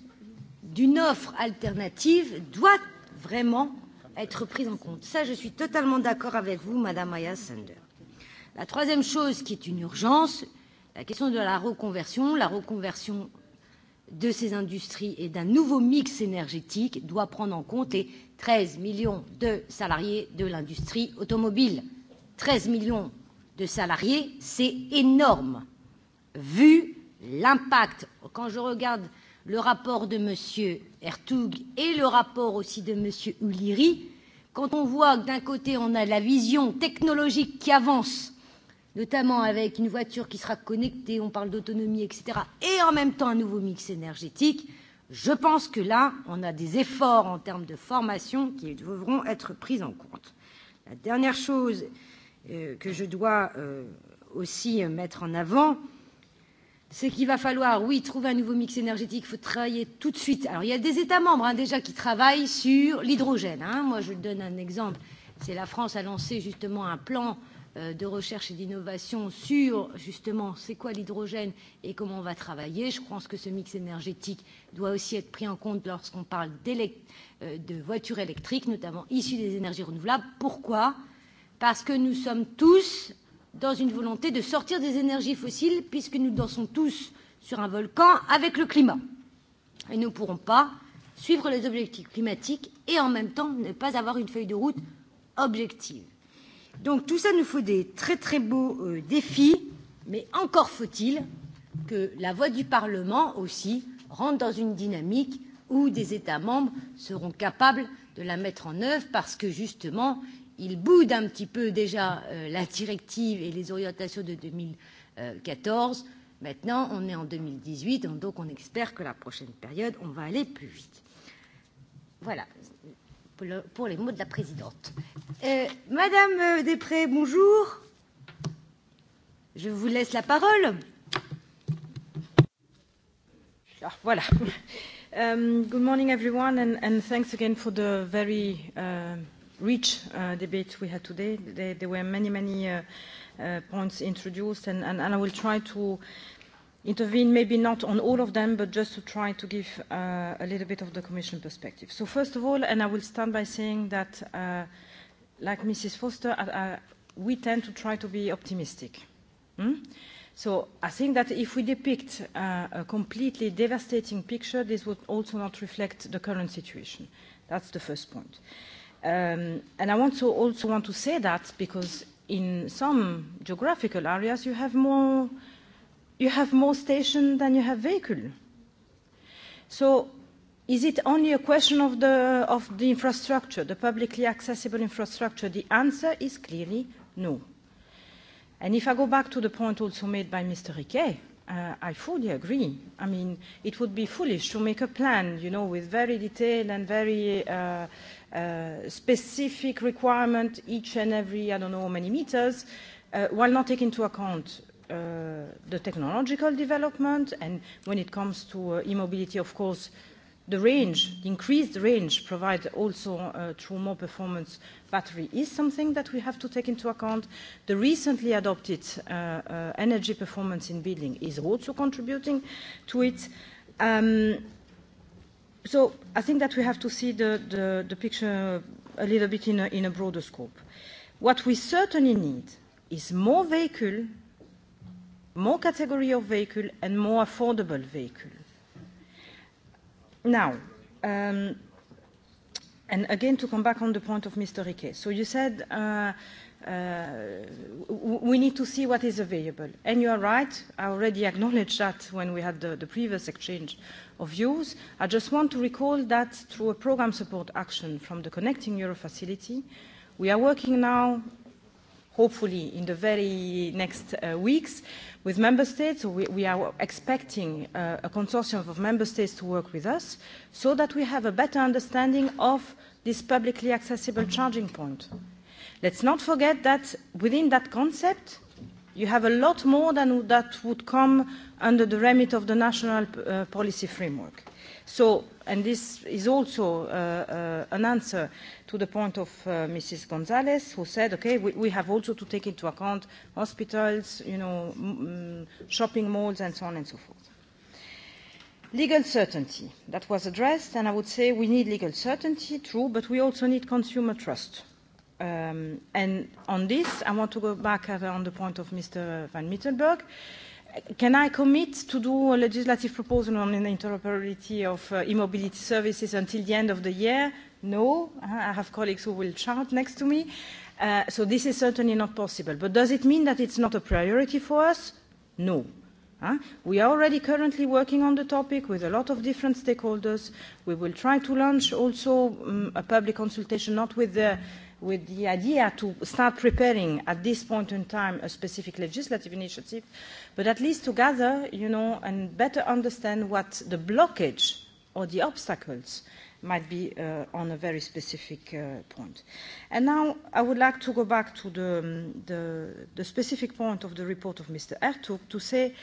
S13: d'une offre alternative doit vraiment être prise en compte. Ça, je suis totalement d'accord avec vous, Madame Maya Sander. La troisième chose qui est une urgence, la question de la reconversion, la reconversion de ces industries et d'un nouveau mix énergétique doit prendre en compte les 13 millions de salariés de l'industrie automobile. 13 millions de salariés, c'est énorme vu l'impact. Quand je regarde le rapport de monsieur Ertug et le rapport aussi de monsieur Ulliri, quand on voit que d'un côté on a la vision technologique qui avance notamment avec une voiture qui sera connectée, on parle d'autonomie, etc., et en même temps un nouveau mix énergétique, je pense que là, on a des efforts en termes de formation qui devront être pris en compte. La dernière chose euh, que je dois euh, aussi mettre en avant, c'est qu'il va falloir, oui, trouver un nouveau mix énergétique, il faut travailler tout de suite. Alors, il y a des États membres hein, déjà qui travaillent sur l'hydrogène. Hein. Moi, je donne un exemple. C'est la France a lancé justement un plan Euh, de recherche et d'innovation sur justement c'est quoi l'hydrogène et comment on va travailler. Je pense que ce mix énergétique doit aussi être pris en compte lorsqu'on parle euh, de voitures électriques, notamment issues des énergies renouvelables. Pourquoi Parce que nous sommes tous dans une volonté de sortir des énergies fossiles, puisque nous dansons tous sur un volcan avec le climat. Et nous ne pourrons pas suivre les objectifs climatiques et en même temps ne pas avoir une feuille de route objective. Donc tout ça nous faut des très très beaux euh, défis, mais encore faut-il que la voix du Parlement aussi rentre dans une dynamique où des États membres seront capables de la mettre en œuvre parce que justement, ils boudent un petit peu déjà euh, la directive et les orientations de 2014. Maintenant, on est en 2018, donc on espère que la prochaine période, on va aller plus vite. Voilà pour les mots de la présidente. Euh, Madame euh, Després, bonjour. Je vous laisse la parole. Ah, voilà.
S21: Um, good morning, everyone, and, and thanks again for the very uh, rich uh, debate we had today. There, there were many, many uh, uh, points introduced, and, and, and I will try to intervene, maybe not on all of them, but just to try to give uh, a little bit of the Commission perspective. So first of all, and I will start by saying that uh, like Mrs. Foster, uh, uh, we tend to try to be optimistic. Hmm? So I think that if we depict uh, a completely devastating picture, this would also not reflect the current situation. That's the first point. Um, and I want to also want to say that because in some geographical areas you have more you have more station than you have vehicle. So Is it only a question of the, of the infrastructure, the publicly accessible infrastructure? The answer is clearly no. And if I go back to the point also made by Mr. Riquet, uh, I fully agree. I mean, it would be foolish to make a plan, you know, with very detailed and very uh, uh, specific requirement each and every, I don't know, many meters, uh, while not taking into account uh, the technological development and when it comes to uh, immobility, of course, the range, the increased range provided also uh, through more performance battery is something that we have to take into account. The recently adopted uh, uh, energy performance in building is also contributing to it. Um, so I think that we have to see the, picture a little bit in a, in a broader scope. What we certainly need is more vehicle, more category of vehicle and more affordable vehicle Now, um, and again, to come back on the point of Mr. Riquet. So you said uh, uh, we need to see what is available. And you are right. I already acknowledged that when we had the, the previous exchange of views. I just want to recall that through a program support action from the Connecting Euro facility, we are working now hopefully in the very next uh, weeks with member states. We, are expecting uh, a consortium of member states to work with us so that we have a better understanding of this publicly accessible charging point. Let's not forget that within that concept, you have a lot more than that would come under the remit of the national uh, policy framework. So and this is also uh, uh, an answer to the point of uh, Mrs. Gonzalez, who said, okay, we, we have also to take into account hospitals, you know, m mm, mm, shopping malls, and so on and so forth. Legal certainty, that was addressed, and I would say we need legal certainty, true, but we also need consumer trust. Um, and on this, I want to go back uh, on the point of Mr. Van Mittelberg. Can I commit to do a legislative proposal on the interoperability of uh, e-mobility services until the end of the year? No. Uh-huh. I have colleagues who will chat next to me. Uh, so this is certainly not possible. But does it mean that it's not a priority for us? No. Uh, we are already currently working on the topic with a lot of different stakeholders. We will try to launch also um, a public consultation, not with the with the idea to start preparing at this point in time a specific legislative initiative, but at least to gather, you know, and better understand what the blockage or the obstacles might be uh, on a very specific uh, point. And now I would like to go back to the, um, the, the specific point of the report of Mr. Ertug to say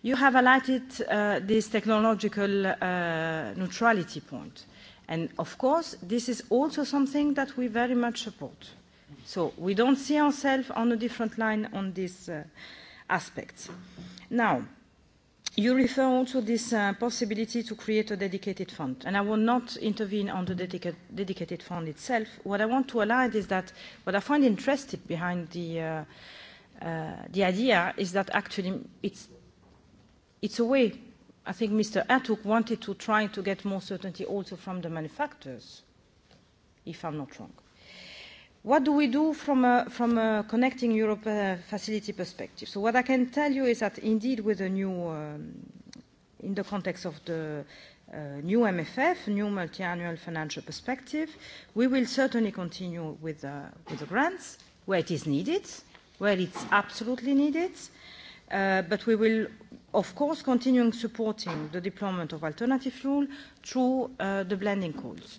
S21: you have highlighted uh, this technological uh, neutrality point. And of course, this is also something that we very much support. So we don't see ourselves on a different line on this uh, aspects. Now, you refer also this uh, possibility to create a dedicated fund, and I will not intervene on the dedicated fund itself. What I want to highlight is that what I find interesting behind the, uh, uh the idea is that actually it's, it's a way i think Mr. Atuk wanted to try to get more certainty also from the manufacturers, if I'm not wrong. What do we do from a, from a connecting Europe uh, facility perspective? So what I can tell you is that indeed with the new, um, in the context of the uh, new MFF, new multi-annual financial perspective, we will certainly continue with, uh, with the grants where it is needed, where it's absolutely needed, uh, but we will of course, continuing supporting the deployment of alternative fuel through uh, the blending calls.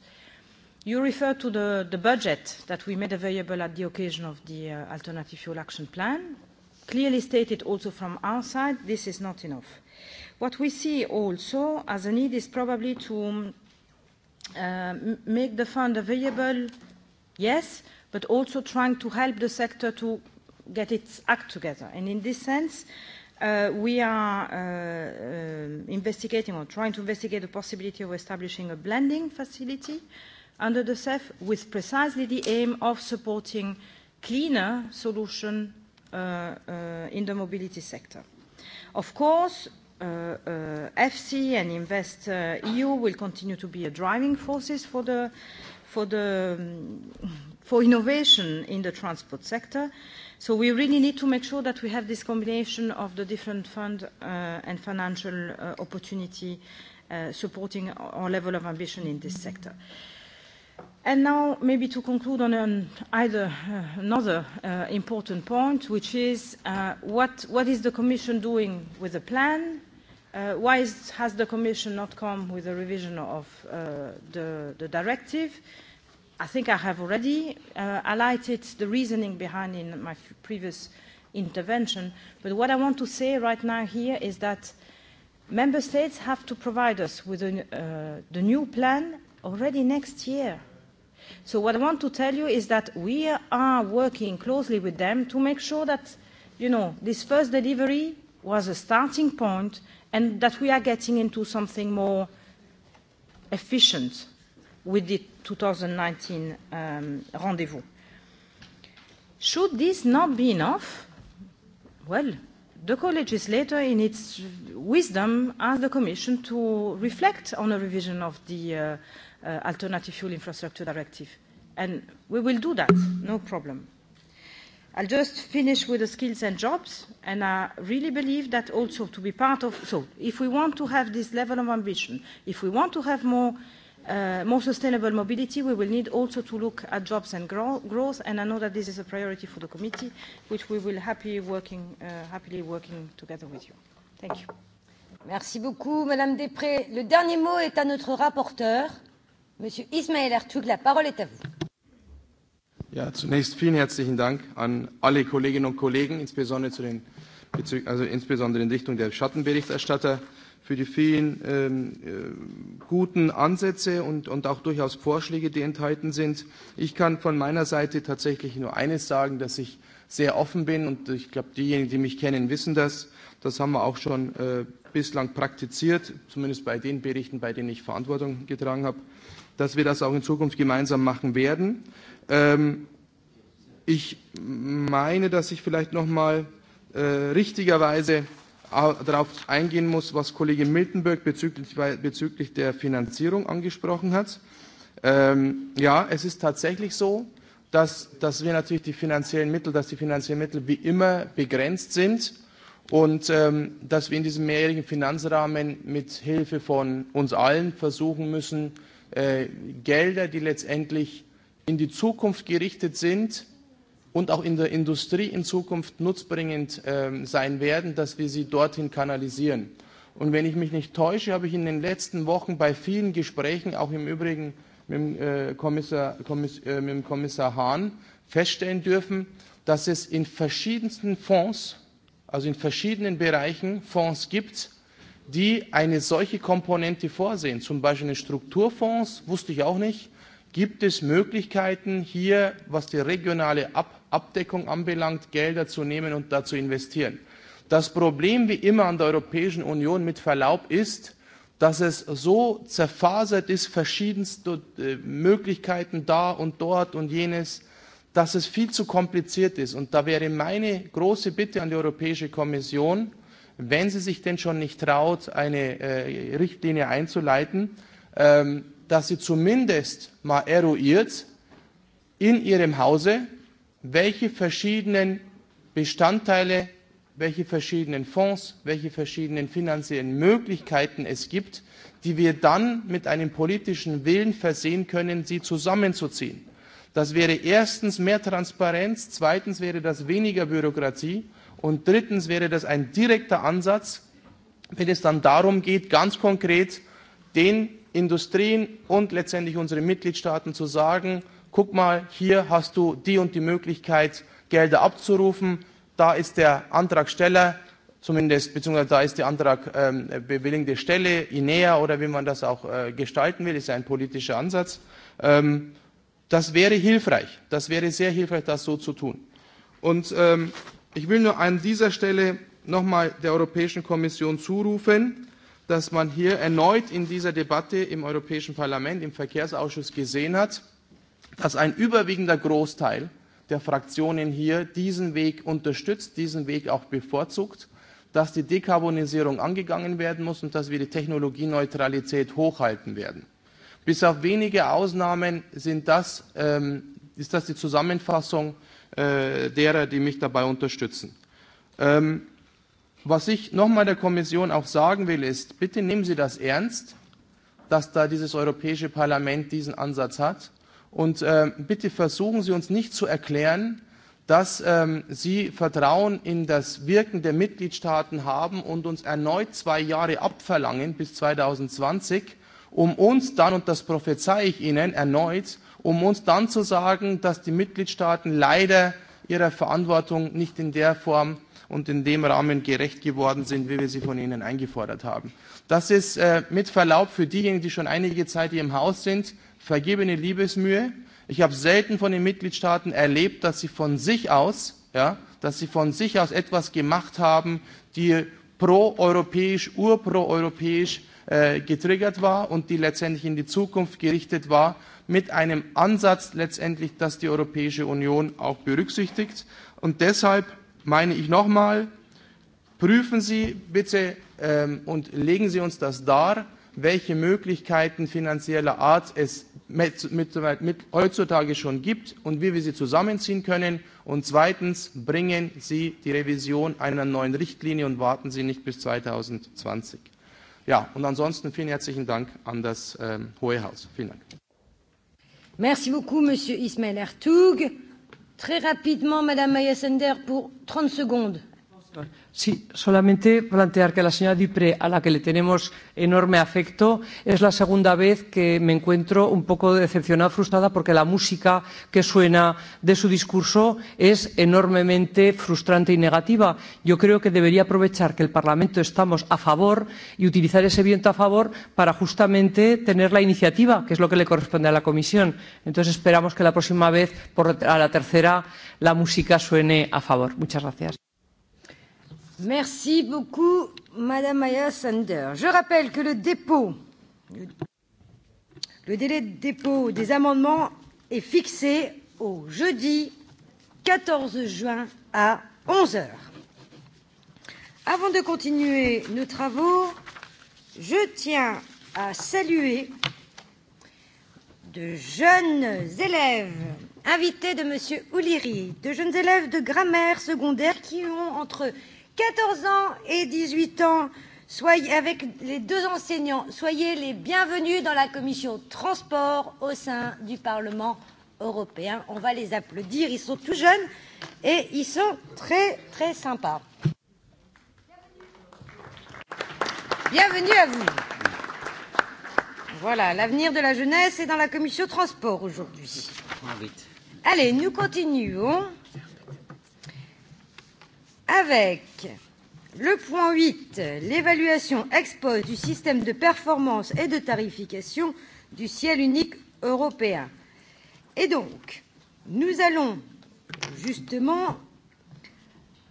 S21: You refer to the, the budget that we made available at the occasion of the uh, Alternative Fuel Action Plan. Clearly stated also from our side, this is not enough. What we see also as a need is probably to um, uh, make the fund available, yes, but also trying to help the sector to get its act together. And in this sense, Uh, we are uh, uh, investigating or trying to investigate the possibility of establishing a blending facility under the CEF with precisely the aim of supporting cleaner solution in the mobility sector. Of course, FC and Invest EU will continue to be a driving forces for the for the um, for innovation in the transport sector So we really need to make sure that we have this combination of the different fund uh, and financial uh, opportunity uh, supporting our level of ambition in this sector. And now maybe to conclude on an either uh, another uh, important point, which is uh, what, what is the Commission doing with the plan? Uh, why is, has the Commission not come with a revision of uh, the, the directive? Uh, i think I have already uh, highlighted the reasoning behind in my previous intervention, but what I want to say right now here is that member states have to provide us with a, uh, the new plan already next year. So what I want to tell you is that we are working closely with them to make sure that, you know, this first delivery was a starting point and that we are getting into something more efficient with the 2019 um, rendezvous. Should this not be enough? Well, the co-legislator in its wisdom asked the Commission to reflect on a revision of the uh, uh, Alternative Fuel Infrastructure Directive. And we will do that, no problem. I'll just finish with the skills and jobs, and I really believe that also to be part of, so if we want to have this level of ambition, if we want to have more uh, more sustainable mobility, we will need also to look at jobs and grow growth, and I know that this is a priority for the committee, which we will happy working, uh, happily working
S13: together with you. Thank you. Merci beaucoup, Madame Després. Le dernier mot est à notre rapporteur, Monsieur Ismaël Ertug. La parole est à vous.
S15: Ja, zunächst vielen herzlichen Dank an alle Kolleginnen und Kollegen, insbesondere zu den, also insbesondere in Richtung der Schattenberichterstatter für die vielen ähm, äh, guten Ansätze und, und auch durchaus Vorschläge, die enthalten sind. Ich kann von meiner Seite tatsächlich nur eines sagen, dass ich sehr offen bin und ich glaube, diejenigen, die mich kennen, wissen das. Das haben wir auch schon äh, bislang praktiziert, zumindest bei den Berichten, bei denen ich Verantwortung getragen habe, dass wir das auch in Zukunft gemeinsam machen werden. Ähm, ich meine, dass ich vielleicht noch mal äh, richtigerweise darauf eingehen muss, was Kollege Miltenberg bezüglich, bezüglich der Finanzierung angesprochen hat. Ähm, ja, es ist tatsächlich so, dass, dass wir natürlich die finanziellen Mittel, dass die finanziellen Mittel wie immer begrenzt sind und ähm, dass wir in diesem mehrjährigen Finanzrahmen mit Hilfe von uns allen versuchen müssen, äh, Gelder, die letztendlich in die Zukunft gerichtet sind, und auch in der Industrie in Zukunft nutzbringend ähm, sein werden, dass wir sie dorthin kanalisieren. Und wenn ich mich nicht täusche, habe ich in den letzten Wochen bei vielen Gesprächen, auch im Übrigen mit dem äh, Kommissar, äh, mit dem Kommissar Hahn, feststellen dürfen, dass es in verschiedensten Fonds, also in verschiedenen Bereichen Fonds gibt, die eine solche Komponente vorsehen. Zum Beispiel in Strukturfonds, wusste ich auch nicht, gibt es Möglichkeiten hier, was die regionale Abdeckung anbelangt, Gelder zu nehmen und dazu investieren. Das Problem wie immer an der Europäischen Union mit Verlaub ist, dass es so zerfasert ist, verschiedenste äh, Möglichkeiten da und dort und jenes, dass es viel zu kompliziert ist. Und da wäre meine große Bitte an die Europäische Kommission, wenn sie sich denn schon nicht traut, eine äh, Richtlinie einzuleiten, ähm, dass sie zumindest mal eruiert in ihrem Hause, welche verschiedenen Bestandteile, welche verschiedenen Fonds, welche verschiedenen finanziellen Möglichkeiten es gibt, die wir dann mit einem politischen Willen versehen können, sie zusammenzuziehen. Das wäre erstens mehr Transparenz, zweitens wäre das weniger Bürokratie und drittens wäre das ein direkter Ansatz, wenn es dann darum geht, ganz konkret den Industrien und letztendlich unseren Mitgliedstaaten zu sagen, guck mal, hier hast du die und die Möglichkeit, Gelder abzurufen. Da ist der Antragsteller, zumindest, beziehungsweise da ist die Antrag ähm, bewilligende Stelle, INEA oder wie man das auch äh, gestalten will, ist ein politischer Ansatz. Ähm, das wäre hilfreich. Das wäre sehr hilfreich, das so zu tun. Und ähm, ich will nur an dieser Stelle nochmal der Europäischen Kommission zurufen, dass man hier erneut in dieser Debatte im Europäischen Parlament, im Verkehrsausschuss gesehen hat, dass ein überwiegender Großteil der Fraktionen hier diesen Weg unterstützt, diesen Weg auch bevorzugt, dass die Dekarbonisierung angegangen werden muss und dass wir die Technologieneutralität hochhalten werden. Bis auf wenige Ausnahmen sind das, ähm, ist das die Zusammenfassung äh, derer, die mich dabei unterstützen. Ähm, was ich nochmal der Kommission auch sagen will, ist, bitte nehmen Sie das ernst, dass da dieses Europäische Parlament diesen Ansatz hat Und äh, bitte versuchen Sie uns nicht zu erklären, dass ähm, Sie Vertrauen in das Wirken der Mitgliedstaaten haben und uns erneut zwei Jahre abverlangen bis 2020, um uns dann, und das prophezei ich Ihnen erneut, um uns dann zu sagen, dass die Mitgliedstaaten leider ihrer Verantwortung nicht in der Form und in dem Rahmen gerecht geworden sind, wie wir sie von ihnen eingefordert haben. Das ist äh, mit Verlaub für diejenigen, die schon einige Zeit hier im Haus sind, vergebene Liebesmühe. Ich habe selten von den Mitgliedstaaten erlebt, dass sie von sich aus, ja, dass sie von sich aus etwas gemacht haben, die proeuropäisch, urproeuropäisch äh, getriggert war und die letztendlich in die Zukunft gerichtet war, mit einem Ansatz letztendlich, dass die Europäische Union auch berücksichtigt. Und deshalb meine ich nochmal, prüfen Sie bitte ähm, und legen Sie uns das dar, welche Möglichkeiten finanzieller Art es mit, mit, mit, heutzutage schon gibt und wie wir sie zusammenziehen können. Und zweitens, bringen Sie die Revision einer neuen Richtlinie und warten Sie nicht bis 2020. Ja, und ansonsten vielen herzlichen Dank an das ähm, Hohe Haus. Vielen Dank.
S13: Merci beaucoup, Monsieur Ismail Ertug. Très rapidement, Madame Mayesender, pour 30 secondes.
S19: Sí, solamente plantear que la señora Dupré, a la que le tenemos enorme afecto, es la segunda vez que me encuentro un poco decepcionada, frustrada, porque la música que suena de su discurso es enormemente frustrante y negativa. Yo creo que debería aprovechar que el Parlamento estamos a favor y utilizar ese viento a favor para justamente tener la iniciativa, que es lo que le corresponde a la Comisión. Entonces esperamos que la próxima vez, por, a la tercera, la música suene a favor. Muchas gracias.
S13: Merci beaucoup, Madame Aya Sander. Je rappelle que le dépôt, le délai de dépôt des amendements est fixé au jeudi 14 juin à 11 heures. Avant de continuer nos travaux, je tiens à saluer de jeunes élèves invités de M. Ouliri, de jeunes élèves de grammaire secondaire qui ont entre 14 ans et 18 ans, soyez, avec les deux enseignants, soyez les bienvenus dans la commission transport au sein du Parlement européen. On va les applaudir, ils sont tout jeunes et ils sont très très sympas. Bienvenue à vous. Voilà, l'avenir de la jeunesse est dans la commission transport aujourd'hui. Allez, nous continuons avec le point 8, l'évaluation ex post du système de performance et de tarification du ciel unique européen. Et donc, nous allons justement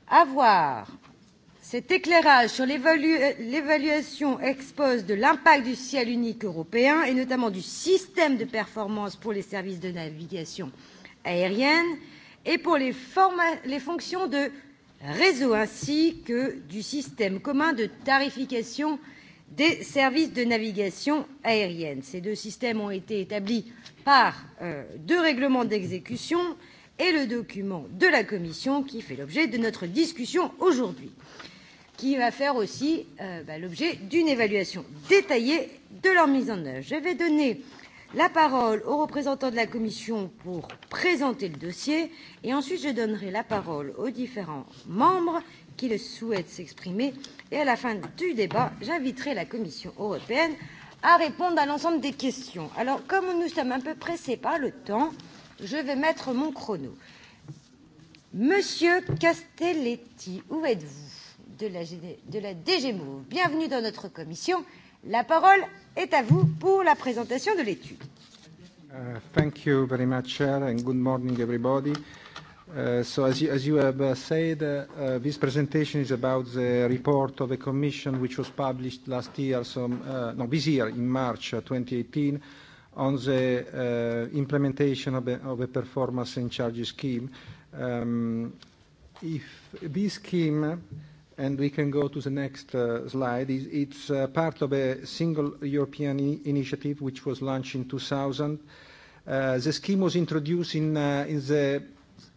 S13: avoir cet éclairage sur l'évaluation ex post de l'impact du ciel unique européen et notamment du système de performance pour les services de navigation aérienne et pour les, les fonctions de réseau ainsi que du système commun de tarification des services de navigation aérienne. Ces deux systèmes ont été établis par euh, deux règlements d'exécution et le document de la Commission qui fait l'objet de notre discussion aujourd'hui, qui va faire aussi euh, bah, l'objet d'une évaluation détaillée de leur mise en œuvre. Je vais donner la parole au représentant de la Commission pour présenter le dossier et ensuite je donnerai la parole aux différents membres qui le souhaitent s'exprimer et à la fin du débat, j'inviterai la Commission européenne à répondre à l'ensemble des questions. Alors, comme nous sommes un peu pressés par le temps, je vais mettre mon chrono. Monsieur Castelletti, où êtes-vous de la, de la DGMO Bienvenue dans notre commission La parole est à vous pour la présentation de l'étude.
S22: Uh, thank you very much, Chair, and good morning, everybody. Uh, so as you, as you have uh, said, uh, uh this presentation is about the report of the Commission which was published last year, so, no, this year in March 2018, on the implementation of a, of a performance and charges scheme. Um, if this scheme and we can go to the next uh, slide. It's uh, part of a single European initiative which was launched in 2000. Uh, the scheme was introduced in, in the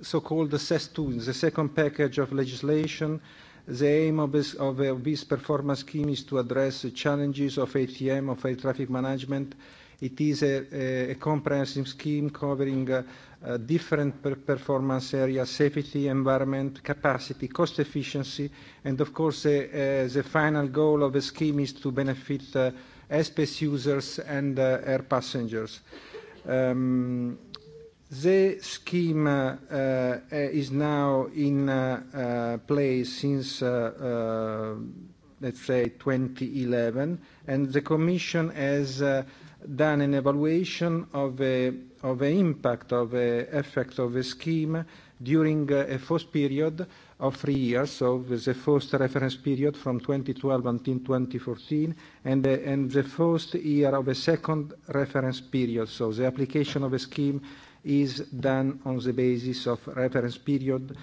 S22: so-called CES2, the second package of legislation. The aim of this, of this performance scheme is to address the challenges of ATM, of air traffic management. It is a comprehensive scheme covering Uh, different per performance areas, safety, environment, capacity, cost efficiency, and of course uh, the final goal of the scheme is to benefit uh, users and uh, air passengers. Um, the scheme is now in place since let's say 2011, and the Commission has done an evaluation of the of the impact of the effect of the scheme during a first period of three years, so the first reference period from 2012 until 2014, and the, and the first year of the second reference period. So the application of a scheme is done on the basis of reference period,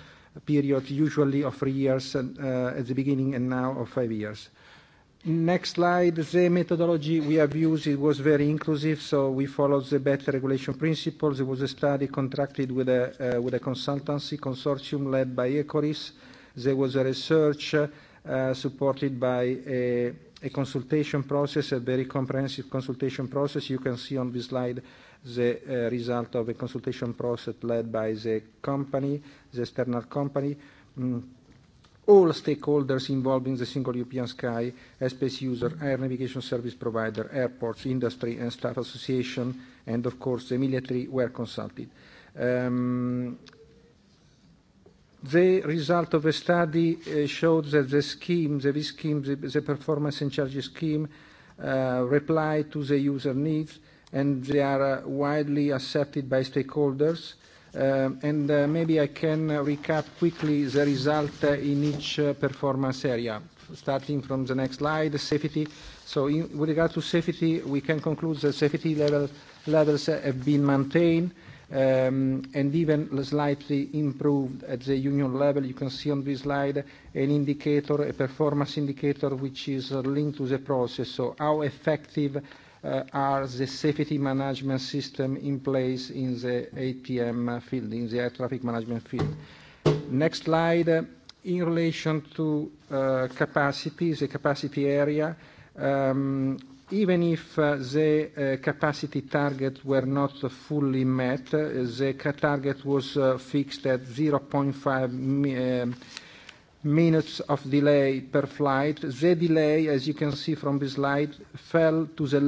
S22: period usually of three years uh, at the beginning and now of five years. Next slide, the methodology we have used, it was very inclusive, so we followed the better regulation principles. There was a study contracted with a, uh, with a consultancy consortium led by ECORIS. There was a research uh, supported by a, consultation process, a very comprehensive consultation process. You can see on this slide the uh, result of a consultation process led by the company, the external company. Mm all stakeholders involved in the single European sky, space user, air navigation service provider, airports, industry and staff association, and of course the military were consulted. Um, the result of a study uh, showed that the scheme, the VIS scheme, the, the performance and charges scheme uh, reply to the user needs and they are uh, widely accepted by stakeholders. Um, and uh, maybe I can recap quickly the result uh, in each uh, performance area, starting from the next slide, safety. So in, with regard to safety, we can conclude that safety level, levels have been maintained um, and even slightly improved at the union level. You can see on this slide an indicator, a performance indicator, which is linked to the process. So how effective Uh, are the safety management system in place in the ATM field, in the air traffic management field. Next slide. Uh, in relation to uh, capacity, the capacity area, um, even if the capacity target were not fully met, the target was fixed at 0.5 minutes of delay per flight. The delay, as you can see from this slide, fell to the,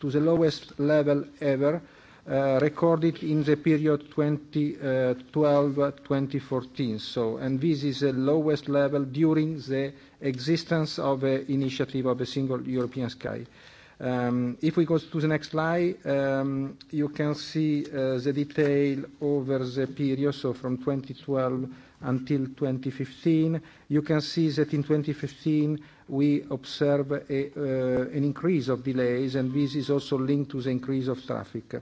S22: to the lowest level ever, uh, recorded in the period 2012-2014. Uh, so, and this is the lowest level during the existence of the initiative of a single European sky. Um, if we go to the next slide, um, you can see uh, the detail over the period, so from 2012 until 2015. You can see that in 2015, we observe a, uh, an increase of delays, and this is also linked to the increase of traffic.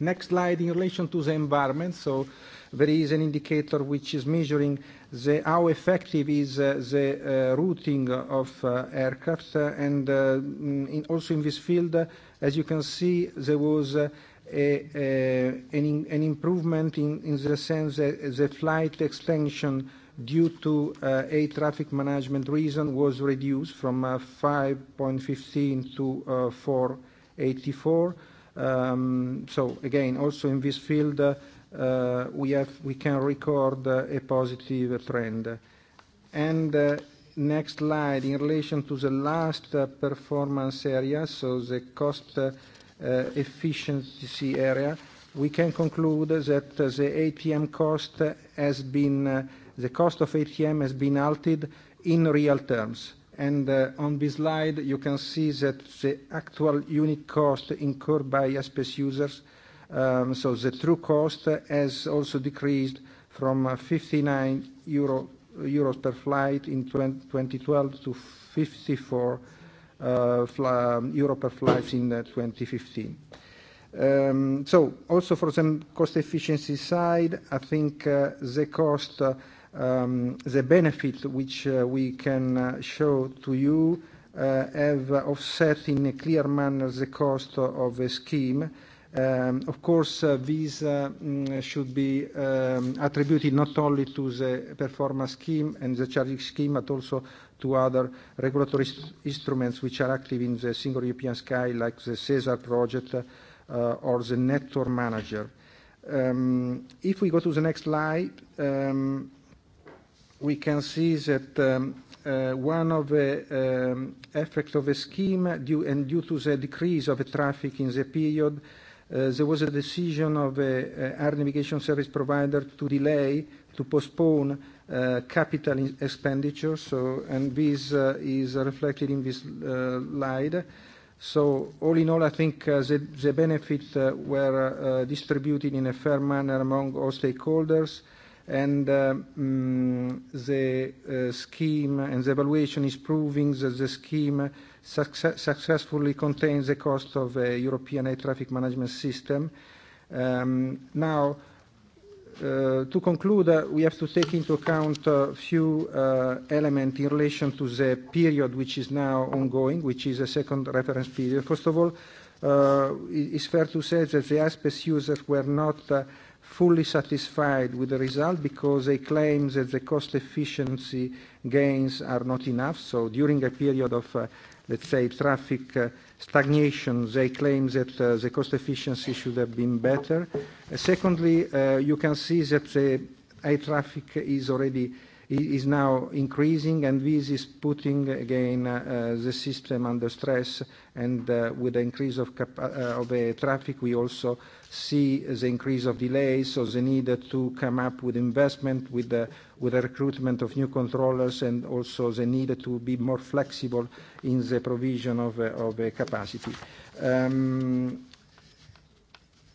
S22: Next slide, in relation to the environment, so there is an indicator which is measuring the, how effective is uh, the uh, routing of uh, aircraft. Uh, and uh, in, also in this field, uh, as you can see, there was a, an, improvement in, in the sense that the flight extension due to uh, a traffic management reason was reduced from uh, 5.15 to uh, 4.84. Um, so again, also in this field, uh, we, have, we can record uh, a positive trend. And uh, next slide, in relation to the last performance area, so the cost Uh, efficiency area, we can conclude that the ATM cost has been, uh, the cost of ATM has been altered in real terms. And uh, on this slide, you can see that the actual unit cost incurred by SPS users, um, so the true cost has also decreased from 59 euros euro per flight in 2012 to 54 uh, Europa flights in 2015. Uh, um, so also for the cost efficiency side, I think uh, the cost, uh, um, the benefit which we can show to you have offset in a clear manner the cost of a scheme Um, of course, uh, visa these mm, should be um, attributed not only to the performance scheme and the charging scheme, but also to other regulatory instruments which are active in the single European sky, like the CESAR project uh, or the network manager. Um, if we go to the next slide, um, we can see that um, uh, one of the um, effects of the scheme due and due to the decrease of the traffic in the period, Uh, there was a decision of a uh, air navigation service provider to delay, to postpone uh, capital in expenditure. So, and this uh, is reflected in this uh, slide. So all in all, I think the, the benefits were distributed in a fair manner among all stakeholders, and mm, the scheme and the evaluation is proving that the scheme success successfully contains the cost of a European air traffic management system. Um, now, Uh, to conclude, uh, we have to take into account a uh, few elements in relation to the period which is now ongoing, which is a second reference period. First of all, uh, is fair to say that the ASPES users were not uh, fully satisfied with the result because they claim that the cost efficiency gains are not enough. So during a period of uh, let's say, traffic uh, stagnation, they claim that uh, the cost efficiency should have been better. Uh, secondly, uh, you can see that the air traffic is already is now increasing, and this is putting, again, uh, the system under stress. And uh, with the increase of, uh, of the traffic, we also see the increase of delays, so the need to come up with investment, with the, with the recruitment of new controllers, and also the need to be more flexible in the provision of, uh, of capacity. Um,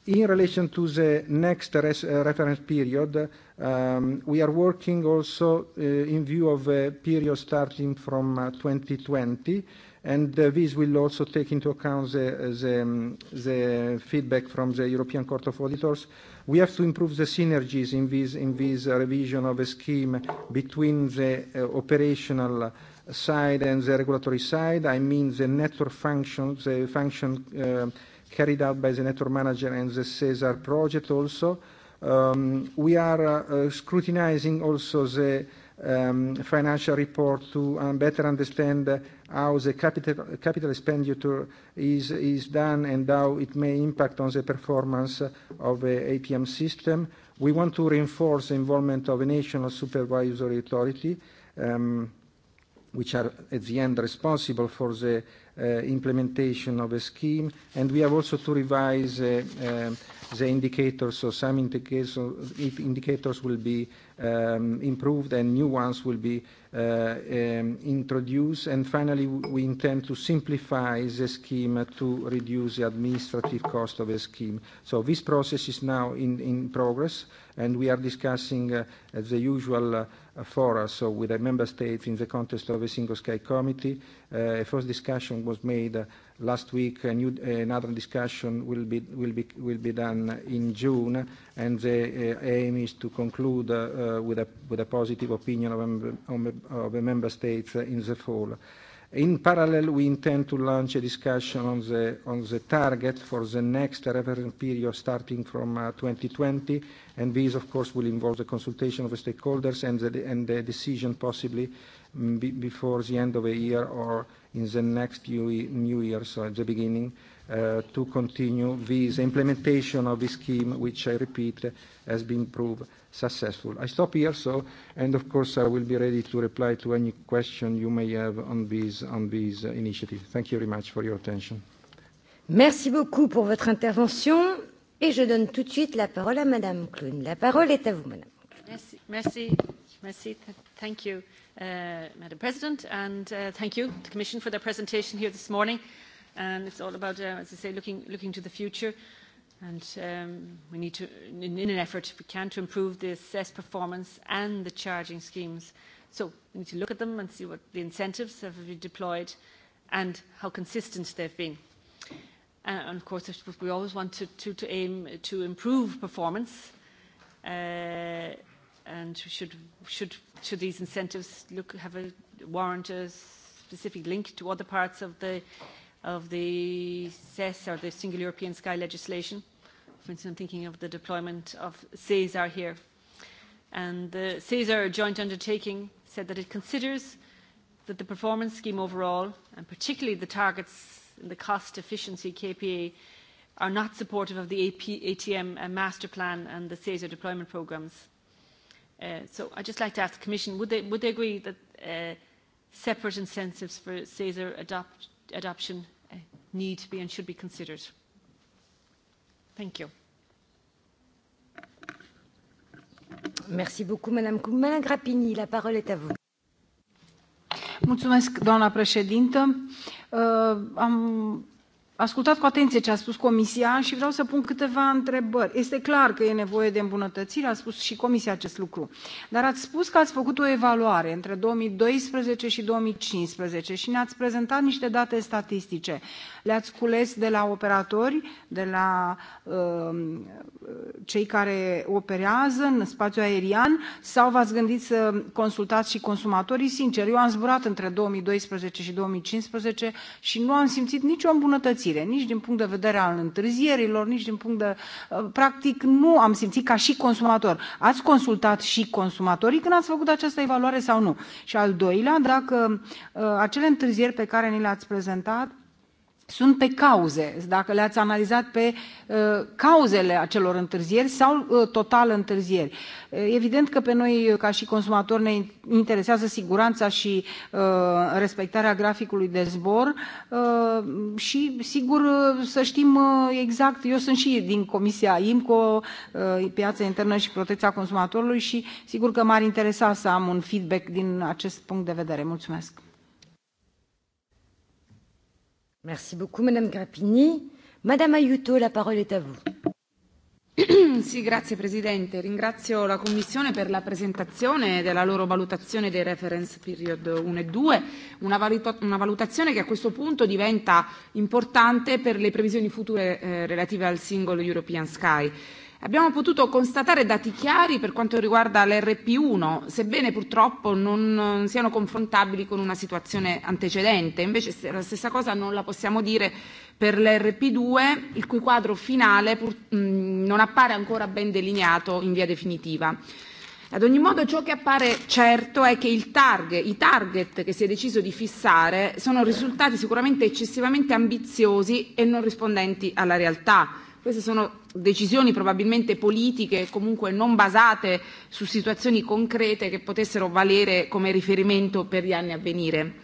S22: in relation to the next uh, reference period, Um, we are working also uh, in view of a period starting from 2020, uh, and uh, this will also take into account the, the, um, the feedback from the European Court of Auditors. We have to improve the synergies in this, in this revision of a scheme between the uh, operational side and the regulatory side. I mean, the network function, the function carried out by the network manager and the CESAR project also Um, we are uh, scrutinizing also the um, financial report to um, better understand how the capital, capital expenditure is, is done and how it may impact on the performance of the APM system. We want to reinforce the involvement of a national supervisory authority, um, which are at the end responsible for the Uh, implementation of a scheme. And we have also to revise uh, uh, the indicators, so some indicators, indicators will be um, improved and new ones will be uh, um, introduced. And finally, we intend to simplify the scheme to reduce the administrative cost of a scheme. So this process is now in, in progress, and we are discussing, uh, as the usual, uh, for us so with the member states in the context of a single sky committee. Uh, a first discussion was made uh, last week. A another discussion will be, will, be, will be done in June, and the uh, aim is to conclude uh, with, a, with a positive opinion of, a, of member states in the fall. In parallel, we intend to launch a discussion on the, on the target for the next reference period starting from uh, 2020, and this, of course, will involve the consultation of the stakeholders and the, and the decision possibly mm, before the end of the year or in the next new year, so uh, at the beginning Uh, to continue this implementation of this scheme, which I repeat has been proved successful. I stop here, so, and of course I will be ready to reply to any question you may
S13: have on this, on this initiative. Thank you very much for your attention. Merci beaucoup pour votre intervention et je donne tout de suite la parole à Madame Clune. La parole est à vous, Madame.
S5: Merci, merci, merci. Thank you, uh, Madam President, and uh, thank you, the Commission, for their presentation here this morning and it's all about, uh, as I say, looking, to the future. And um, we need to, in, an effort, if we can, to improve the assessed performance and the charging schemes. So we need to look at them and see what the incentives have been deployed and how consistent they've been. Uh, and of course, we always want to, aim to improve performance. Uh, and should, should, should these incentives look, have a warrant a specific link to other parts of the of the CES or the Single European Sky legislation. For instance, I'm thinking of the deployment of CESAR here. And the CESAR joint undertaking said that it considers that the performance scheme overall, and particularly the targets in the cost efficiency KPA, are not supportive of the AP, ATM uh, master plan and the CESAR deployment programmes. Uh, so I'd just like to ask the Commission, would they, would they agree that uh, separate incentives for CESAR adopt, adoption need to be and should be considered.
S13: Thank you. Merci beaucoup, Madame Grappini, la parole est à vous.
S6: Mulțumesc, doamna președintă. Uh, am ascultat cu atenție ce a spus Comisia și vreau să pun câteva întrebări. Este clar că e nevoie de îmbunătățire, a spus și Comisia acest lucru. Dar ați spus că ați făcut o evaluare între 2012 și 2015 și ne-ați prezentat niște date statistice le-ați cules de la operatori, de la um, cei care operează în spațiu aerian sau v-ați gândit să consultați și consumatorii? Sincer, eu am zburat între 2012 și 2015 și nu am simțit nicio îmbunătățire, nici din punct de vedere al întârzierilor, nici din punct de... Uh, practic, nu am simțit ca și consumator. Ați consultat și consumatorii când ați făcut această evaluare sau nu? Și al doilea, dacă uh, acele întârzieri pe care ni le-ați prezentat, sunt pe cauze, dacă le-ați analizat pe uh, cauzele acelor întârzieri sau uh, total întârzieri. Uh, evident că pe noi, ca și consumatori, ne interesează siguranța și respectarea graficului de zbor și, sigur, să știm exact, eu sunt și din Comisia IMCO, Piața Internă și Protecția Consumatorului și, sigur, că m-ar interesa să am un feedback din acest punct de vedere. Mulțumesc!
S13: Merci beaucoup, Madame Grappini. Madame Aiuto, la parole est à vous.
S23: Sì, grazie Presidente. Ringrazio la Commissione per la presentazione e della loro valutazione dei reference period 1 e 2, una, una valutazione che a questo punto diventa importante per le previsioni future eh, relative al single European Sky. Abbiamo potuto constatare dati chiari per quanto riguarda l'RP1, sebbene purtroppo non eh, siano confrontabili con una situazione antecedente. Invece la stessa cosa non la possiamo dire per l'RP2, il cui quadro finale mm, non appare ancora ben delineato in via definitiva. Ad ogni modo ciò che appare certo è che il target, i target che si è deciso di fissare sono risultati sicuramente eccessivamente ambiziosi e non rispondenti alla realtà Queste sono decisioni probabilmente politiche, comunque non basate su situazioni concrete che potessero valere come riferimento per gli anni a venire.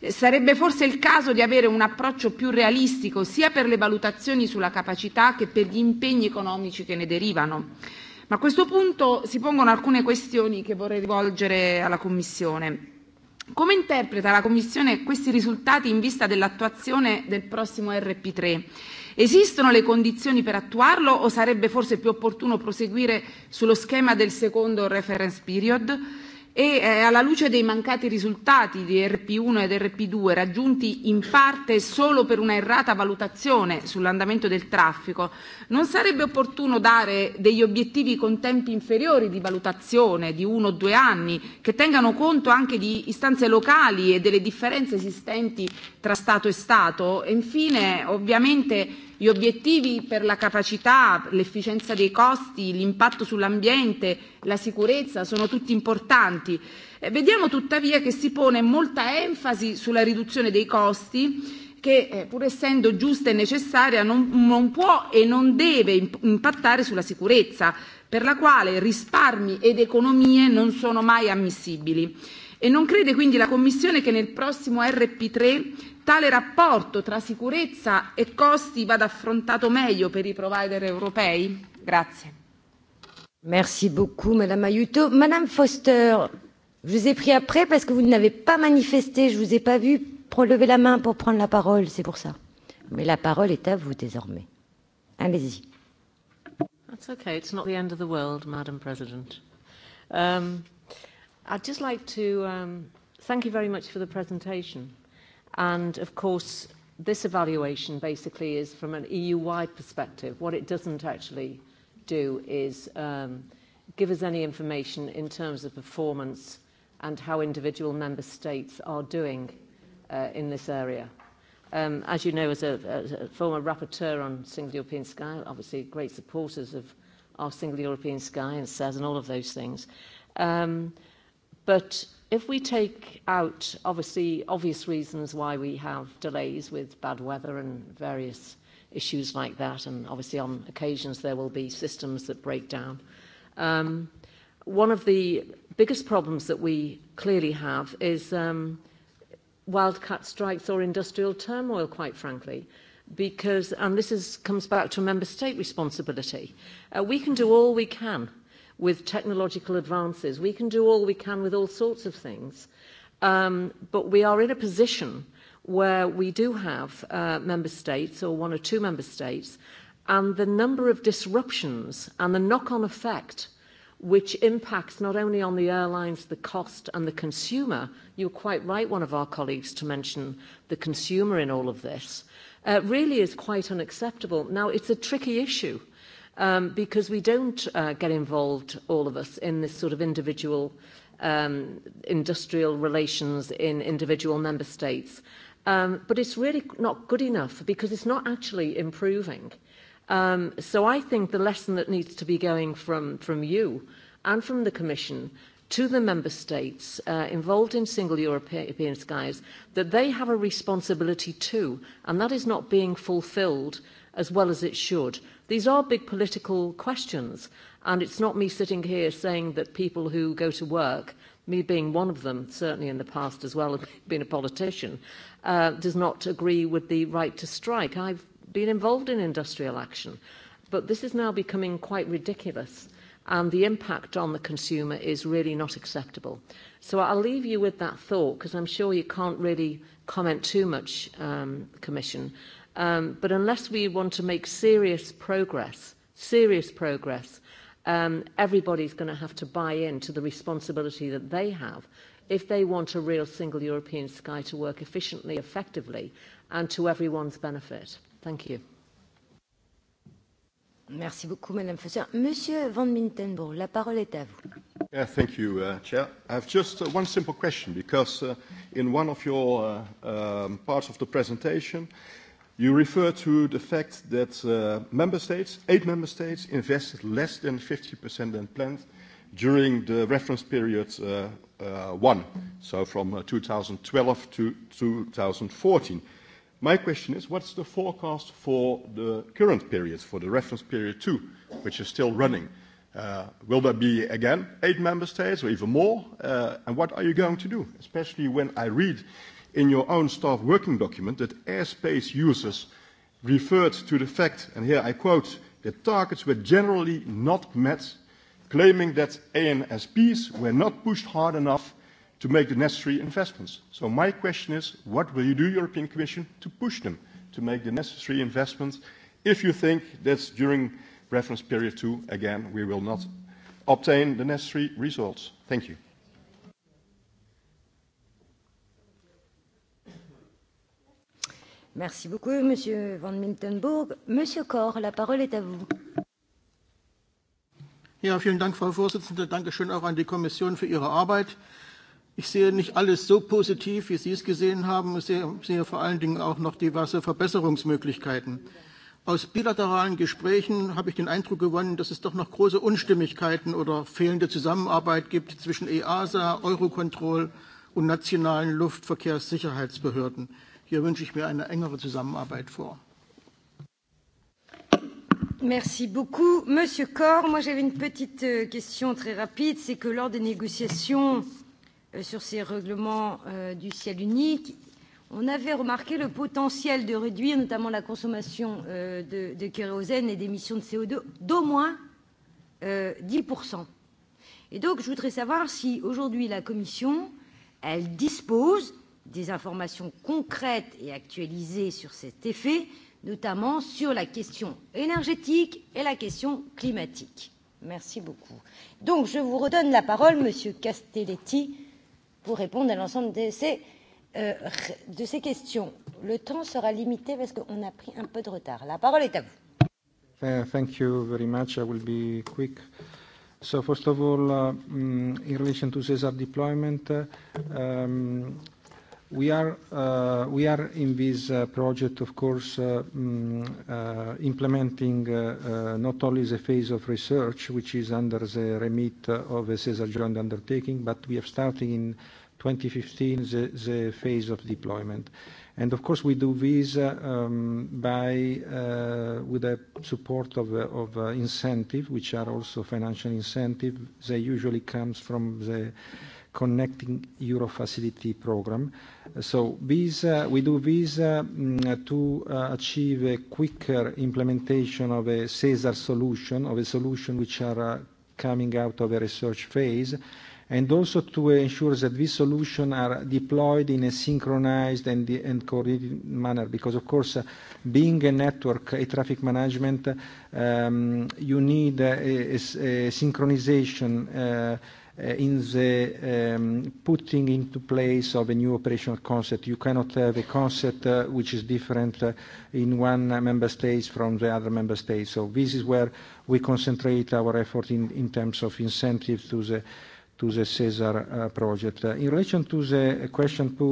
S23: Eh, sarebbe forse il caso di avere un approccio più realistico sia per le valutazioni sulla capacità che per gli impegni economici che ne derivano. Ma a questo punto si pongono alcune questioni che vorrei rivolgere alla Commissione. Come interpreta la Commissione questi risultati in vista dell'attuazione del prossimo RP3? Esistono le condizioni per attuarlo o sarebbe forse più opportuno proseguire sullo schema del secondo reference period? e eh, alla luce dei mancati risultati di RP1 ed RP2 raggiunti in parte solo per una errata valutazione sull'andamento del traffico, non sarebbe opportuno dare degli obiettivi con tempi inferiori di valutazione di uno o due anni che tengano conto anche di istanze locali e delle differenze esistenti tra Stato e Stato e infine ovviamente gli obiettivi per la capacità, l'efficienza dei costi, l'impatto sull'ambiente la sicurezza sono tutti importanti. Eh, vediamo tuttavia che si pone molta enfasi sulla riduzione dei costi che eh, pur essendo giusta e necessaria non, può e non deve impattare sulla sicurezza per la quale risparmi ed economie non sono mai ammissibili. E non crede quindi la Commissione che nel prossimo RP3 tale rapporto tra sicurezza e costi vada affrontato meglio per i provider europei? Grazie.
S13: Merci beaucoup, Madame Ayuto. Madame Foster, je vous ai pris après parce que vous n'avez pas manifesté, je ne vous ai pas vu lever la main pour prendre la parole, c'est pour ça. Mais la parole est à vous désormais. Allez-y.
S10: That's okay, it's not the end of the world, Madam President. Um, I'd just like to um, thank you very much for the presentation. And of course, this evaluation basically is from an EU-wide perspective, what it doesn't actually do is um, give us any information in terms of performance and how individual member states are doing uh, in this area. Um, as you know, as a, former rapporteur on Single European Sky, obviously great supporters of our Single European Sky and SES e and all of those things. Um, but if we take out, obviously, obvious reasons why we have delays with bad weather and various issues like that, and obviously on occasions there will be systems that break down. Um, one of the biggest problems that we clearly have is um, wildcat strikes or industrial turmoil, quite frankly, because, and this is, comes back to member state responsibility, uh, we can do all we can with technological advances. We can do all we can with all sorts of things. Um, but we are in a position where we do have uh, member states or one or two member states and the number of disruptions and the knock-on effect which impacts not only on the airlines, the cost and the consumer, you're quite right, one of our colleagues, to mention the consumer in all of this, uh, really is quite unacceptable. Now, it's a tricky issue um, because we don't uh, get involved, all of us, in this sort of individual um, industrial relations in individual member states. Um, but it's really not good enough because it's not actually improving. Um, so I think the lesson that needs to be going from, from you and from the Commission to the member states uh, involved in single European skies that they have a responsibility too, and that is not being fulfilled as well as it should. These are big political questions, and it's not me sitting here saying that people who go to work, me being one of them, certainly in the past as well, being a politician, uh, does not agree with the right to strike. I've been involved in industrial action, but this is now becoming quite ridiculous and the impact on the consumer is really not acceptable. So I'll leave you with that thought because I'm sure you can't really comment too much, um, Commission. Um, but unless we want to make serious progress, serious progress, um, everybody's going to have to buy into the responsibility that they have if they want a real single European sky to work efficiently, effectively, and to everyone's benefit. Thank you.
S13: Merci beaucoup, Madame Monsieur Van Mintenbourg, la parole est à vous.
S20: Yeah, thank you, uh, Chair. I have just uh, one simple question, because uh, in one of your uh, um, parts of the presentation, you refer to the fact that uh, member states, eight member states, invested less than 50% than planned during the reference period uh, Uh, so from 2012 uh, to 2014. My question is, what's the forecast for the current period, for the reference period two, which is still running? Uh, will there be, again, eight member states or even more? and what are you going to do? Especially when I read in your own staff working document that airspace users referred to the fact, and here I quote, that targets were generally not met claiming that ANSPs were not pushed hard enough to make the necessary investments. So my question is, what will you do, European Commission, to push them to make the necessary investments if you think that during reference period two, again, we will not obtain the necessary results? Thank you.
S13: Merci beaucoup, Monsieur Van Miltenburg. Monsieur Corr, la parole est à vous.
S18: Ja, vielen Dank, Frau Vorsitzende. Dankeschön auch an die Kommission für ihre Arbeit. Ich sehe nicht alles so positiv, wie Sie es gesehen haben. Ich sehe, sehe vor allen Dingen auch noch diverse Verbesserungsmöglichkeiten. Aus bilateralen Gesprächen habe ich den Eindruck gewonnen, dass es doch noch große Unstimmigkeiten oder fehlende Zusammenarbeit gibt zwischen EASA, Eurocontrol und nationalen Luftverkehrssicherheitsbehörden. Hier wünsche ich mir eine engere Zusammenarbeit vor.
S13: Merci beaucoup. Monsieur Cor, moi j'avais une petite euh, question très rapide. C'est que lors des négociations euh, sur ces règlements euh, du ciel unique, on avait remarqué le potentiel de réduire notamment la consommation de, de kérosène et d'émissions de CO2 d'au moins 10%. Et donc je voudrais savoir si aujourd'hui la Commission, elle dispose des informations concrètes et actualisées sur cet effet notamment sur la question énergétique et la question climatique. Merci beaucoup. Donc, je vous redonne la parole, Monsieur Castelletti, pour répondre à l'ensemble de ces, euh, de ces questions. Le temps sera limité parce qu'on a pris un peu de retard. La parole est à
S22: vous. thank you very much. I will be quick. So first of all, uh, mm, in relation to Cesar deployment, uh, um, We are, uh, we are in this uh, project, of course, uh, mm, uh implementing uh, uh, not only the phase of research, which is under the remit of a Cesar joint undertaking, but we have started in 2015 the, the phase of deployment. And of course, we do this um, by with the support of, of incentive, which are also financial incentive. They usually comes from the Connecting Euro Facility program. So we do this mm, to uh, achieve a quicker implementation of a CESAR solution, of a solution which are uh, coming out of a research phase, and also to ensure that these solutions are deployed in a synchronized and, coordinated manner. Because, of course, uh, being a network, a traffic management, um, you need a, a, a synchronization uh, Uh, in the um, putting into place of a new operational concept. You cannot have a concept uh, which is different uh, in one member state from the other member state. So this is where we concentrate our effort in, in terms of incentives to the to the CESAR uh, project. Uh, in relation to the question uh,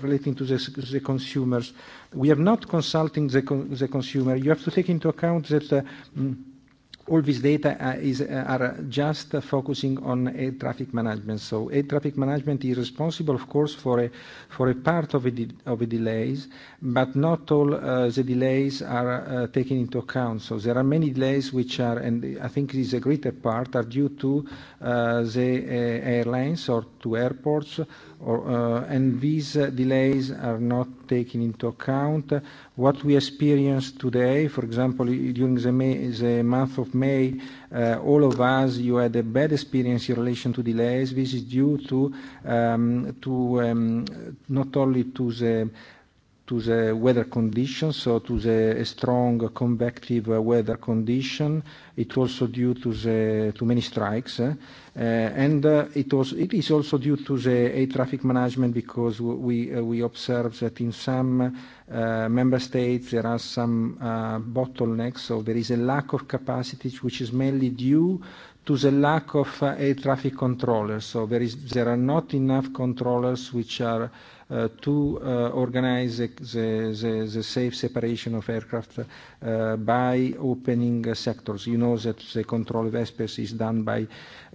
S22: relating to the, the consumers, we have not consulting the, con the consumer. You have to take into account that mm, all this data uh is, uh are just uh focusing on air traffic management. So air traffic management is responsible, of course, for a, for a part of the, of the delays, but not all uh, the delays are uh, taken into account. So there are many delays which are, and I think it is a greater part, are due to uh, the uh airlines or to airports or, uh, and these uh, delays are not taken into account. What we experienced today, for example, during the, May, the month of May, uh, all of us, you had a bad experience in relation to delays. This is due to, um, to um, not only to the to the weather conditions, so to the strong convective weather condition. It also due to the to many strikes, eh? and eh, it was it is also due to the air traffic management because we eh, we observe that in some member states there are some bottlenecks, so there is a lack of capacity, which is mainly due to the lack of air traffic controllers. So there is there are not enough controllers which are uh, to uh, organize the, the, the safe separation of aircraft uh, by opening sectors. You know that the control of airspace is done by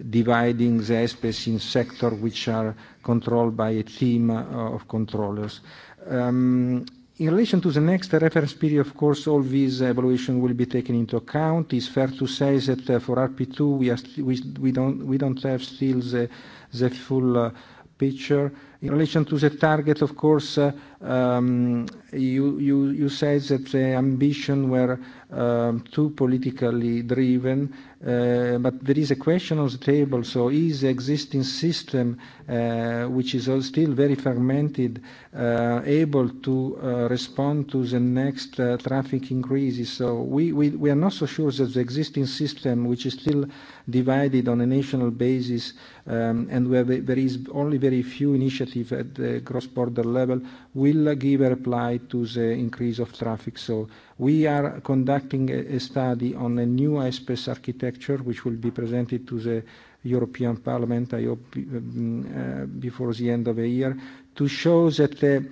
S22: dividing the airspace in sectors which are controlled by a team uh, of controllers. Um, In relation to the next reference period, of course, all these evaluation will be taken into account. It's fair to say that uh, for RP2, we, are we, we, don't, we don't have still the, the full uh, picture. In relation to the target, of course, uh, um, you, you, you said that the ambition were um, too politically driven. Uh, but there is a question on the table, so is the existing system, uh, which is still very fragmented, uh, able to respond to the next traffic increases? So we, we, we are not so sure that the existing system, which is still divided on a national basis um, and where there is only very few initiatives at the cross-border level, will give a reply to the increase of traffic. So We are conducting a, a study on a new ISP architecture, which will be presented to the European Parliament, I hope, um, uh, before the end of the year, to show that the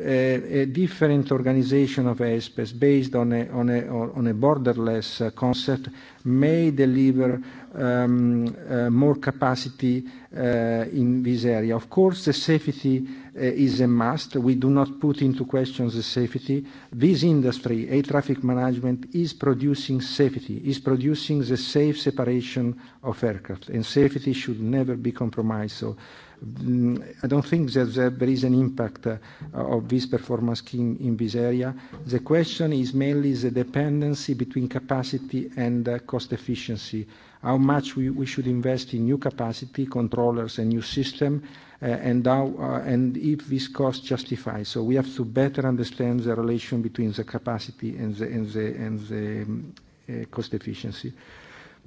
S22: a, different organization of airspace based on a, on a, on a borderless uh, concept may deliver um, uh, more capacity uh, in this area. Of course, the safety uh, is a must. We do not put into question the safety. This industry, air traffic management, is producing safety, is producing the safe separation of aircraft, and safety should never be compromised. So Mm, I don't think that there is an impact uh, of this performance scheme in this area. The question is mainly the dependency between capacity and uh, cost efficiency. How much we, we should invest in new capacity, controllers, and new system, uh, and how, uh, and if this cost justifies. So we have to better understand the relation between the capacity and the, and the, and the um, uh, cost efficiency.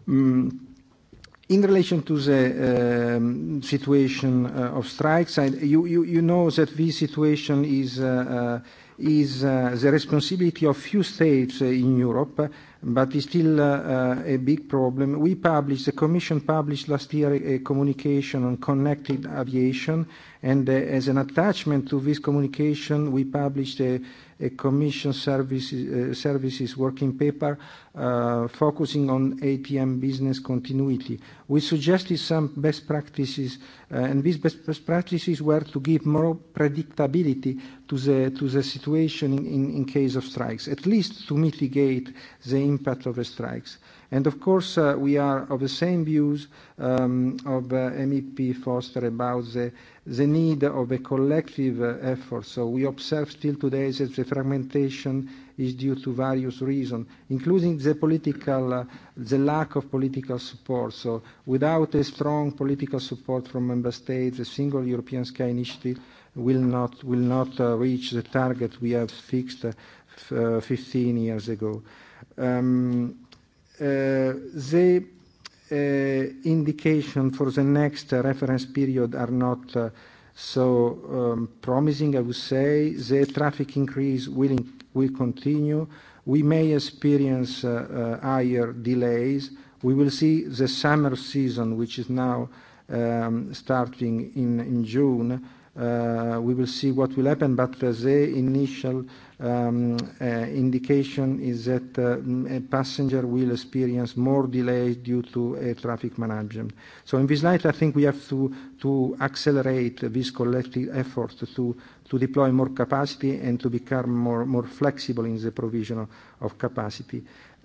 S22: Mm, In relation to the um, situation uh, of strikes, you, know that this situation is, uh, uh, is the responsibility of few states in Europe, but is still a big problem. We published, the Commission published last year a communication on connected aviation, and as an attachment to this communication, we published a a commission services, uh, services working paper uh, focusing on ATM business continuity. We suggested some best practices uh, and these best, best practices were to give more predictability to the, to the situation in, in case of strikes, at least to mitigate the impact of the strikes. And of course, uh, we are of the same views um, of uh, MEP Foster about the, the need of a collective uh, effort. So we observe still today that the fragmentation is due to various reasons, including the political, uh, the lack of political support. So without a strong political support from member states, a single European Sky Initiative will not, will not reach the target we have fixed uh, 15 years ago. Um, Uh, the uh, indication for the next reference period are not uh, so um, promising, I would say. The traffic increase will, will continue. We may experience uh, higher delays. We will see the summer season, which is now um, starting in, in June. Uh, we will see what will happen, but the initial um, uh, indication is that uh, a passenger will experience more delays due to air traffic management. So in this light, I think we have to, to accelerate this collective effort to, to deploy more capacity and to become more, more flexible in the provision of capacity.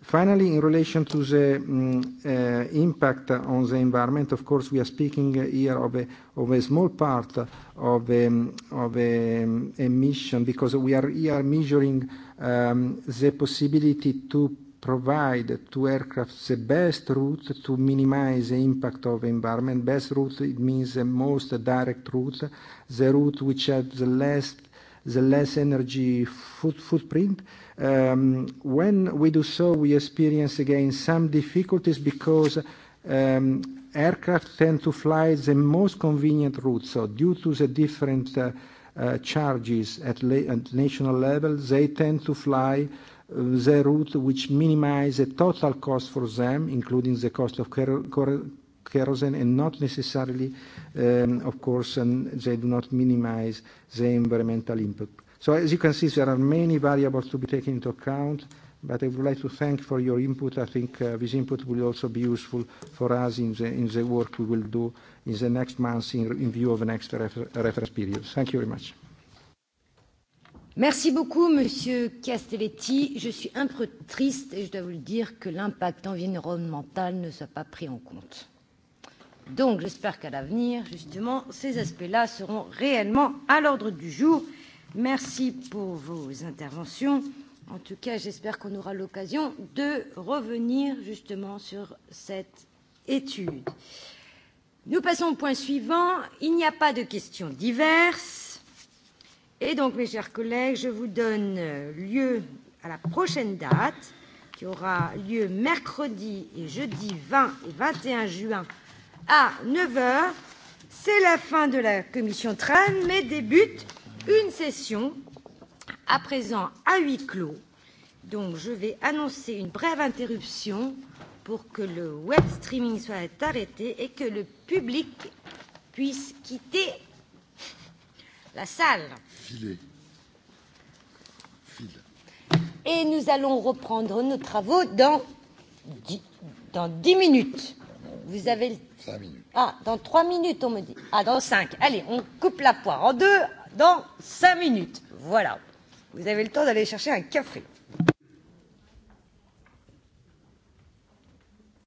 S22: Finally, in relation to the mm, uh, impact on the environment, of course, we are speaking here of a, of a small part of, of mm, emission because we are here measuring um, the possibility to provide to aircraft the best route to minimize the impact of environment. Best route, it means the most direct route, the route which has the less, the less energy foot, footprint, Um, when we do so, we experience again some difficulties because um, aircraft tend to fly the most convenient route. So due to the different uh, uh, charges at, la at national level, they tend to fly uh, the route which minimize the total cost for them, including the cost of kerosene, and not necessarily, um, of course, and they do not minimize the environmental impact. So as you can see, there are many variables to be taken into account, but I would like to thank for your input. I think uh, this input will also be useful for us in the, in the work we will do in the next months in, in view of the next refer reference period. Thank you very much.
S13: Merci beaucoup, Monsieur Castelletti. Je suis un peu triste, et je dois vous le dire, que l'impact environnemental ne soit pas pris en compte. Donc, j'espère qu'à l'avenir, justement, ces aspects-là seront réellement à l'ordre du jour Merci pour vos interventions. En tout cas, j'espère qu'on aura l'occasion de revenir justement sur cette étude. Nous passons au point suivant. Il n'y a pas de questions diverses. Et donc, mes chers collègues, je vous donne lieu à la prochaine date, qui aura lieu mercredi et jeudi 20 et 21 juin à 9h. C'est la fin de la commission TRAN, mais débute une session à présent à huis clos. Donc je vais annoncer une brève interruption pour que le web streaming soit arrêté et que le public puisse quitter la salle. Filet. File. Et nous allons reprendre nos travaux dans dix, dans dix minutes. Vous avez... Cinq minutes. Ah, dans trois minutes, on me dit. Ah, dans cinq. Allez, on coupe la poire en deux dans cinq minutes. Voilà. Vous avez le temps d'aller chercher un café.